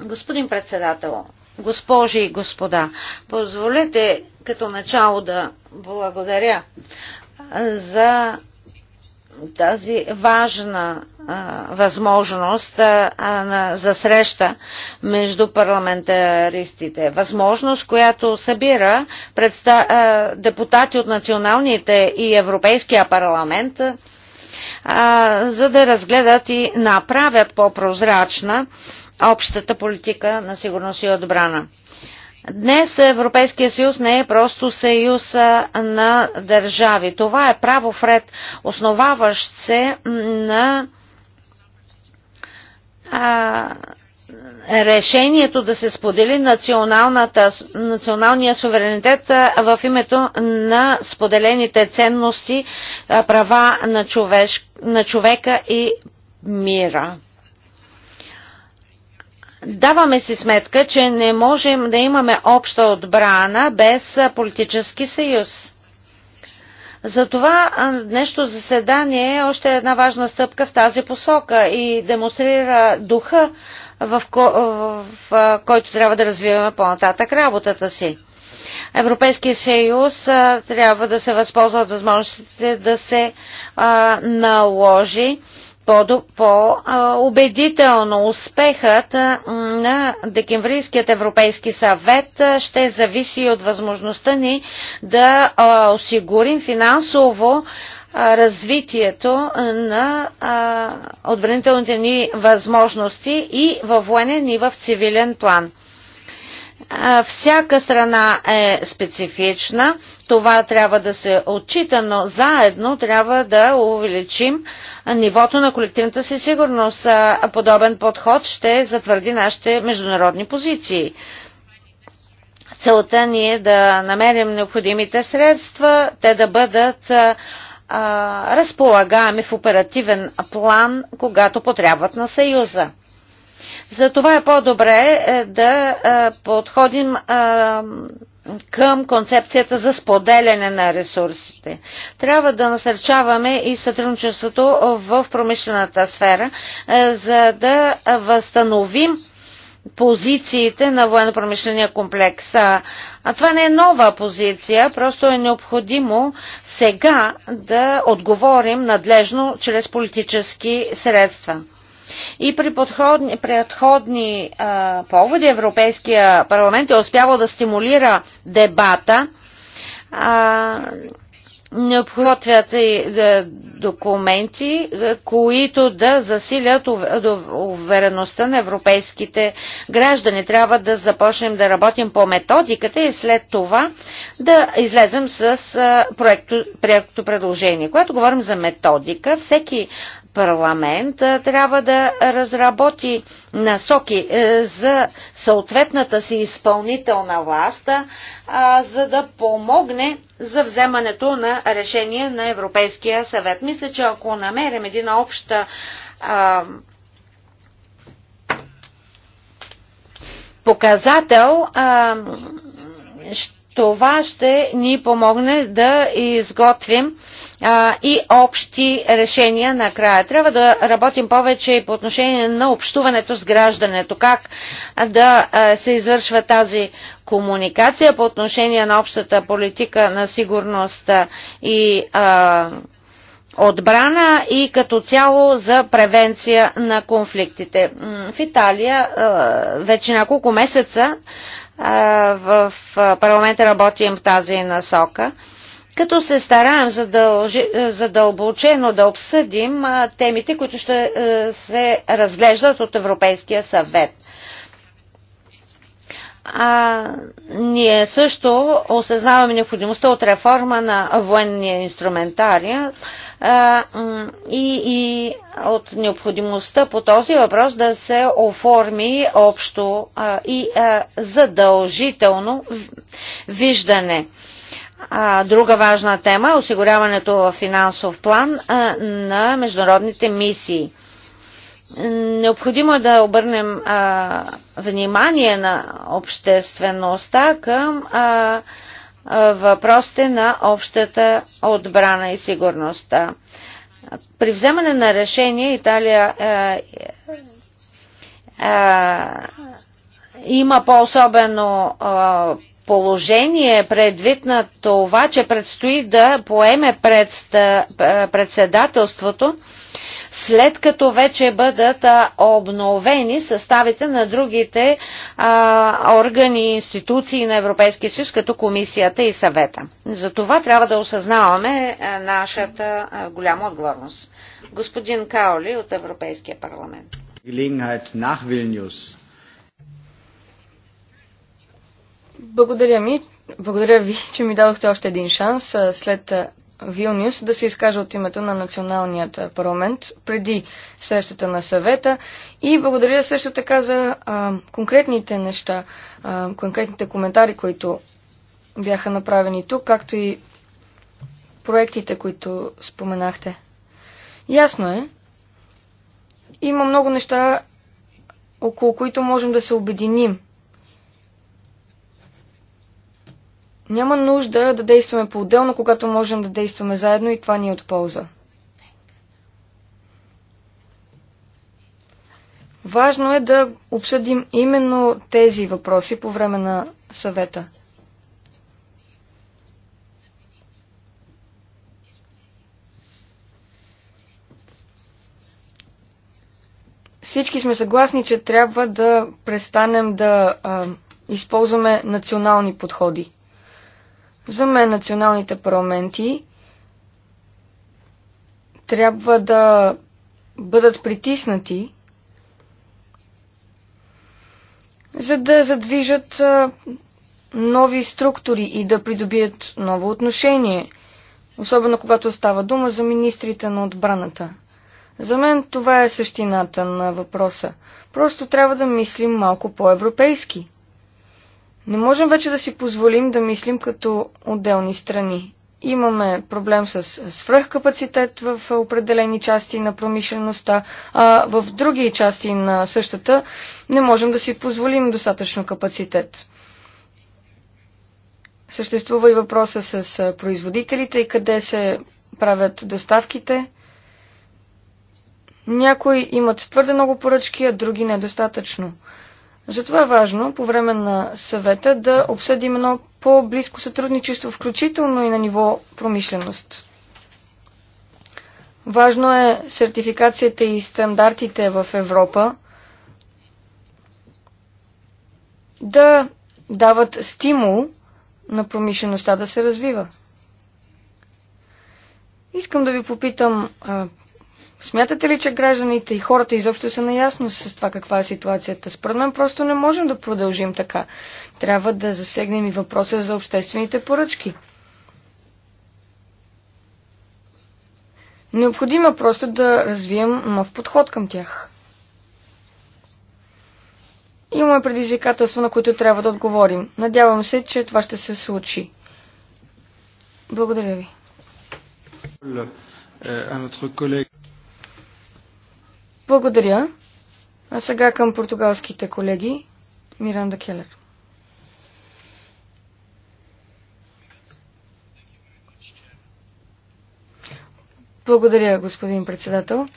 Господин председател, госпожи и господа, позволете като начало да благодаря за тази важна а, възможност а, на, за среща между парламентаристите. Възможност, която събира представ, а, депутати от националните и Европейския парламент. А, за да разгледат и направят по-прозрачна общата политика на сигурност и отбрана. Днес Европейския съюз не е просто съюз на държави. Това е право вред, основаващ се на а, решението да се сподели националния суверенитет в името на споделените ценности, права на, човеш, на човека и мира. Даваме си сметка, че не можем да имаме обща отбрана без политически съюз. Затова днешното заседание е още една важна стъпка в тази посока и демонстрира духа в, ко, в, в който трябва да развиваме по-нататък работата си. Европейския съюз а, трябва да се възползва от възможностите да се а, наложи по-убедително. По успехът на Декемврийският Европейски съвет ще зависи от възможността ни да осигурим финансово развитието на отбранителните ни възможности и във военен и в цивилен план. Всяка страна е специфична, това трябва да се отчита, но заедно трябва да увеличим нивото на колективната си сигурност. Подобен подход ще затвърди нашите международни позиции. Целта ни е да намерим необходимите средства, те да бъдат а, разполагаеми в оперативен план, когато потрябват на Съюза. Затова е по-добре е, да е, подходим към концепцията за споделяне на ресурсите. Трябва да насърчаваме и сътрудничеството в промишлената сфера, е, за да възстановим позициите на военно-промишления комплекс. А, а това не е нова позиция, просто е необходимо сега да отговорим надлежно чрез политически средства. И при подходни, предходни а, поводи Европейския парламент е успявал да стимулира дебата а, подготвят и е, документи, е, които да засилят увереността на европейските граждани. Трябва да започнем да работим по методиката и след това да излезем с е, проекто, проекто предложение. Когато говорим за методика, всеки парламент трябва да разработи насоки за съответната си изпълнителна власт, за да помогне за вземането на решение на Европейския съвет. Мисля, че ако намерим един обща а, показател, а, това ще ни помогне да изготвим а, и общи решения накрая. Трябва да работим повече и по отношение на общуването с граждането, как да а, се извършва тази комуникация по отношение на общата политика на сигурност и а, отбрана и като цяло за превенция на конфликтите. В Италия вече няколко месеца в парламента работим в тази насока, като се стараем задълбочено да обсъдим темите, които ще се разглеждат от Европейския съвет. А, ние също осъзнаваме необходимостта от реформа на военния инструментария а, и, и от необходимостта по този въпрос да се оформи общо а, и а, задължително виждане. А, друга важна тема е осигуряването в финансов план а, на международните мисии. Необходимо е да обърнем а, внимание на обществеността към а, а, въпросите на общата отбрана и сигурността. При вземане на решение Италия а, а, има по-особено положение предвид на това, че предстои да поеме председателството след като вече бъдат обновени съставите на другите органи и институции на Европейския съюз, като комисията и съвета. За това трябва да осъзнаваме нашата голяма отговорност. Господин Каоли от Европейския парламент. Благодаря ми. Благодаря ви, че ми дадохте още един шанс след Вилнюс да се изкаже от името на националният парламент преди срещата на съвета и благодаря също така за а, конкретните неща, а, конкретните коментари, които бяха направени тук, както и проектите, които споменахте. Ясно е, има много неща, около които можем да се обединим. Няма нужда да действаме по-отделно, когато можем да действаме заедно и това ни е от полза. Важно е да обсъдим именно тези въпроси по време на съвета. Всички сме съгласни, че трябва да престанем да а, използваме национални подходи. За мен националните парламенти трябва да бъдат притиснати, за да задвижат нови структури и да придобият ново отношение, особено когато става дума за министрите на отбраната. За мен това е същината на въпроса. Просто трябва да мислим малко по-европейски. Не можем вече да си позволим да мислим като отделни страни. Имаме проблем с свръхкапацитет в определени части на промишлеността, а в други части на същата не можем да си позволим достатъчно капацитет. Съществува и въпроса с производителите и къде се правят доставките. Някои имат твърде много поръчки, а други недостатъчно. Затова е важно по време на съвета да обсъдим едно по-близко сътрудничество, включително и на ниво промишленост. Важно е сертификацията и стандартите в Европа да дават стимул на промишлеността да се развива. Искам да ви попитам, Смятате ли, че гражданите и хората изобщо са наясно с това каква е ситуацията? Според мен просто не можем да продължим така. Трябва да засегнем и въпроса за обществените поръчки. Необходимо е просто да развием нов подход към тях. Имаме предизвикателства, на които трябва да отговорим. Надявам се, че това ще се случи. Благодаря ви. Е, благодаря. А сега към португалските колеги. Миранда Келер. Благодаря, господин председател.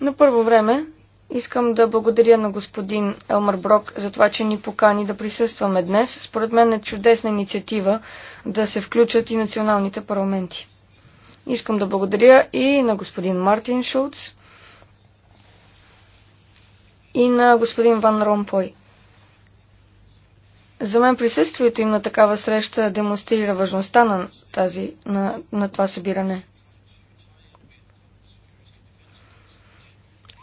На първо време искам да благодаря на господин Елмар Брок за това, че ни покани да присъстваме днес. Според мен е чудесна инициатива да се включат и националните парламенти. Искам да благодаря и на господин Мартин Шулц и на господин Ван Ромпой. За мен присъствието им на такава среща демонстрира важността на, тази, на, на това събиране.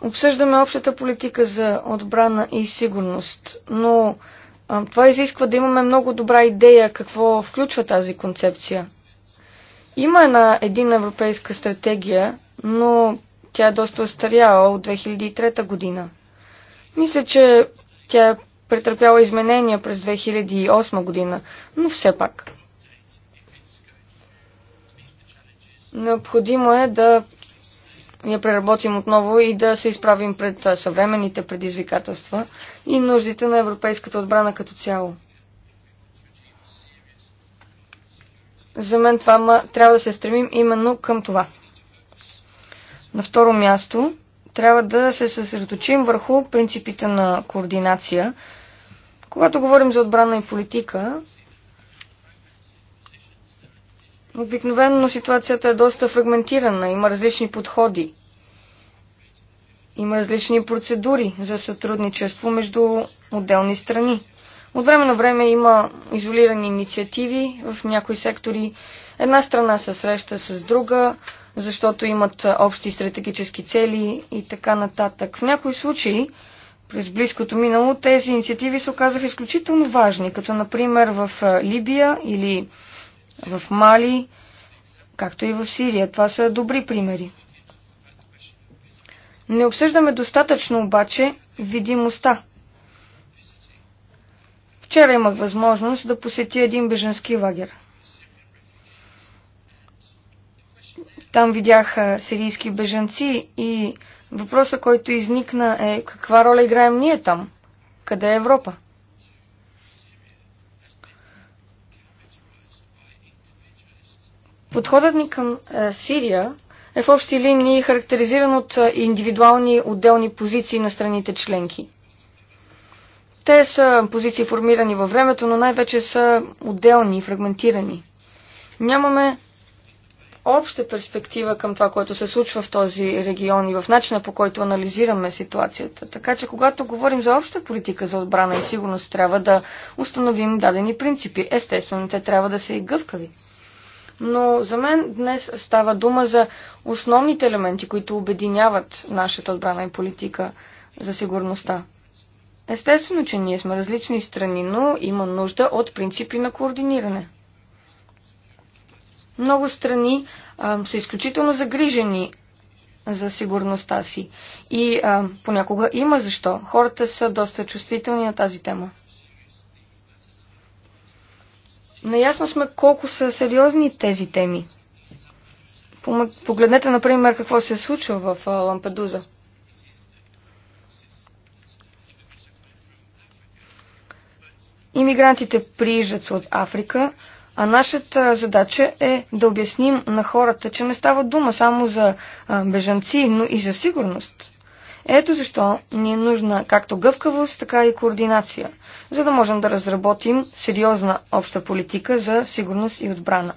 Обсъждаме общата политика за отбрана и сигурност, но а, това изисква да имаме много добра идея какво включва тази концепция. Има една един европейска стратегия, но тя е доста остаряла от 2003 година. Мисля, че тя е претърпяла изменения през 2008 година, но все пак. Необходимо е да я преработим отново и да се изправим пред съвременните предизвикателства и нуждите на европейската отбрана като цяло. За мен това ма, трябва да се стремим именно към това. На второ място, трябва да се съсредоточим върху принципите на координация. Когато говорим за отбрана и политика, обикновено ситуацията е доста фрагментирана. Има различни подходи. Има различни процедури за сътрудничество между отделни страни. От време на време има изолирани инициативи в някои сектори. Една страна се среща с друга, защото имат общи стратегически цели и така нататък. В някои случаи, през близкото минало, тези инициативи се оказаха изключително важни, като например в Либия или в Мали, както и в Сирия. Това са добри примери. Не обсъждаме достатъчно обаче видимостта. Вчера имах възможност да посетя един беженски лагер. Там видях сирийски беженци и въпроса, който изникна е каква роля играем ние там? Къде е Европа? Подходът ни към е, Сирия е в общи линии характеризиран от индивидуални отделни позиции на страните членки. Те са позиции формирани във времето, но най-вече са отделни и фрагментирани. Нямаме обща перспектива към това, което се случва в този регион и в начина по който анализираме ситуацията. Така че, когато говорим за обща политика за отбрана и сигурност, трябва да установим дадени принципи. Естествено, те трябва да са и гъвкави. Но за мен днес става дума за основните елементи, които обединяват нашата отбрана и политика за сигурността. Естествено, че ние сме различни страни, но има нужда от принципи на координиране. Много страни а, са изключително загрижени за сигурността си. И а, понякога има защо. Хората са доста чувствителни на тази тема. Наясно сме колко са сериозни тези теми. Погледнете, например, какво се е случва в Лампедуза. Имигрантите приезжат се от Африка, а нашата задача е да обясним на хората, че не става дума само за бежанци, но и за сигурност. Ето защо ни е нужна както гъвкавост, така и координация, за да можем да разработим сериозна обща политика за сигурност и отбрана.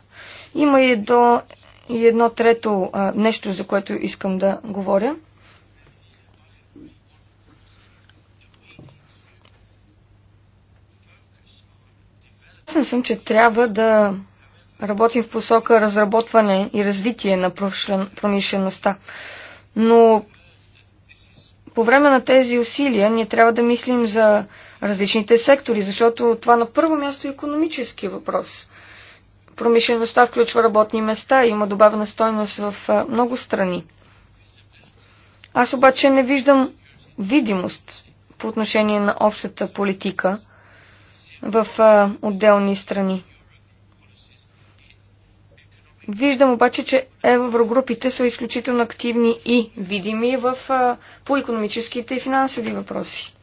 Има и едно, и едно трето а, нещо, за което искам да говоря – Съгласен съм, че трябва да работим в посока разработване и развитие на промишлеността. Но по време на тези усилия ние трябва да мислим за различните сектори, защото това на първо място е економически въпрос. Промишлеността включва работни места и има добавена стойност в много страни. Аз обаче не виждам видимост по отношение на общата политика – в отделни страни. Виждам обаче, че еврогрупите са изключително активни и видими в, по економическите и финансови въпроси.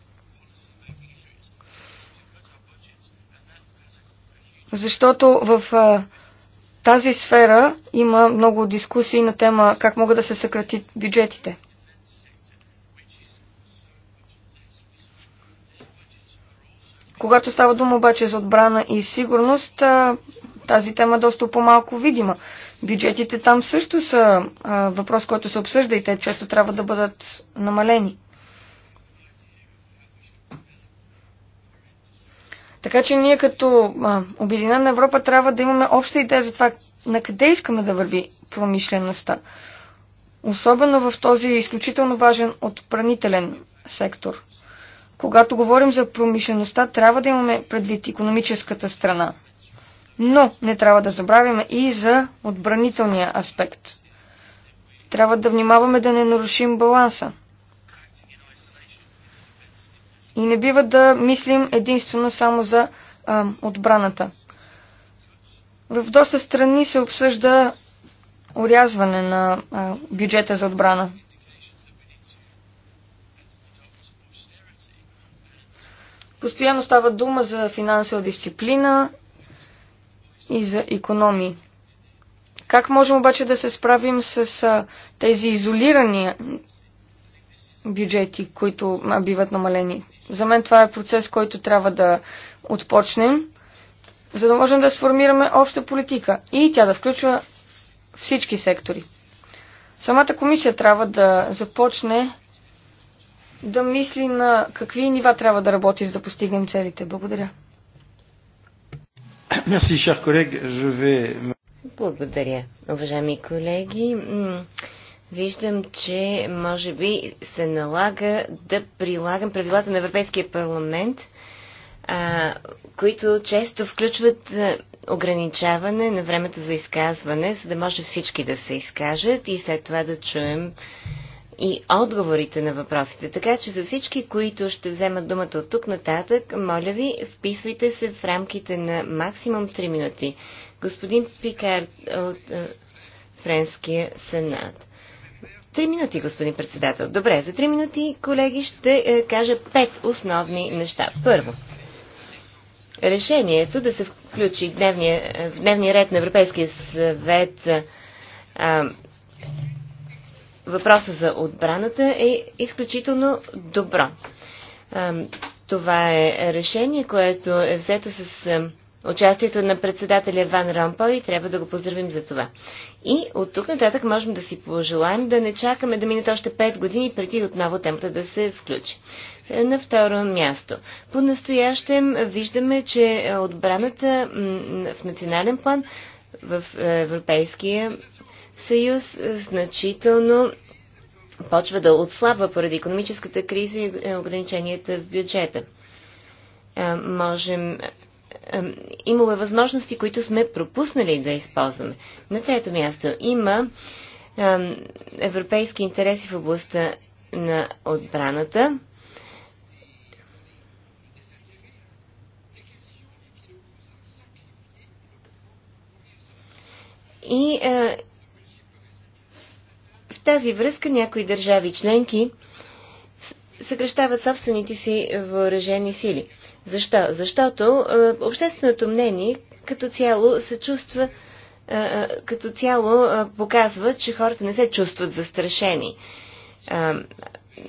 Защото в тази сфера има много дискусии на тема как могат да се съкратят бюджетите. Когато става дума обаче за отбрана и сигурност, тази тема е доста по-малко видима. Бюджетите там също са въпрос, който се обсъжда и те често трябва да бъдат намалени. Така че ние като а, Обединена Европа трябва да имаме обща идея за това на къде искаме да върви промишлеността. Особено в този изключително важен отпранителен сектор. Когато говорим за промишлеността, трябва да имаме предвид економическата страна. Но не трябва да забравяме и за отбранителния аспект. Трябва да внимаваме да не нарушим баланса. И не бива да мислим единствено само за а, отбраната. В доста страни се обсъжда урязване на а, бюджета за отбрана. Постоянно става дума за финансова дисциплина и за економии. Как можем обаче да се справим с а, тези изолирани бюджети, които а, биват намалени? За мен това е процес, който трябва да отпочнем, за да можем да сформираме обща политика и тя да включва всички сектори. Самата комисия трябва да започне да мисли на какви нива трябва да работи, за да постигнем целите. Благодаря. Merci, cher collègue. Je vais... Благодаря, уважаеми колеги. Виждам, че може би се налага да прилагам правилата на Европейския парламент, които често включват ограничаване на времето за изказване, за да може всички да се изкажат и след това да чуем и отговорите на въпросите. Така че за всички, които ще вземат думата от тук нататък, моля ви, вписвайте се в рамките на максимум 3 минути. Господин Пикар от е, Френския сенат. Три минути, господин председател. Добре, за три минути, колеги, ще е, кажа пет основни неща. Първо, решението да се включи дневния, е, в дневния ред на Европейския съвет е, въпроса за отбраната е изключително добро. Това е решение, което е взето с участието на председателя Ван Ромпо и трябва да го поздравим за това. И от тук нататък можем да си пожелаем да не чакаме да минат още 5 години преди отново темата да се включи. Е, на второ място. По-настоящем виждаме, че отбраната в национален план в е, Европейския съюз значително почва да отслабва поради економическата криза и ограниченията в бюджета. Е, можем е, е, имало възможности, които сме пропуснали да използваме. На трето място има европейски интереси в областта на отбраната. И в тази връзка някои държави членки съкръщават собствените си въоръжени сили. Защо? Защото общественото мнение като цяло се чувства като цяло показва, че хората не се чувстват застрашени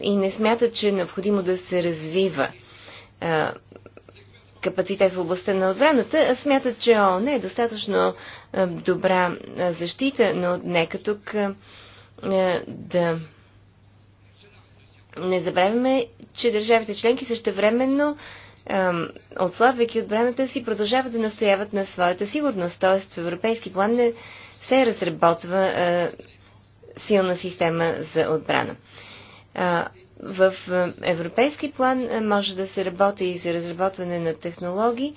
и не смятат, че е необходимо да се развива капацитет в областта на отбраната, а смятат, че ООН е достатъчно добра защита, но нека тук е, да не забравяме, че държавите членки също времено отслабвайки отбраната си, продължават да настояват на своята сигурност. Т.е. в европейски план не се разработва е, силна система за отбрана. Е, в европейски план е, може да се работи и за разработване на технологии,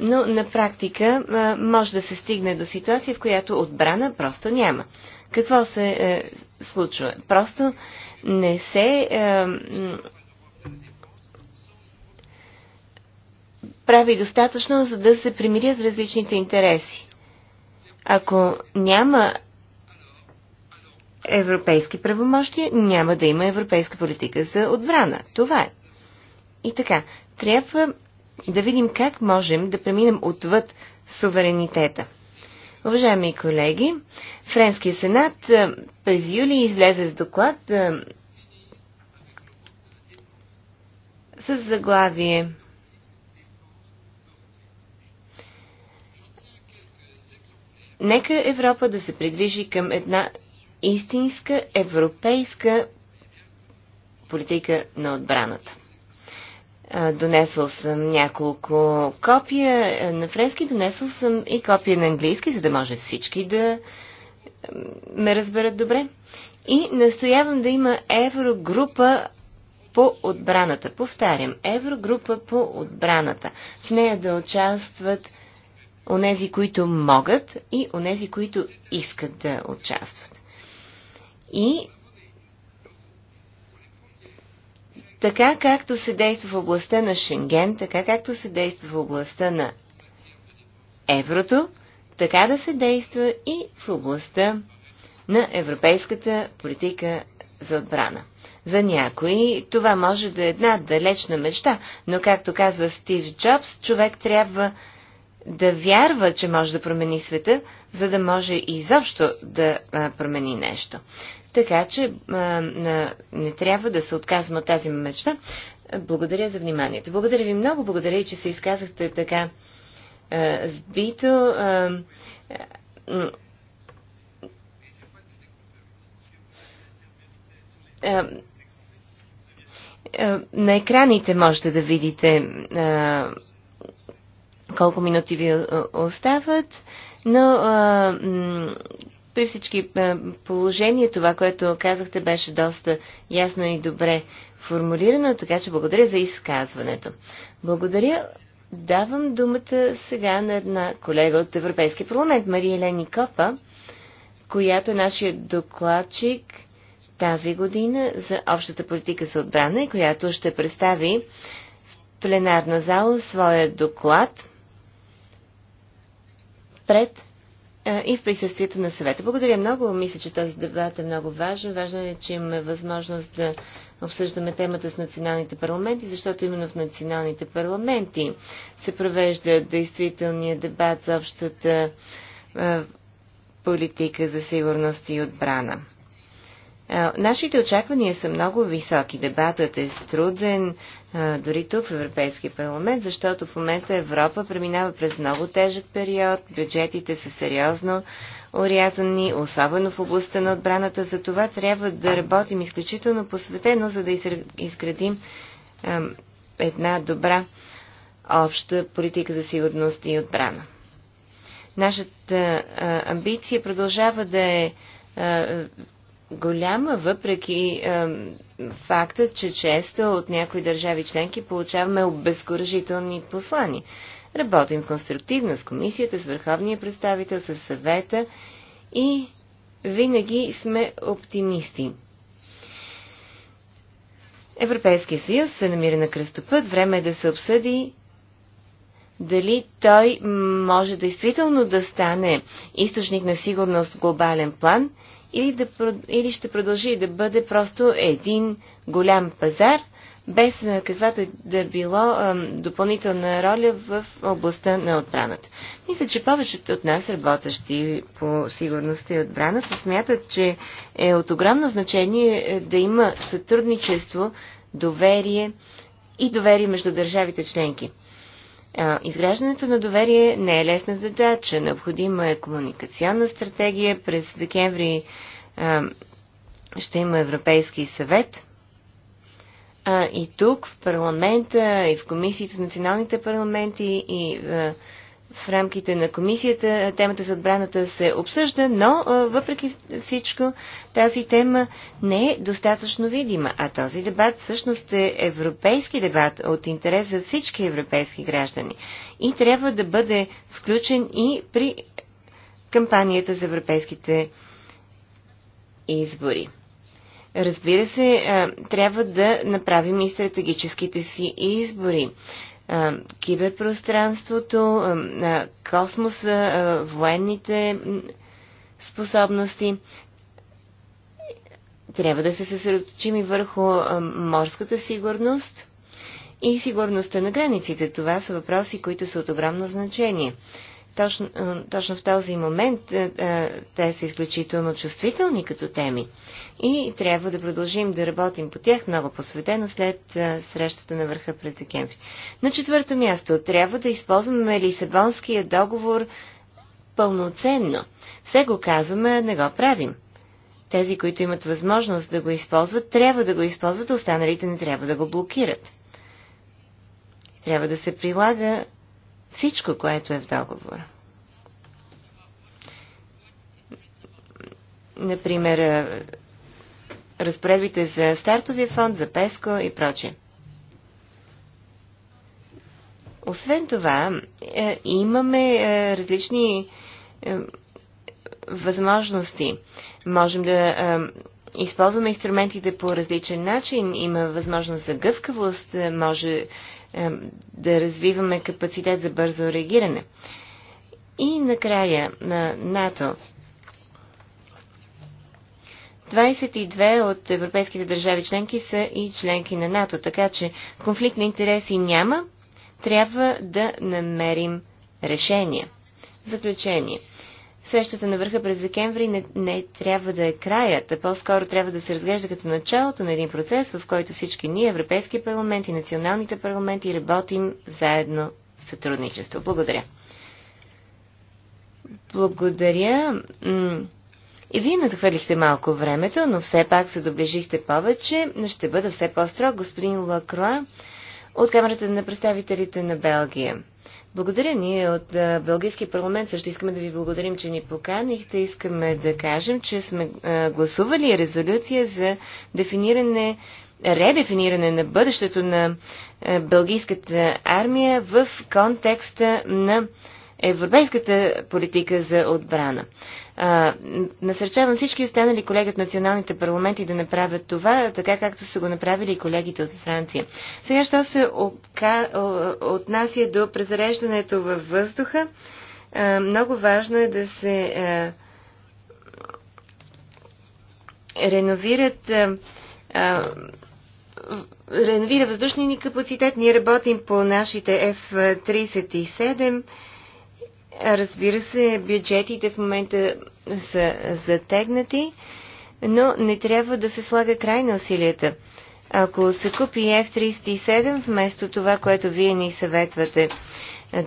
но на практика е, може да се стигне до ситуация, в която отбрана просто няма. Какво се е, случва? Просто не се е, прави достатъчно, за да се примирят различните интереси. Ако няма европейски правомощия, няма да има европейска политика за отбрана. Това е. И така, трябва да видим как можем да преминем отвъд суверенитета. Уважаеми колеги, Френския сенат е, през юли излезе с доклад е, с заглавие Нека Европа да се придвижи към една истинска европейска политика на отбраната. Донесъл съм няколко копия на френски, донесъл съм и копия на английски, за да може всички да ме разберат добре. И настоявам да има еврогрупа по отбраната. Повтарям, еврогрупа по отбраната. В нея да участват онези, които могат и онези, които искат да участват. И Така както се действа в областта на Шенген, така както се действа в областта на еврото, така да се действа и в областта на европейската политика за отбрана. За някои това може да е една далечна мечта, но както казва Стив Джобс, човек трябва да вярва, че може да промени света, за да може изобщо да промени нещо. Така че не трябва да се отказваме от тази мечта. Благодаря за вниманието. Благодаря ви много. Благодаря и, че се изказахте така сбито. На екраните можете да видите колко минути ви остават, но при всички е, положения това, което казахте, беше доста ясно и добре формулирано, така че благодаря за изказването. Благодаря. Давам думата сега на една колега от Европейския парламент, Мария Елени Копа, която е нашия докладчик тази година за общата политика за отбрана и която ще представи в пленарна зала своя доклад пред е, и в присъствието на съвета. Благодаря много. Мисля, че този дебат е много важен. Важно е, че имаме възможност да обсъждаме темата с националните парламенти, защото именно в националните парламенти се провежда действителният дебат за общата е, политика за сигурност и отбрана. Е, нашите очаквания са много високи. Дебатът е труден е, дори тук в Европейския парламент, защото в момента Европа преминава през много тежък период, бюджетите са сериозно орязани, особено в областта на отбраната. За това трябва да работим изключително посветено, за да изградим една добра обща политика за сигурност и отбрана. Нашата амбиция продължава да е голяма, въпреки е, факта, че често от някои държави членки получаваме обезкуражителни послани. Работим конструктивно с комисията, с върховния представител, с съвета и винаги сме оптимисти. Европейския съюз се намира на кръстопът. Време е да се обсъди дали той може действително да стане източник на сигурност в глобален план или, да, или ще продължи да бъде просто един голям пазар, без каквато да било допълнителна роля в областта на отбраната. Мисля, че повечето от нас, работещи по сигурността и отбраната, смятат, че е от огромно значение е, да има сътрудничество, доверие и доверие между държавите членки. Изграждането на доверие не е лесна задача. Необходима е комуникационна стратегия. През декември ще има Европейски съвет. и тук, в парламента, и в комисиите, в националните парламенти, и в в рамките на комисията темата за отбраната се обсъжда, но въпреки всичко тази тема не е достатъчно видима. А този дебат всъщност е европейски дебат от интерес за всички европейски граждани и трябва да бъде включен и при кампанията за европейските избори. Разбира се, трябва да направим и стратегическите си избори киберпространството, космоса, военните способности. Трябва да се съсредоточим и върху морската сигурност и сигурността на границите. Това са въпроси, които са от огромно значение точно, точно в този момент те са изключително чувствителни като теми. И трябва да продължим да работим по тях много посветено след срещата на върха пред декември. На четвърто място, трябва да използваме Лисабонския договор пълноценно. Все го казваме, не го правим. Тези, които имат възможност да го използват, трябва да го използват, а останалите не трябва да го блокират. Трябва да се прилага всичко, което е в договора. Например, разпоредбите за стартовия фонд, за ПЕСКО и прочее. Освен това, е, имаме е, различни е, възможности. Можем да използваме инструментите по различен начин. Има възможност за гъвкавост, може да развиваме капацитет за бързо реагиране. И накрая на НАТО. 22 от европейските държави членки са и членки на НАТО, така че конфликт на интереси няма. Трябва да намерим решение. Заключение срещата на върха през декември не, не трябва да е краят, а по-скоро трябва да се разглежда като началото на един процес, в който всички ние, Европейския парламент и националните парламенти, работим заедно в сътрудничество. Благодаря. Благодаря. И вие надхвърлихте малко времето, но все пак се доближихте повече. Ще бъда все по-строг, господин Лакроа, от Камерата на представителите на Белгия. Благодаря. Ние от а, парламент също искаме да ви благодарим, че ни поканихте. Искаме да кажем, че сме гласували резолюция за дефиниране, редефиниране на бъдещето на Белгийската Бългийската армия в контекста на европейската политика за отбрана. А, насърчавам всички останали колеги от националните парламенти да направят това, така както са го направили и колегите от Франция. Сега, що се отнася до презареждането във въздуха, а, много важно е да се а, реновират а, а, реновира въздушния ни капацитет. Ние работим по нашите F-37 Разбира се, бюджетите в момента са затегнати, но не трябва да се слага край на усилията. Ако се купи F-37 вместо това, което вие ни съветвате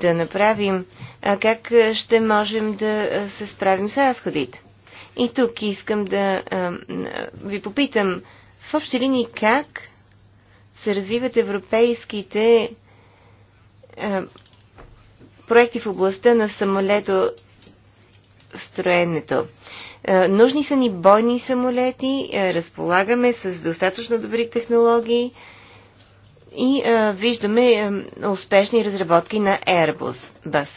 да направим, как ще можем да се справим с разходите? И тук искам да ви попитам, в общи линии как се развиват европейските проекти в областта на самолето строенето. Е, нужни са ни бойни самолети, е, разполагаме с достатъчно добри технологии и е, виждаме успешни разработки на Airbus. Bus.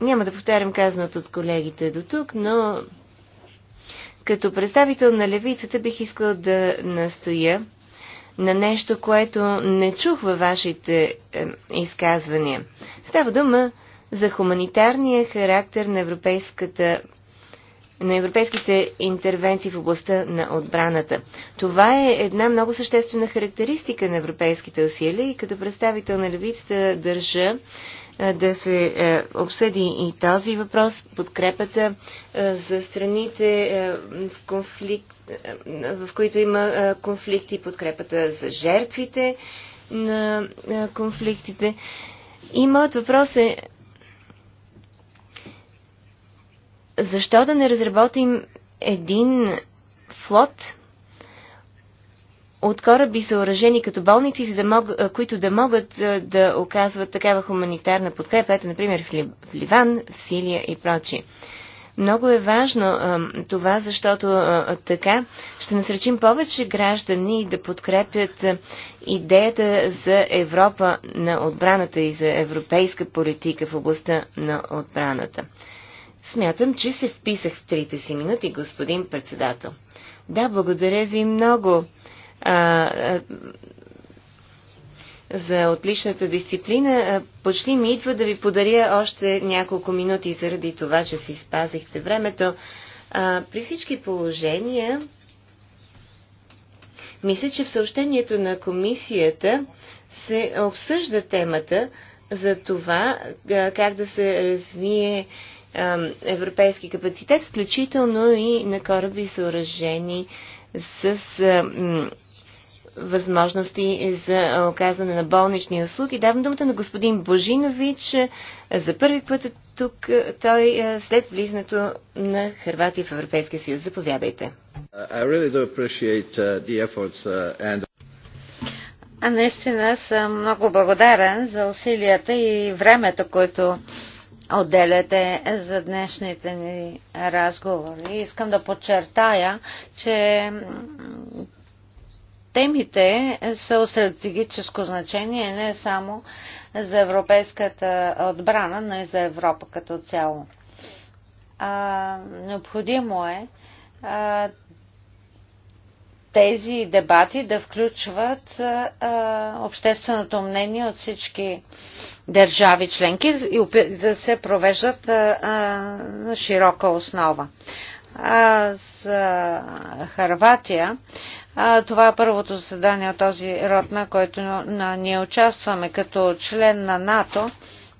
Няма да повтарям казаното от колегите до тук, но като представител на левицата бих искал да настоя на нещо, което не чух във вашите е, изказвания. Става дума за хуманитарния характер на, европейската, на европейските интервенции в областта на отбраната. Това е една много съществена характеристика на европейските усилия и като представител на левицата държа е, да се е, обсъди и този въпрос, подкрепата е, за страните в, конфликт, в които има конфликти, подкрепата за жертвите на конфликтите. И моят въпрос е защо да не разработим един флот от кораби съоръжени като болници, за да мог, които да могат да оказват такава хуманитарна подкрепа, ето, например, в Ливан, в Силия и прочие. Много е важно а, това, защото а, така ще насречим повече граждани да подкрепят а, идеята за Европа на отбраната и за европейска политика в областта на отбраната. Смятам, че се вписах в трите си минути, господин председател. Да, благодаря ви много, а, а, за отличната дисциплина. Почти ми идва да ви подаря още няколко минути заради това, че си спазихте времето. А, при всички положения, мисля, че в съобщението на комисията се обсъжда темата за това как да се развие европейски капацитет, включително и на кораби съоръжени с възможности за оказване на болнични услуги. Давам думата на господин Божинович. За първи път е тук той след влизането на Харватия в Европейския съюз. Заповядайте. Really uh, uh, and... а, наистина съм много благодарен за усилията и времето, което отделяте за днешните ни разговори. Искам да подчертая, че темите са от стратегическо значение не само за европейската отбрана, но и за Европа като цяло. А, необходимо е а, тези дебати да включват а, общественото мнение от всички държави членки и да се провеждат а, а, на широка основа. А, а, Харватия а, това е първото заседание от този род, на който на, ние участваме като член на НАТО.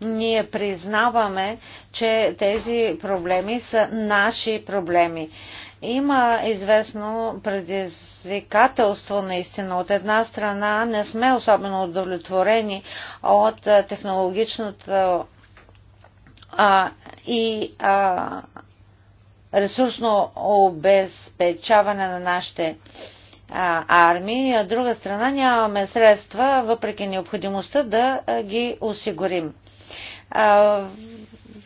Ние признаваме, че тези проблеми са наши проблеми. Има известно предизвикателство наистина. От една страна не сме особено удовлетворени от технологичното а, и а, ресурсно обезпечаване на нашите а, армии, а от друга страна нямаме средства, въпреки необходимостта да ги осигурим.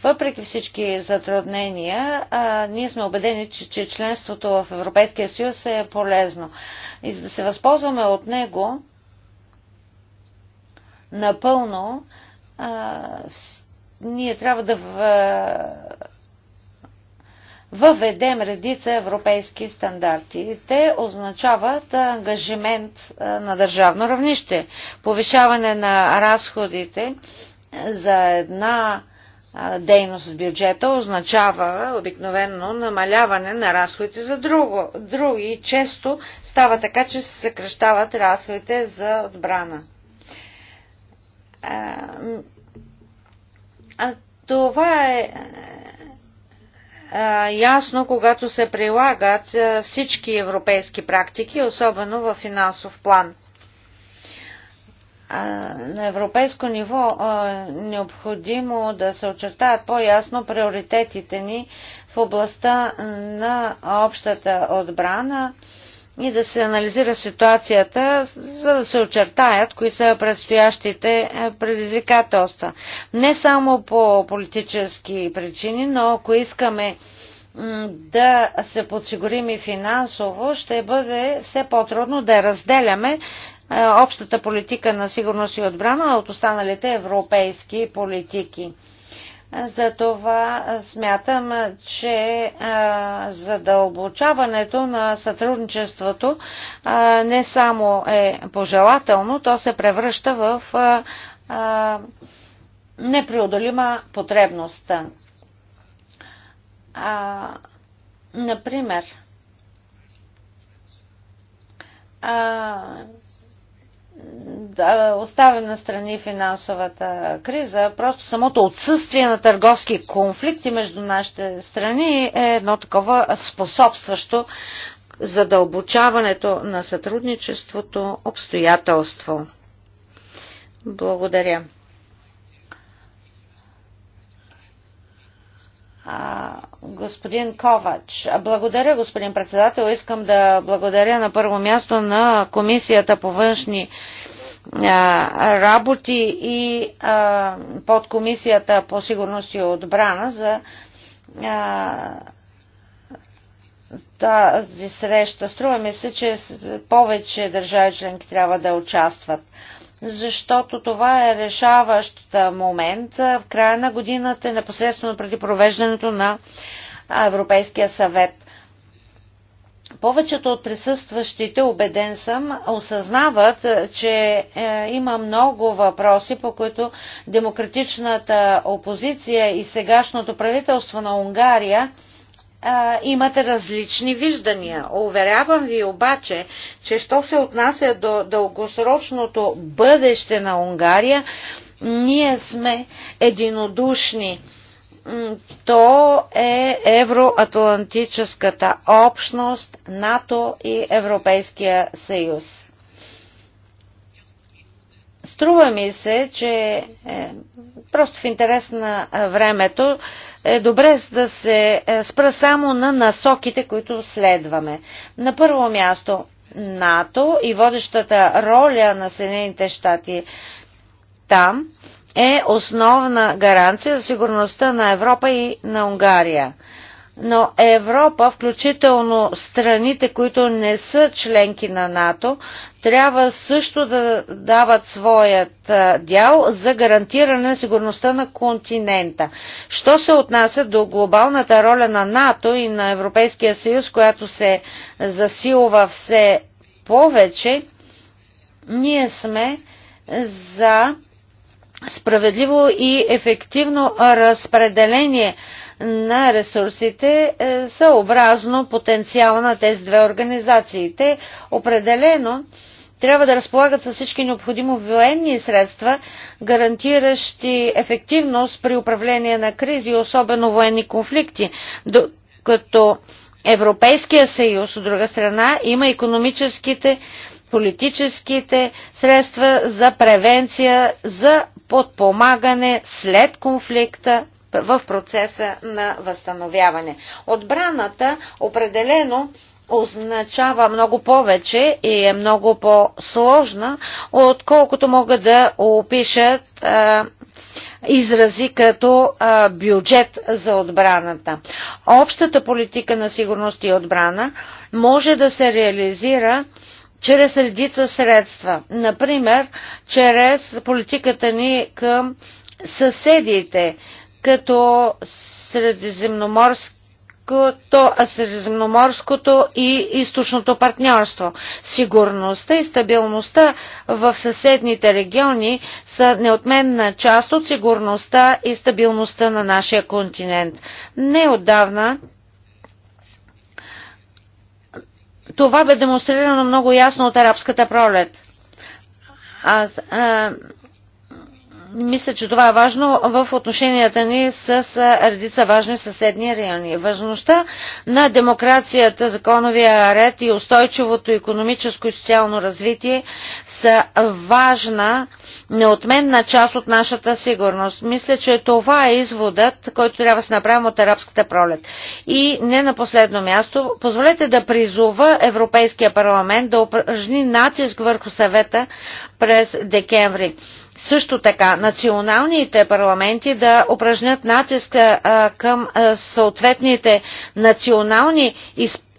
Въпреки всички затруднения, ние сме убедени, че, членството в Европейския съюз е полезно. И за да се възползваме от него напълно, ние трябва да въведем редица европейски стандарти. Те означават ангажимент на държавно равнище, повишаване на разходите за една дейност в бюджета означава обикновено намаляване на разходите за друго. други. Често става така, че се съкръщават разходите за отбрана. А, това е ясно, когато се прилагат всички европейски практики, особено в финансов план. На европейско ниво е необходимо да се очертаят по-ясно приоритетите ни в областта на общата отбрана, и да се анализира ситуацията, за да се очертаят кои са предстоящите е, предизвикателства. Не само по политически причини, но ако искаме да се подсигурим и финансово, ще бъде все по-трудно да разделяме е, общата политика на сигурност и отбрана от останалите европейски политики. Затова смятам, че задълбочаването на сътрудничеството не само е пожелателно, то се превръща в непреодолима потребност. Например, да оставим на страни финансовата криза, просто самото отсъствие на търговски конфликти между нашите страни е едно такова способстващо задълбочаването на сътрудничеството обстоятелство. Благодаря. А, господин Ковач. Благодаря, господин председател. Искам да благодаря на първо място на Комисията по външни а, работи и а, под Комисията по сигурност и отбрана за тази среща. Струва ми се, че повече държави членки трябва да участват защото това е решаващ момент в края на годината, непосредствено преди провеждането на Европейския съвет. Повечето от присъстващите, убеден съм, осъзнават, че е, има много въпроси, по които демократичната опозиция и сегашното правителство на Унгария а, имате различни виждания. Уверявам ви обаче, че що се отнася до дългосрочното бъдеще на Унгария, ние сме единодушни. То е евроатлантическата общност, НАТО и Европейския съюз. Струва ми се, че е, просто в интерес на времето е добре да се е, спра само на насоките, които следваме. На първо място НАТО и водещата роля на Съединените щати там е основна гаранция за сигурността на Европа и на Унгария. Но Европа, включително страните, които не са членки на НАТО, трябва също да дават своят дял за гарантиране на сигурността на континента. Що се отнася до глобалната роля на НАТО и на Европейския съюз, която се засилва все повече, ние сме за справедливо и ефективно разпределение на ресурсите е, съобразно потенциала на тези две организации. Те определено трябва да разполагат с всички необходимо военни средства, гарантиращи ефективност при управление на кризи, особено военни конфликти, докато Европейския съюз, от друга страна, има економическите, политическите средства за превенция, за подпомагане след конфликта в процеса на възстановяване. Отбраната определено означава много повече и е много по-сложна, отколкото могат да опишат а, изрази като а, бюджет за отбраната. Общата политика на сигурност и отбрана може да се реализира чрез редица средства. Например, чрез политиката ни към съседите, като средиземноморски средиземноморското и източното партньорство. Сигурността и стабилността в съседните региони са неотменна част от сигурността и стабилността на нашия континент. Неодавна това бе демонстрирано много ясно от арабската пролет. Аз, а, мисля, че това е важно в отношенията ни с редица важни съседни райони. Важността на демокрацията, законовия ред и устойчивото економическо и социално развитие са важна, неотменна част от нашата сигурност. Мисля, че това е изводът, който трябва да се направим от арабската пролет. И не на последно място, позволете да призова Европейския парламент да упражни натиск върху съвета през декември също така националните парламенти да упражнят натиск към съответните национални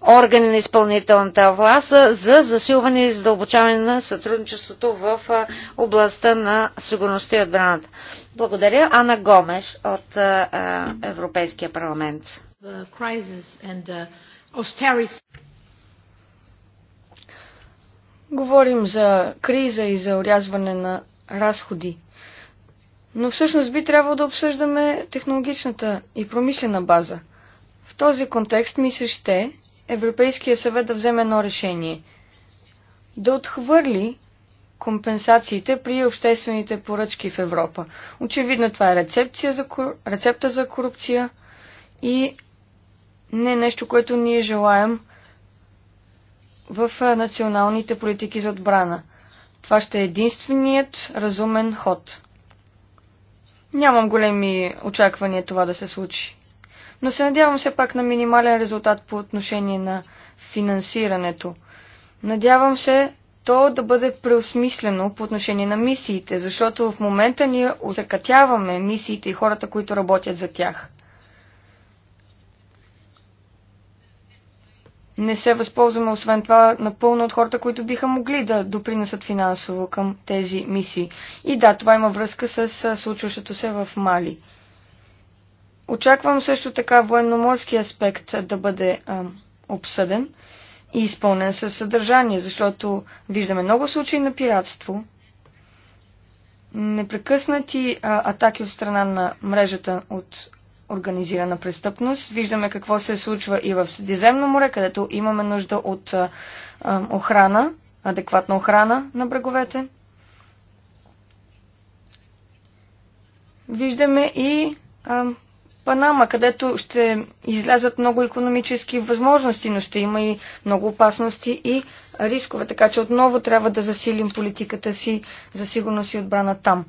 органи на изпълнителната власт за засилване и задълбочаване на сътрудничеството в областта на сигурността и отбраната. Благодаря. Ана Гомеш от Европейския парламент. Uh, Говорим за криза и за урязване на разходи. Но всъщност би трябвало да обсъждаме технологичната и промишлена база. В този контекст ми се ще Европейския съвет да вземе едно решение. Да отхвърли компенсациите при обществените поръчки в Европа. Очевидно това е рецепция за, рецепта за корупция и не нещо, което ние желаем в националните политики за отбрана. Това ще е единственият разумен ход. Нямам големи очаквания това да се случи. Но се надявам все пак на минимален резултат по отношение на финансирането. Надявам се то да бъде преосмислено по отношение на мисиите, защото в момента ние закатяваме мисиите и хората, които работят за тях. не се възползваме освен това напълно от хората, които биха могли да допринесат финансово към тези мисии. И да, това има връзка с случващото се в Мали. Очаквам също така военноморски аспект да бъде а, обсъден и изпълнен със съдържание, защото виждаме много случаи на пиратство, непрекъснати а, атаки от страна на мрежата от организирана престъпност. Виждаме какво се случва и в Средиземно море, където имаме нужда от охрана, адекватна охрана на бреговете. Виждаме и Панама, където ще излязат много економически възможности, но ще има и много опасности и рискове. Така че отново трябва да засилим политиката си за сигурност и отбрана там.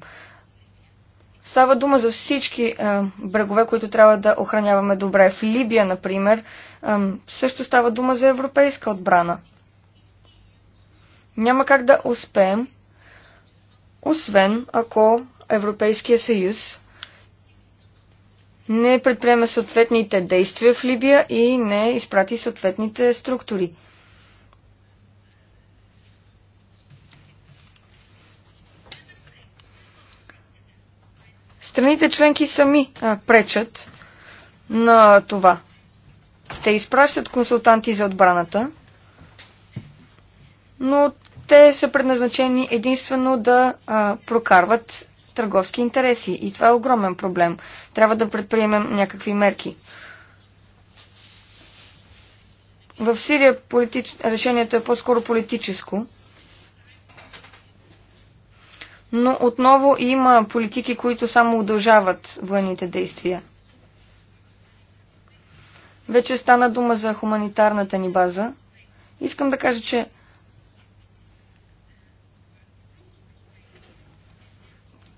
Става дума за всички а, е, брегове, които трябва да охраняваме добре. В Либия, например, а, е, също става дума за европейска отбрана. Няма как да успеем, освен ако Европейския съюз не предприеме съответните действия в Либия и не изпрати съответните структури. Страните членки сами а, пречат на това. Те изпращат консултанти за отбраната, но те са предназначени единствено да а, прокарват търговски интереси. И това е огромен проблем. Трябва да предприемем някакви мерки. В Сирия политич... решението е по-скоро политическо но отново има политики, които само удължават военните действия. Вече стана дума за хуманитарната ни база. Искам да кажа, че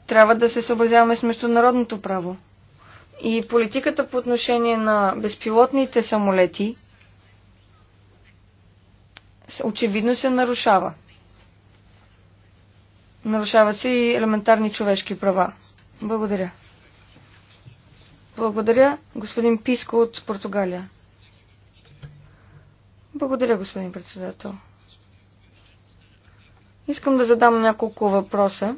трябва да се съобразяваме с международното право. И политиката по отношение на безпилотните самолети очевидно се нарушава нарушават се и елементарни човешки права. Благодаря. Благодаря, господин Писко от Португалия. Благодаря, господин председател. Искам да задам няколко въпроса.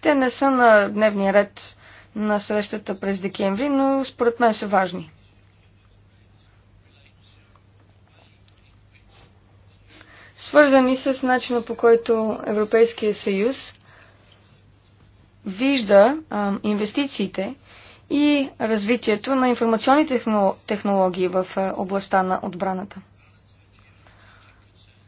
Те не са на дневния ред на срещата през декември, но според мен са важни. свързани с начина по който Европейския съюз вижда а, инвестициите и развитието на информационни технологии в а, областта на отбраната.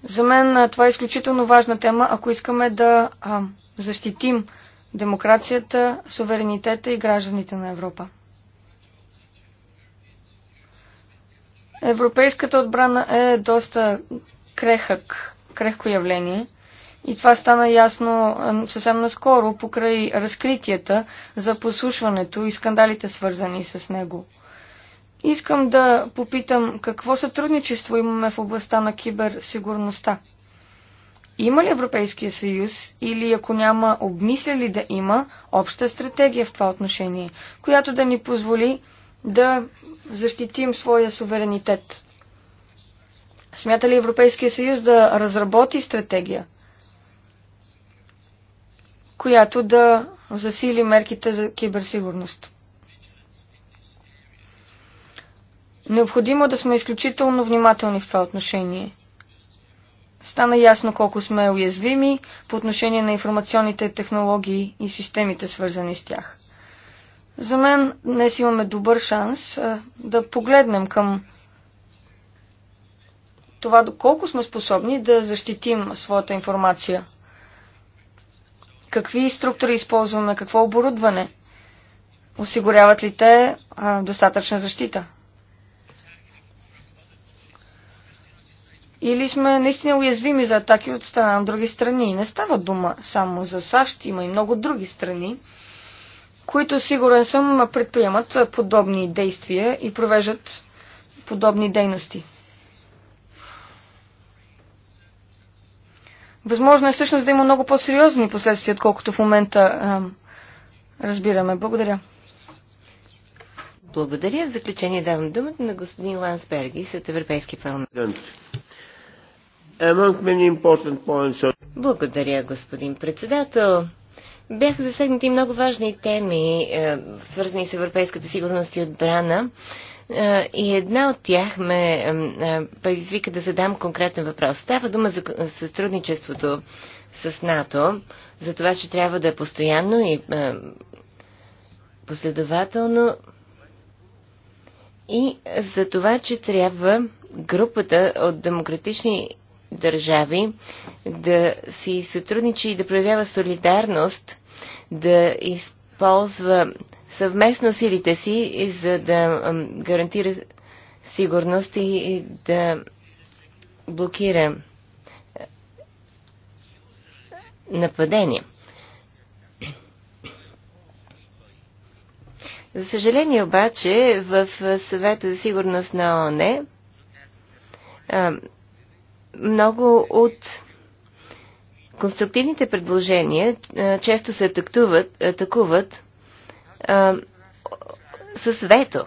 За мен а, това е изключително важна тема, ако искаме да а, защитим демокрацията, суверенитета и гражданите на Европа. Европейската отбрана е доста крехък, крехко явление. И това стана ясно съвсем наскоро покрай разкритията за послушването и скандалите свързани с него. Искам да попитам какво сътрудничество имаме в областта на киберсигурността. Има ли Европейския съюз или ако няма, обмисля ли да има обща стратегия в това отношение, която да ни позволи да защитим своя суверенитет? Смята ли Европейския съюз да разработи стратегия, която да засили мерките за киберсигурност? Необходимо е да сме изключително внимателни в това отношение. Стана ясно колко сме уязвими по отношение на информационните технологии и системите, свързани с тях. За мен днес имаме добър шанс а, да погледнем към това доколко сме способни да защитим своята информация. Какви структури използваме, какво оборудване, осигуряват ли те а, достатъчна защита. Или сме наистина уязвими за атаки от страна на други страни. Не става дума само за САЩ, има и много други страни, които сигурен съм предприемат подобни действия и провеждат подобни дейности. Възможно е всъщност да има много по-сериозни последствия, отколкото в момента а, разбираме. Благодаря. Благодаря. В заключение давам думата на господин Лансберги от Европейски парламент. Благодаря, господин председател. Бяха засегнати много важни теми, е, свързани с европейската сигурност и отбрана. Е, и една от тях ме е, предизвика да задам конкретен въпрос. Става дума за сътрудничеството с НАТО, за това, че трябва да е постоянно и е, последователно и за това, че трябва групата от демократични държави да си сътрудничи и да проявява солидарност, да използва съвместно силите си, за да гарантира сигурност и да блокира нападение. За съжаление обаче в съвета за сигурност на ООН много от конструктивните предложения често се атакуват, атакуват а, с вето.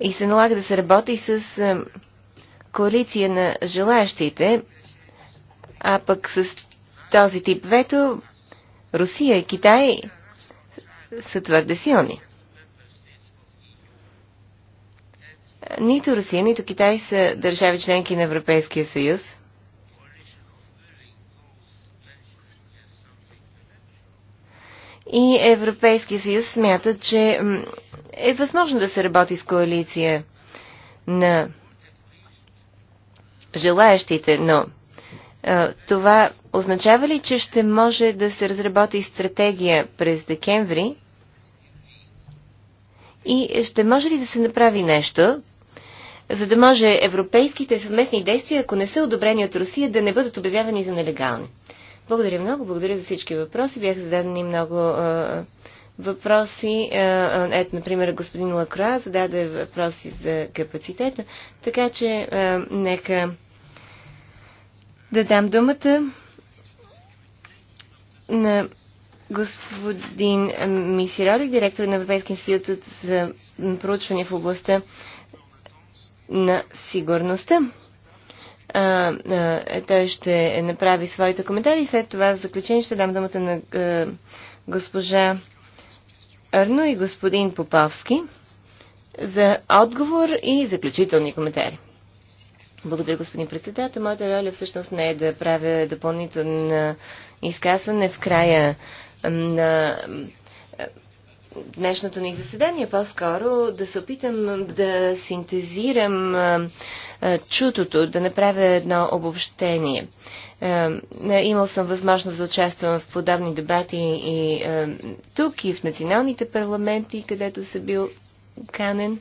И се налага да се работи с а, коалиция на желаящите, а пък с този тип вето Русия и Китай са твърде силни. Нито Русия, нито Китай са държави членки на Европейския съюз. и Европейския съюз смята, че е възможно да се работи с коалиция на желаящите, но това означава ли, че ще може да се разработи стратегия през декември? И ще може ли да се направи нещо, за да може европейските съвместни действия, ако не са одобрени от Русия, да не бъдат обявявани за нелегални? Благодаря много, благодаря за всички въпроси. Бяха зададени много а, въпроси. А, ето, например, господин Лакроа зададе въпроси за капацитета, така че а, нека да дам думата на господин Мисиролик, директор на Европейския институт за проучване в областта на сигурността а, а, той ще направи своите коментари. След това в заключение ще дам думата на а, госпожа Арно и господин Поповски за отговор и заключителни коментари. Благодаря, господин председател. Моята роля всъщност не е да правя допълнително изказване в края на днешното ни заседание, по-скоро да се опитам да синтезирам чутото, да направя едно обобщение. Имал съм възможност да участвам в подобни дебати и тук, и в националните парламенти, където съм бил канен.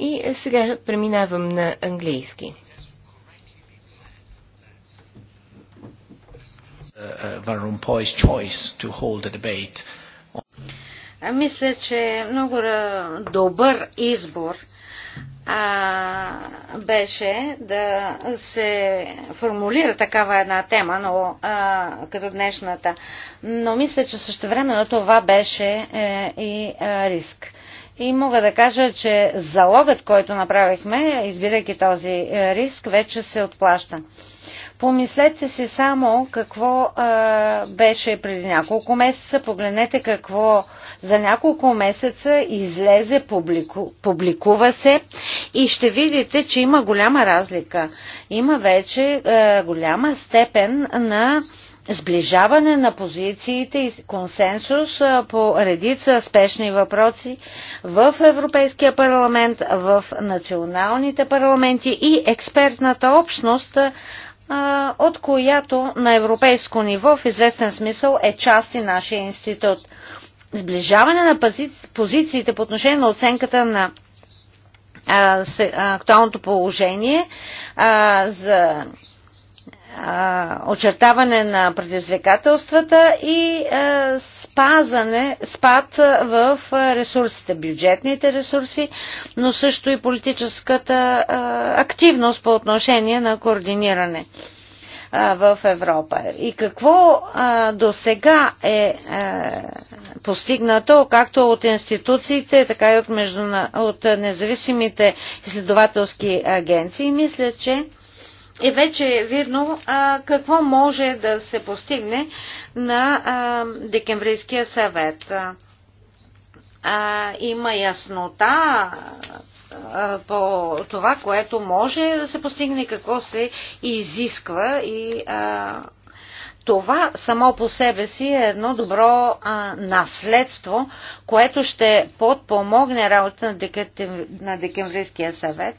И сега преминавам на английски. Uh, uh, Van Rompuy's choice to hold a debate мисля, че е много добър избор а, беше да се формулира такава една тема, но а, като днешната. Но мисля, че също време на това беше е, и е, риск. И мога да кажа, че залогът, който направихме, избирайки този е, риск, вече се отплаща. Помислете си само какво а, беше преди няколко месеца, погледнете какво за няколко месеца излезе, публику, публикува се и ще видите, че има голяма разлика. Има вече а, голяма степен на сближаване на позициите и консенсус по редица спешни въпроси в Европейския парламент, в националните парламенти и експертната общност от която на европейско ниво в известен смисъл е част и нашия институт. Сближаване на позициите по отношение на оценката на актуалното положение за очертаване на предизвикателствата и спазане, спад в ресурсите, бюджетните ресурси, но също и политическата активност по отношение на координиране в Европа. И какво до сега е постигнато, както от институциите, така и от, междуна... от независимите изследователски агенции. Мисля, че е вече е видно а, какво може да се постигне на а, декемврийския съвет. А, има яснота а, по това, което може да се постигне, какво се изисква и а, това само по себе си е едно добро а, наследство, което ще подпомогне работа на, декем... на Декемврийския съвет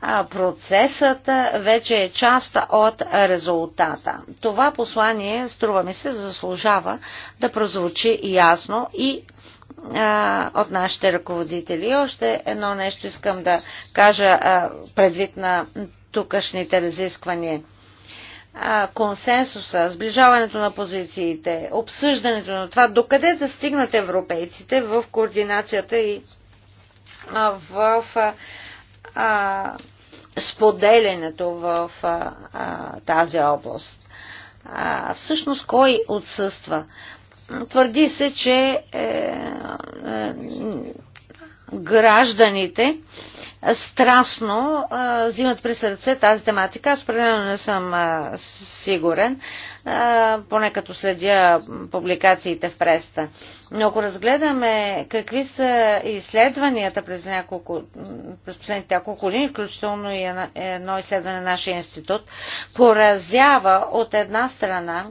а процесът вече е част от резултата. Това послание, струва ми се, заслужава да прозвучи ясно и а, от нашите ръководители. още едно нещо искам да кажа а, предвид на тукашните разисквания консенсуса, сближаването на позициите, обсъждането на това, докъде да стигнат европейците в координацията и в а, споделянето в а, а, тази област. А, всъщност кой отсъства? Твърди се, че е, е, гражданите е, страстно а, взимат при сърце тази тематика. Аз определено не съм а, сигурен, а, поне като следя публикациите в преста. Но ако разгледаме какви са изследванията през, няколко, през последните няколко години, включително и едно изследване на нашия институт, поразява от една страна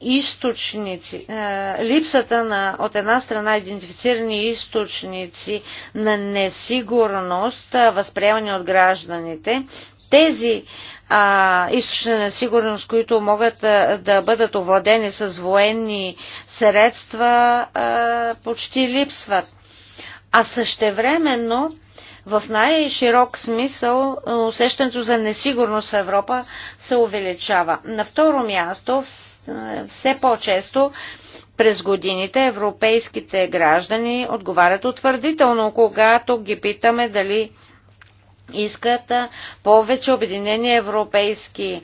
източници, е, липсата на от една страна идентифицирани източници на несигурност, е, възприемани от гражданите, тези а, източни на сигурност, които могат а, е, да бъдат овладени с военни средства, а, почти липсват. А същевременно в най-широк смисъл е, усещането за несигурност в Европа се увеличава. На второ място, е, все по-често през годините европейските граждани отговарят утвърдително, когато ги питаме дали искат е, повече обединени европейски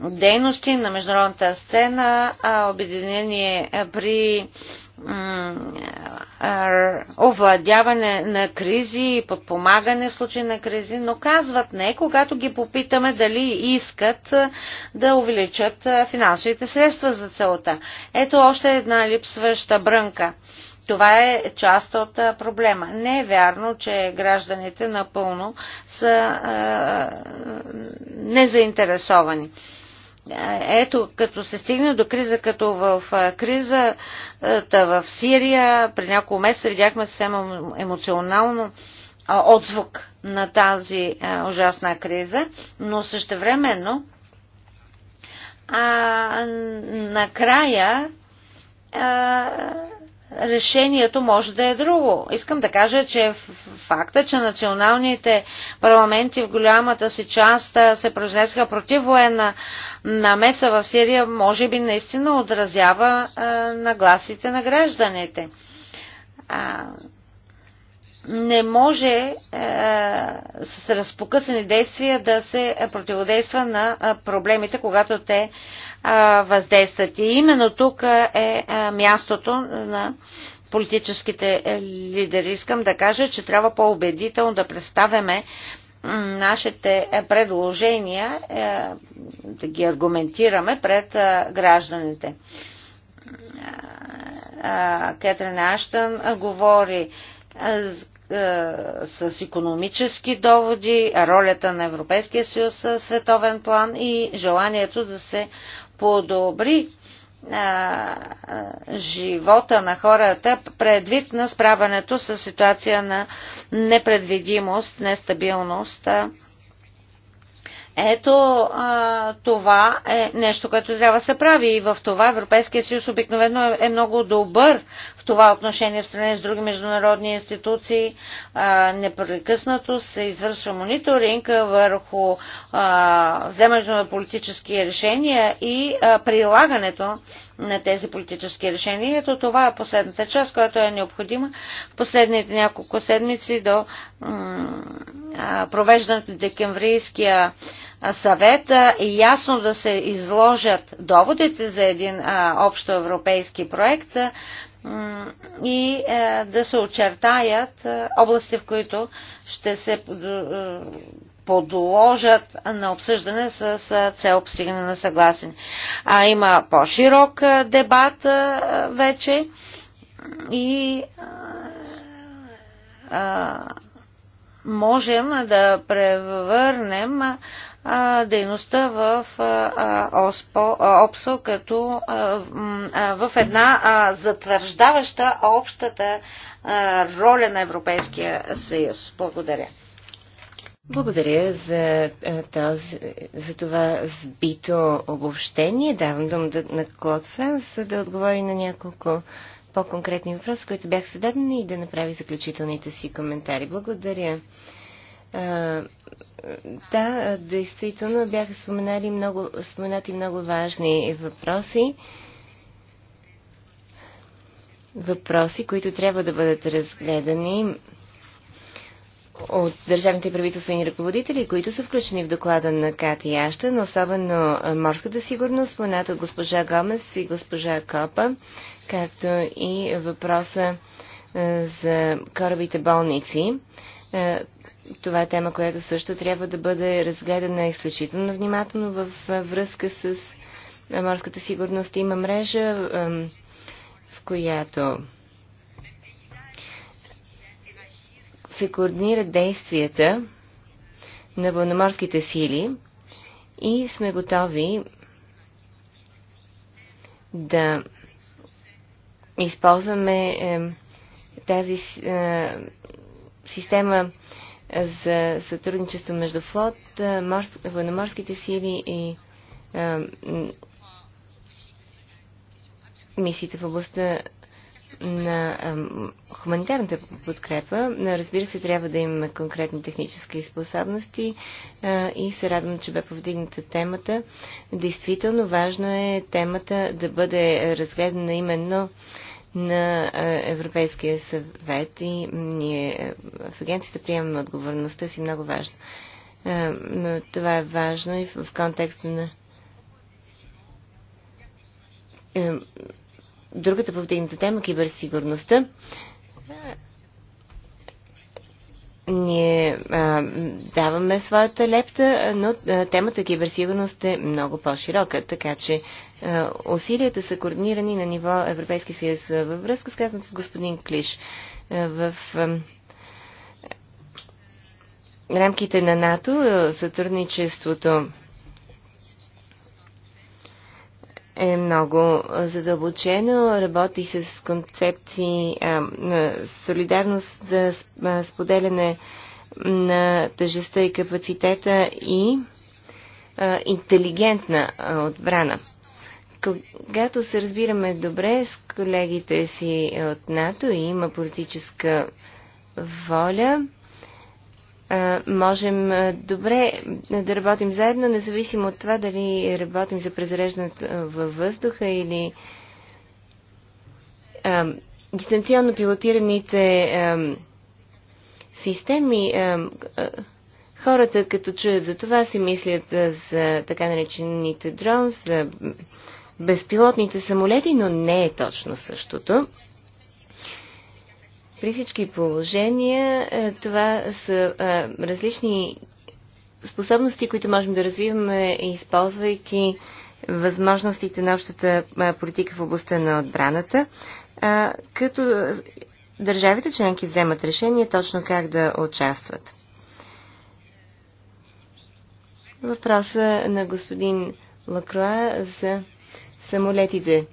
дейности на международната сцена, а обединение при овладяване на кризи и подпомагане в случай на кризи, но казват не, когато ги попитаме дали искат да увеличат финансовите средства за целта. Ето още една липсваща брънка. Това е част от проблема. Не е вярно, че гражданите напълно са незаинтересовани. Ето, като се стигне до криза, като в кризата в Сирия, при няколко месеца видяхме съвсем емоционално отзвук на тази ужасна криза, но същевременно а, накрая а, решението може да е друго. Искам да кажа, че факта, че националните парламенти в голямата си част се произнесха против военна намеса в Сирия, може би наистина отразява нагласите на гражданите не може е, с разпокъсани действия да се противодейства на е, проблемите, когато те е, въздействат. И именно тук е, е мястото на политическите лидери. Искам да кажа, че трябва по-убедително да представяме нашите предложения, е, да ги аргументираме пред е, гражданите. Е, Кетрин Аштън говори е, с економически доводи, ролята на Европейския съюз в световен план и желанието да се подобри а, е, е, живота на хората предвид на справянето с ситуация на непредвидимост, нестабилност. Ето а, това е нещо, което трябва да се прави и в това Европейския съюз обикновено е много добър това отношение в страни с други международни институции. Непрекъснато се извършва мониторинг върху вземането на политически решения и прилагането на тези политически решения. Ето това е последната част, която е необходима в последните няколко седмици до провеждането на декемврийския съвет и ясно да се изложат доводите за един общоевропейски проект, и е, да се очертаят е, области, в които ще се е, подложат на обсъждане с цел постигане на съгласен. А има по-широк дебат вече и можем да превърнем дейността в ОПСО като в една затвърждаваща общата роля на Европейския съюз. Благодаря. Благодаря за, този, за това сбито обобщение. Давам дума на Клод Франс, да отговори на няколко по-конкретни въпроси, които бях зададени и да направи заключителните си коментари. Благодаря да, действително бяха споменали много, споменати много важни въпроси. Въпроси, които трябва да бъдат разгледани от държавните правителствени ръководители, които са включени в доклада на Кати Яща, но особено морската сигурност, споменат от госпожа Гомес и госпожа Копа, както и въпроса за корабите болници, това е тема, която също трябва да бъде разгледана изключително внимателно в връзка с морската сигурност. Има мрежа, в която се координират действията на военноморските сили и сме готови да използваме тази система за сътрудничество между флот, морс... военноморските сили и а, мисиите в областта на а, хуманитарната подкрепа. Разбира се, трябва да имаме конкретни технически способности а, и се радвам, че бе повдигната темата. Действително важно е темата да бъде разгледана именно на е, Европейския съвет и ние е, в агенцията приемаме отговорността си много важно. Е, това е важно и в контекста на другата повдигната тема киберсигурността. Ние а, даваме своята лепта, но а, темата киберсигурност е много по-широка, така че а, усилията са координирани на ниво Европейски съюз. Във връзка с казаното с господин Клиш, а, в а, рамките на НАТО сътрудничеството е много задълбочено. Работи с концепции а, на солидарност за споделяне на тъжеста и капацитета и а, интелигентна отбрана. Когато се разбираме добре с колегите си от НАТО и има политическа воля, можем добре да работим заедно, независимо от това дали работим за презреждането във въздуха или дистанционно пилотираните системи. хората, като чуят за това, си мислят за така наречените дрон, за безпилотните самолети, но не е точно същото. При всички положения е, това са е, различни способности, които можем да развиваме, използвайки възможностите на общата е, политика в областта на отбраната, като държавите членки вземат решение точно как да участват. Въпроса на господин Лакроа за самолетите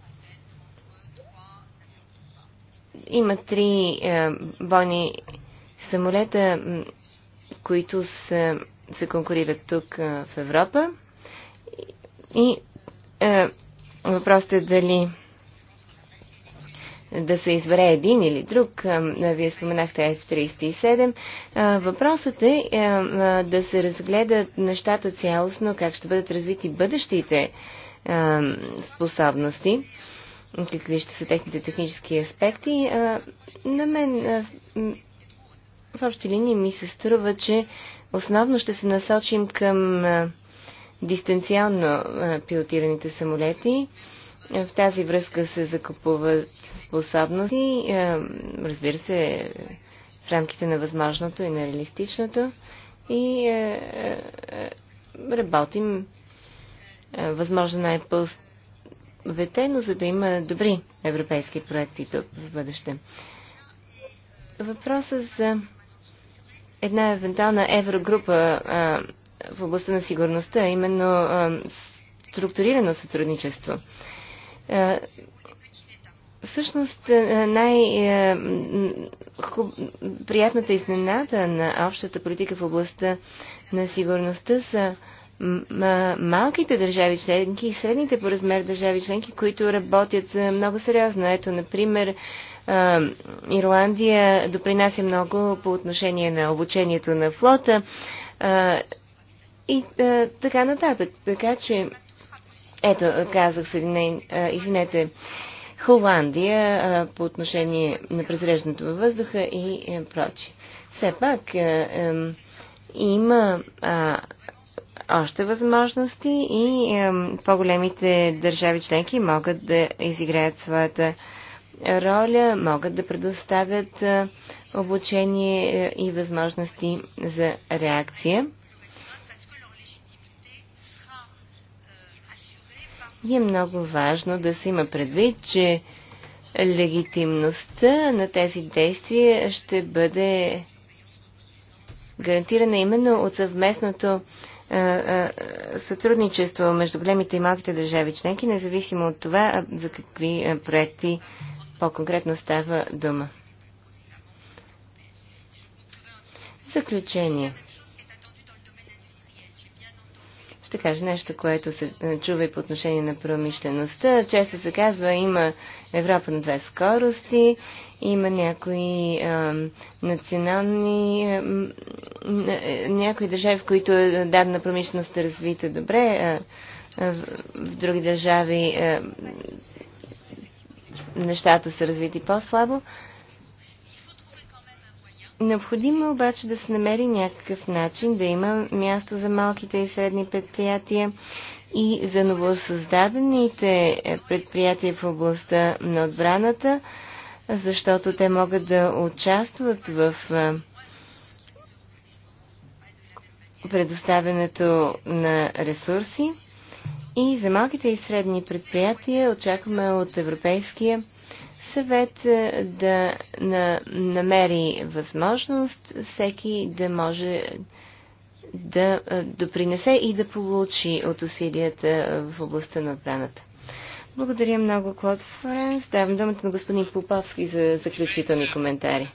има три е, бойни самолета, които са, се конкурират тук е, в Европа. И е, въпросът е дали да се избере един или друг. Е, вие споменахте F-37. Е, въпросът е, е да се разгледат нещата цялостно, как ще бъдат развити бъдещите способности какви ще са техните технически аспекти. На мен в общи линии ми се струва, че основно ще се насочим към дистанционно пилотираните самолети. В тази връзка се закупуват способности, разбира се, в рамките на възможното и на реалистичното. И работим възможно най-пълст вете, но за да има добри европейски проекти тук в бъдеще. Въпросът за една евентуална еврогрупа а, в областта на сигурността, именно а, структурирано сътрудничество. А, всъщност най-приятната изненада на общата политика в областта на сигурността са малките държави членки и средните по размер държави членки, които работят много сериозно. Ето, например, Ирландия допринася много по отношение на обучението на флота и така нататък. Така че, ето, казах, Съединен... извинете, Холандия по отношение на презреждането във въздуха и прочи. Все пак има още възможности и е, по-големите държави членки могат да изиграят своята роля, могат да предоставят е, обучение е, и възможности за реакция. И е много важно да се има предвид, че легитимността на тези действия ще бъде гарантирана именно от съвместното е, е, сътрудничество между големите и малките държави членки, независимо от това за какви е, проекти по-конкретно става дума. Заключение. Ще кажа нещо, което се чува и по отношение на промишлеността. Често се казва, има Европа на две скорости, има някои а, национални, а, някои държави, в които е дадена промишленост е развита добре, а, а, в, други държави а, нещата са развити по-слабо. Необходимо е обаче да се намери някакъв начин да има място за малките и средни предприятия и за новосъздадените е, предприятия в областта на отбраната, защото те могат да участват в е, предоставянето на ресурси. И за малките и средни предприятия очакваме от Европейския съвет е, да на, намери възможност всеки да може да е, допринесе и да получи от усилията в областта на отбраната. Благодаря много, Клод Форенс. Давам думата на господин Поповски за заключителни коментари.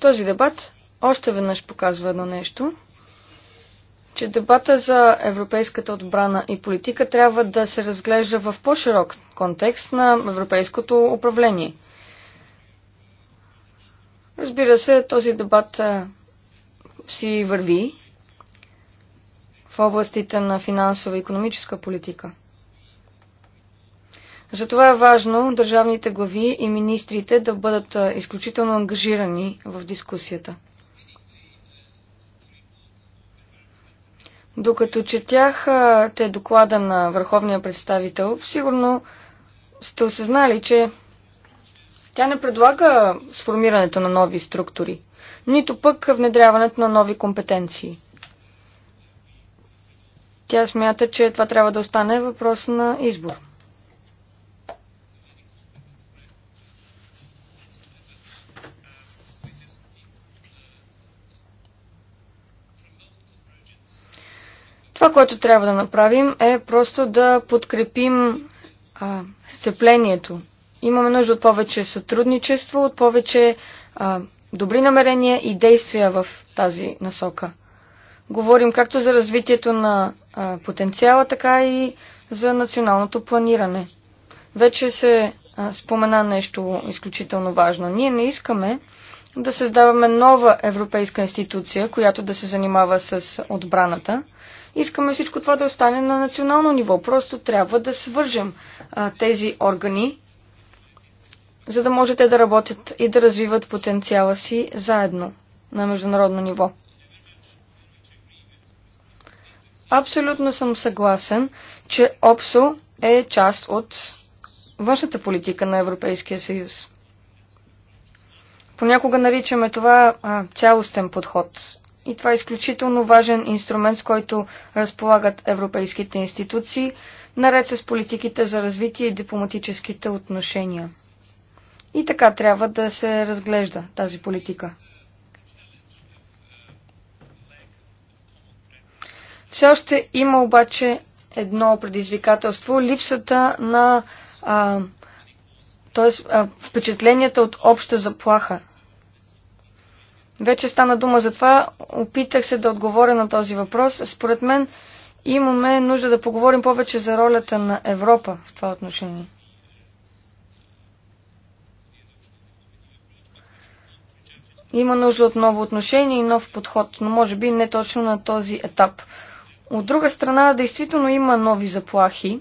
Този дебат още веднъж показва едно нещо – че дебата за европейската отбрана и политика трябва да се разглежда в по-широк контекст на европейското управление. Разбира се, този дебат е, си върви в областите на финансова и економическа политика. Затова е важно държавните глави и министрите да бъдат е, изключително ангажирани в дискусията. Докато четях те доклада на върховния представител, сигурно сте осъзнали, че тя не предлага сформирането на нови структури, нито пък внедряването на нови компетенции. Тя смята, че това трябва да остане въпрос на избор. Това, което трябва да направим е просто да подкрепим а, сцеплението. Имаме нужда от повече сътрудничество, от повече а, добри намерения и действия в тази насока. Говорим както за развитието на а, потенциала, така и за националното планиране. Вече се а, спомена нещо изключително важно. Ние не искаме да създаваме нова европейска институция, която да се занимава с отбраната искаме всичко това да остане на национално ниво. Просто трябва да свържем а, тези органи, за да можете да работят и да развиват потенциала си заедно на международно ниво. Абсолютно съм съгласен, че ОПСО е част от външната политика на Европейския съюз. Понякога наричаме това а, цялостен подход и това е изключително важен инструмент, с който разполагат европейските институции, наред с политиките за развитие и дипломатическите отношения. И така трябва да се разглежда тази политика. Все още има обаче едно предизвикателство липсата на. А, а, впечатленията от обща заплаха. Вече стана дума за това, опитах се да отговоря на този въпрос. Според мен имаме нужда да поговорим повече за ролята на Европа в това отношение. Има нужда от ново отношение и нов подход, но може би не точно на този етап. От друга страна, действително има нови заплахи,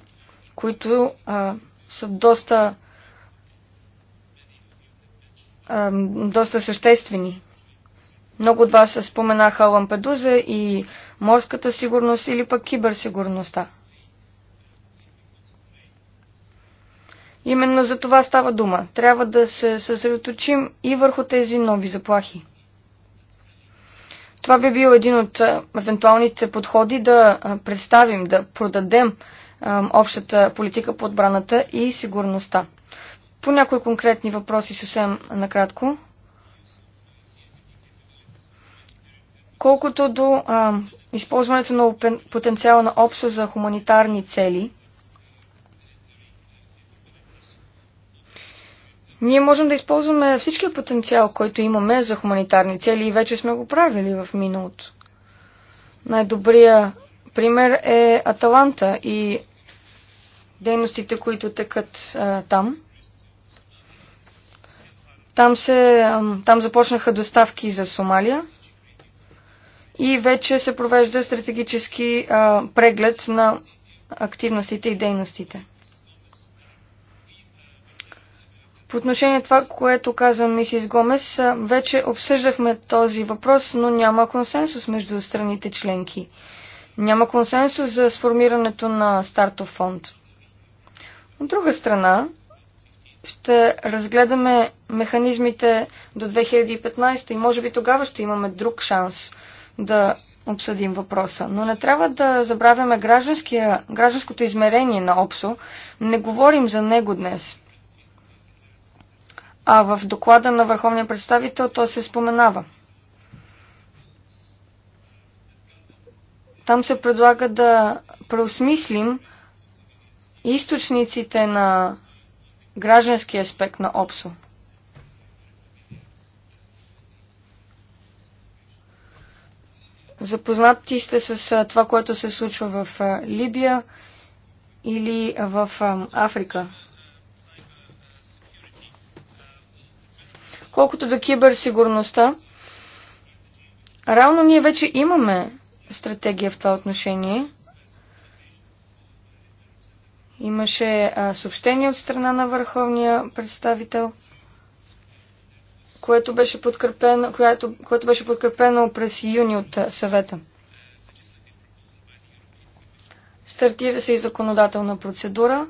които а, са доста, а, доста съществени. Много от вас споменаха Лампедуза и морската сигурност или пък киберсигурността. Именно за това става дума. Трябва да се съсредоточим и върху тези нови заплахи. Това би бил един от евентуалните подходи да представим, да продадем общата политика по отбраната и сигурността. По някои конкретни въпроси съвсем накратко. Колкото до а, използването на потенциала на общо за хуманитарни цели, ние можем да използваме всичкия потенциал, който имаме за хуманитарни цели и вече сме го правили в миналото. Най-добрия пример е Аталанта и дейностите, които текат а, там. Там, се, а, там започнаха доставки за Сомалия – и вече се провежда стратегически а, преглед на активностите и дейностите. По отношение на това, което каза мисис Гомес, вече обсъждахме този въпрос, но няма консенсус между страните членки. Няма консенсус за сформирането на стартов фонд. От друга страна, ще разгледаме механизмите до 2015 и може би тогава ще имаме друг шанс да обсъдим въпроса. Но не трябва да забравяме гражданското измерение на ОПСО. Не говорим за него днес. А в доклада на Върховния представител то се споменава. Там се предлага да преосмислим източниците на граждански аспект на ОПСО. Запознати сте с това, което се случва в Либия или в Африка. Колкото до киберсигурността, равно ние вече имаме стратегия в това отношение. Имаше съобщение от страна на върховния представител – което беше подкрепено, което, което беше подкрепено през юни от съвета. Стартира се и законодателна процедура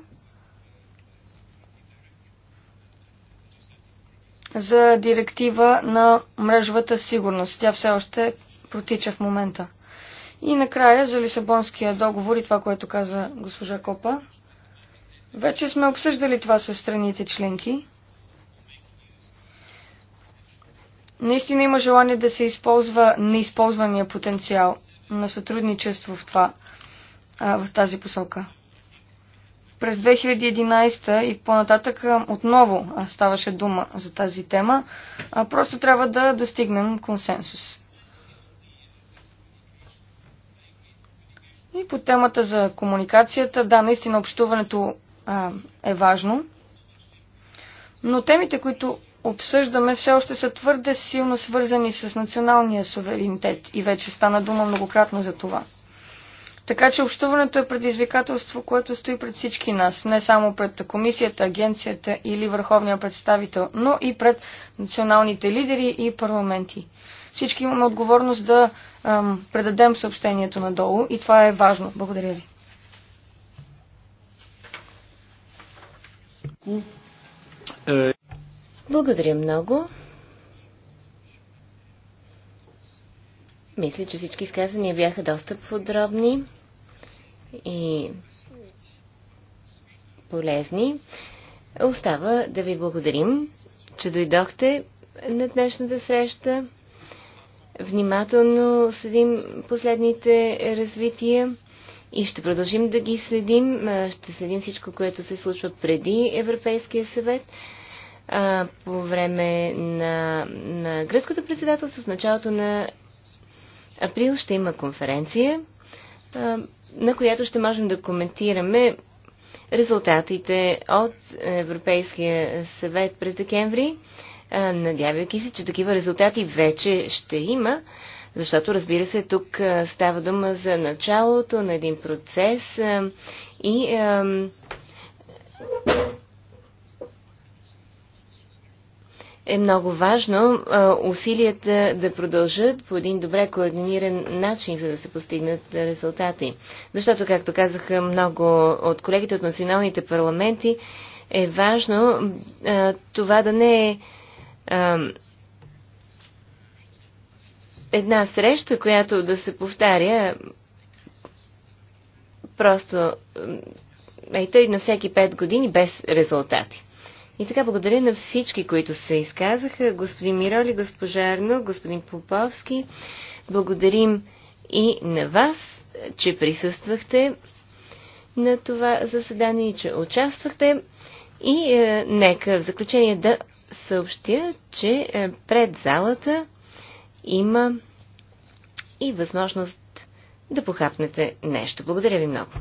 за директива на мрежовата сигурност. Тя все още протича в момента. И накрая за Лисабонския договор и това, което каза госпожа Копа. Вече сме обсъждали това с страните членки. Наистина има желание да се използва неизползвания потенциал на сътрудничество в, това, в тази посока. През 2011 и по-нататък отново ставаше дума за тази тема. просто трябва да достигнем консенсус. И по темата за комуникацията, да, наистина общуването а, е важно. Но темите, които обсъждаме, все още са твърде силно свързани с националния суверенитет и вече стана дума многократно за това. Така че общуването е предизвикателство, което стои пред всички нас, не само пред комисията, агенцията или върховния представител, но и пред националните лидери и парламенти. Всички имаме отговорност да ам, предадем съобщението надолу и това е важно. Благодаря ви. Е, благодаря много. Мисля, че всички изказвания бяха доста подробни и полезни. Остава да ви благодарим, че дойдохте на днешната среща. Внимателно следим последните развития и ще продължим да ги следим. Ще следим всичко, което се случва преди Европейския съвет а, по време на, на гръцкото председателство. В началото на април ще има конференция, а, на която ще можем да коментираме резултатите от Европейския съвет през декември, а, надявайки се, че такива резултати вече ще има. Защото, разбира се, тук става дума за началото на един процес и е много важно усилията да продължат по един добре координиран начин, за да се постигнат резултати. Защото, както казаха много от колегите от националните парламенти, е важно това да не е една среща, която да се повтаря просто ей тъй на всеки 5 години без резултати. И така, благодаря на всички, които се изказаха. Господин Мироли, госпожа Арно, господин Поповски. Благодарим и на вас, че присъствахте на това заседание, че участвахте. И е, нека в заключение да съобщя, че е, пред залата има и възможност да похапнете нещо. Благодаря ви много.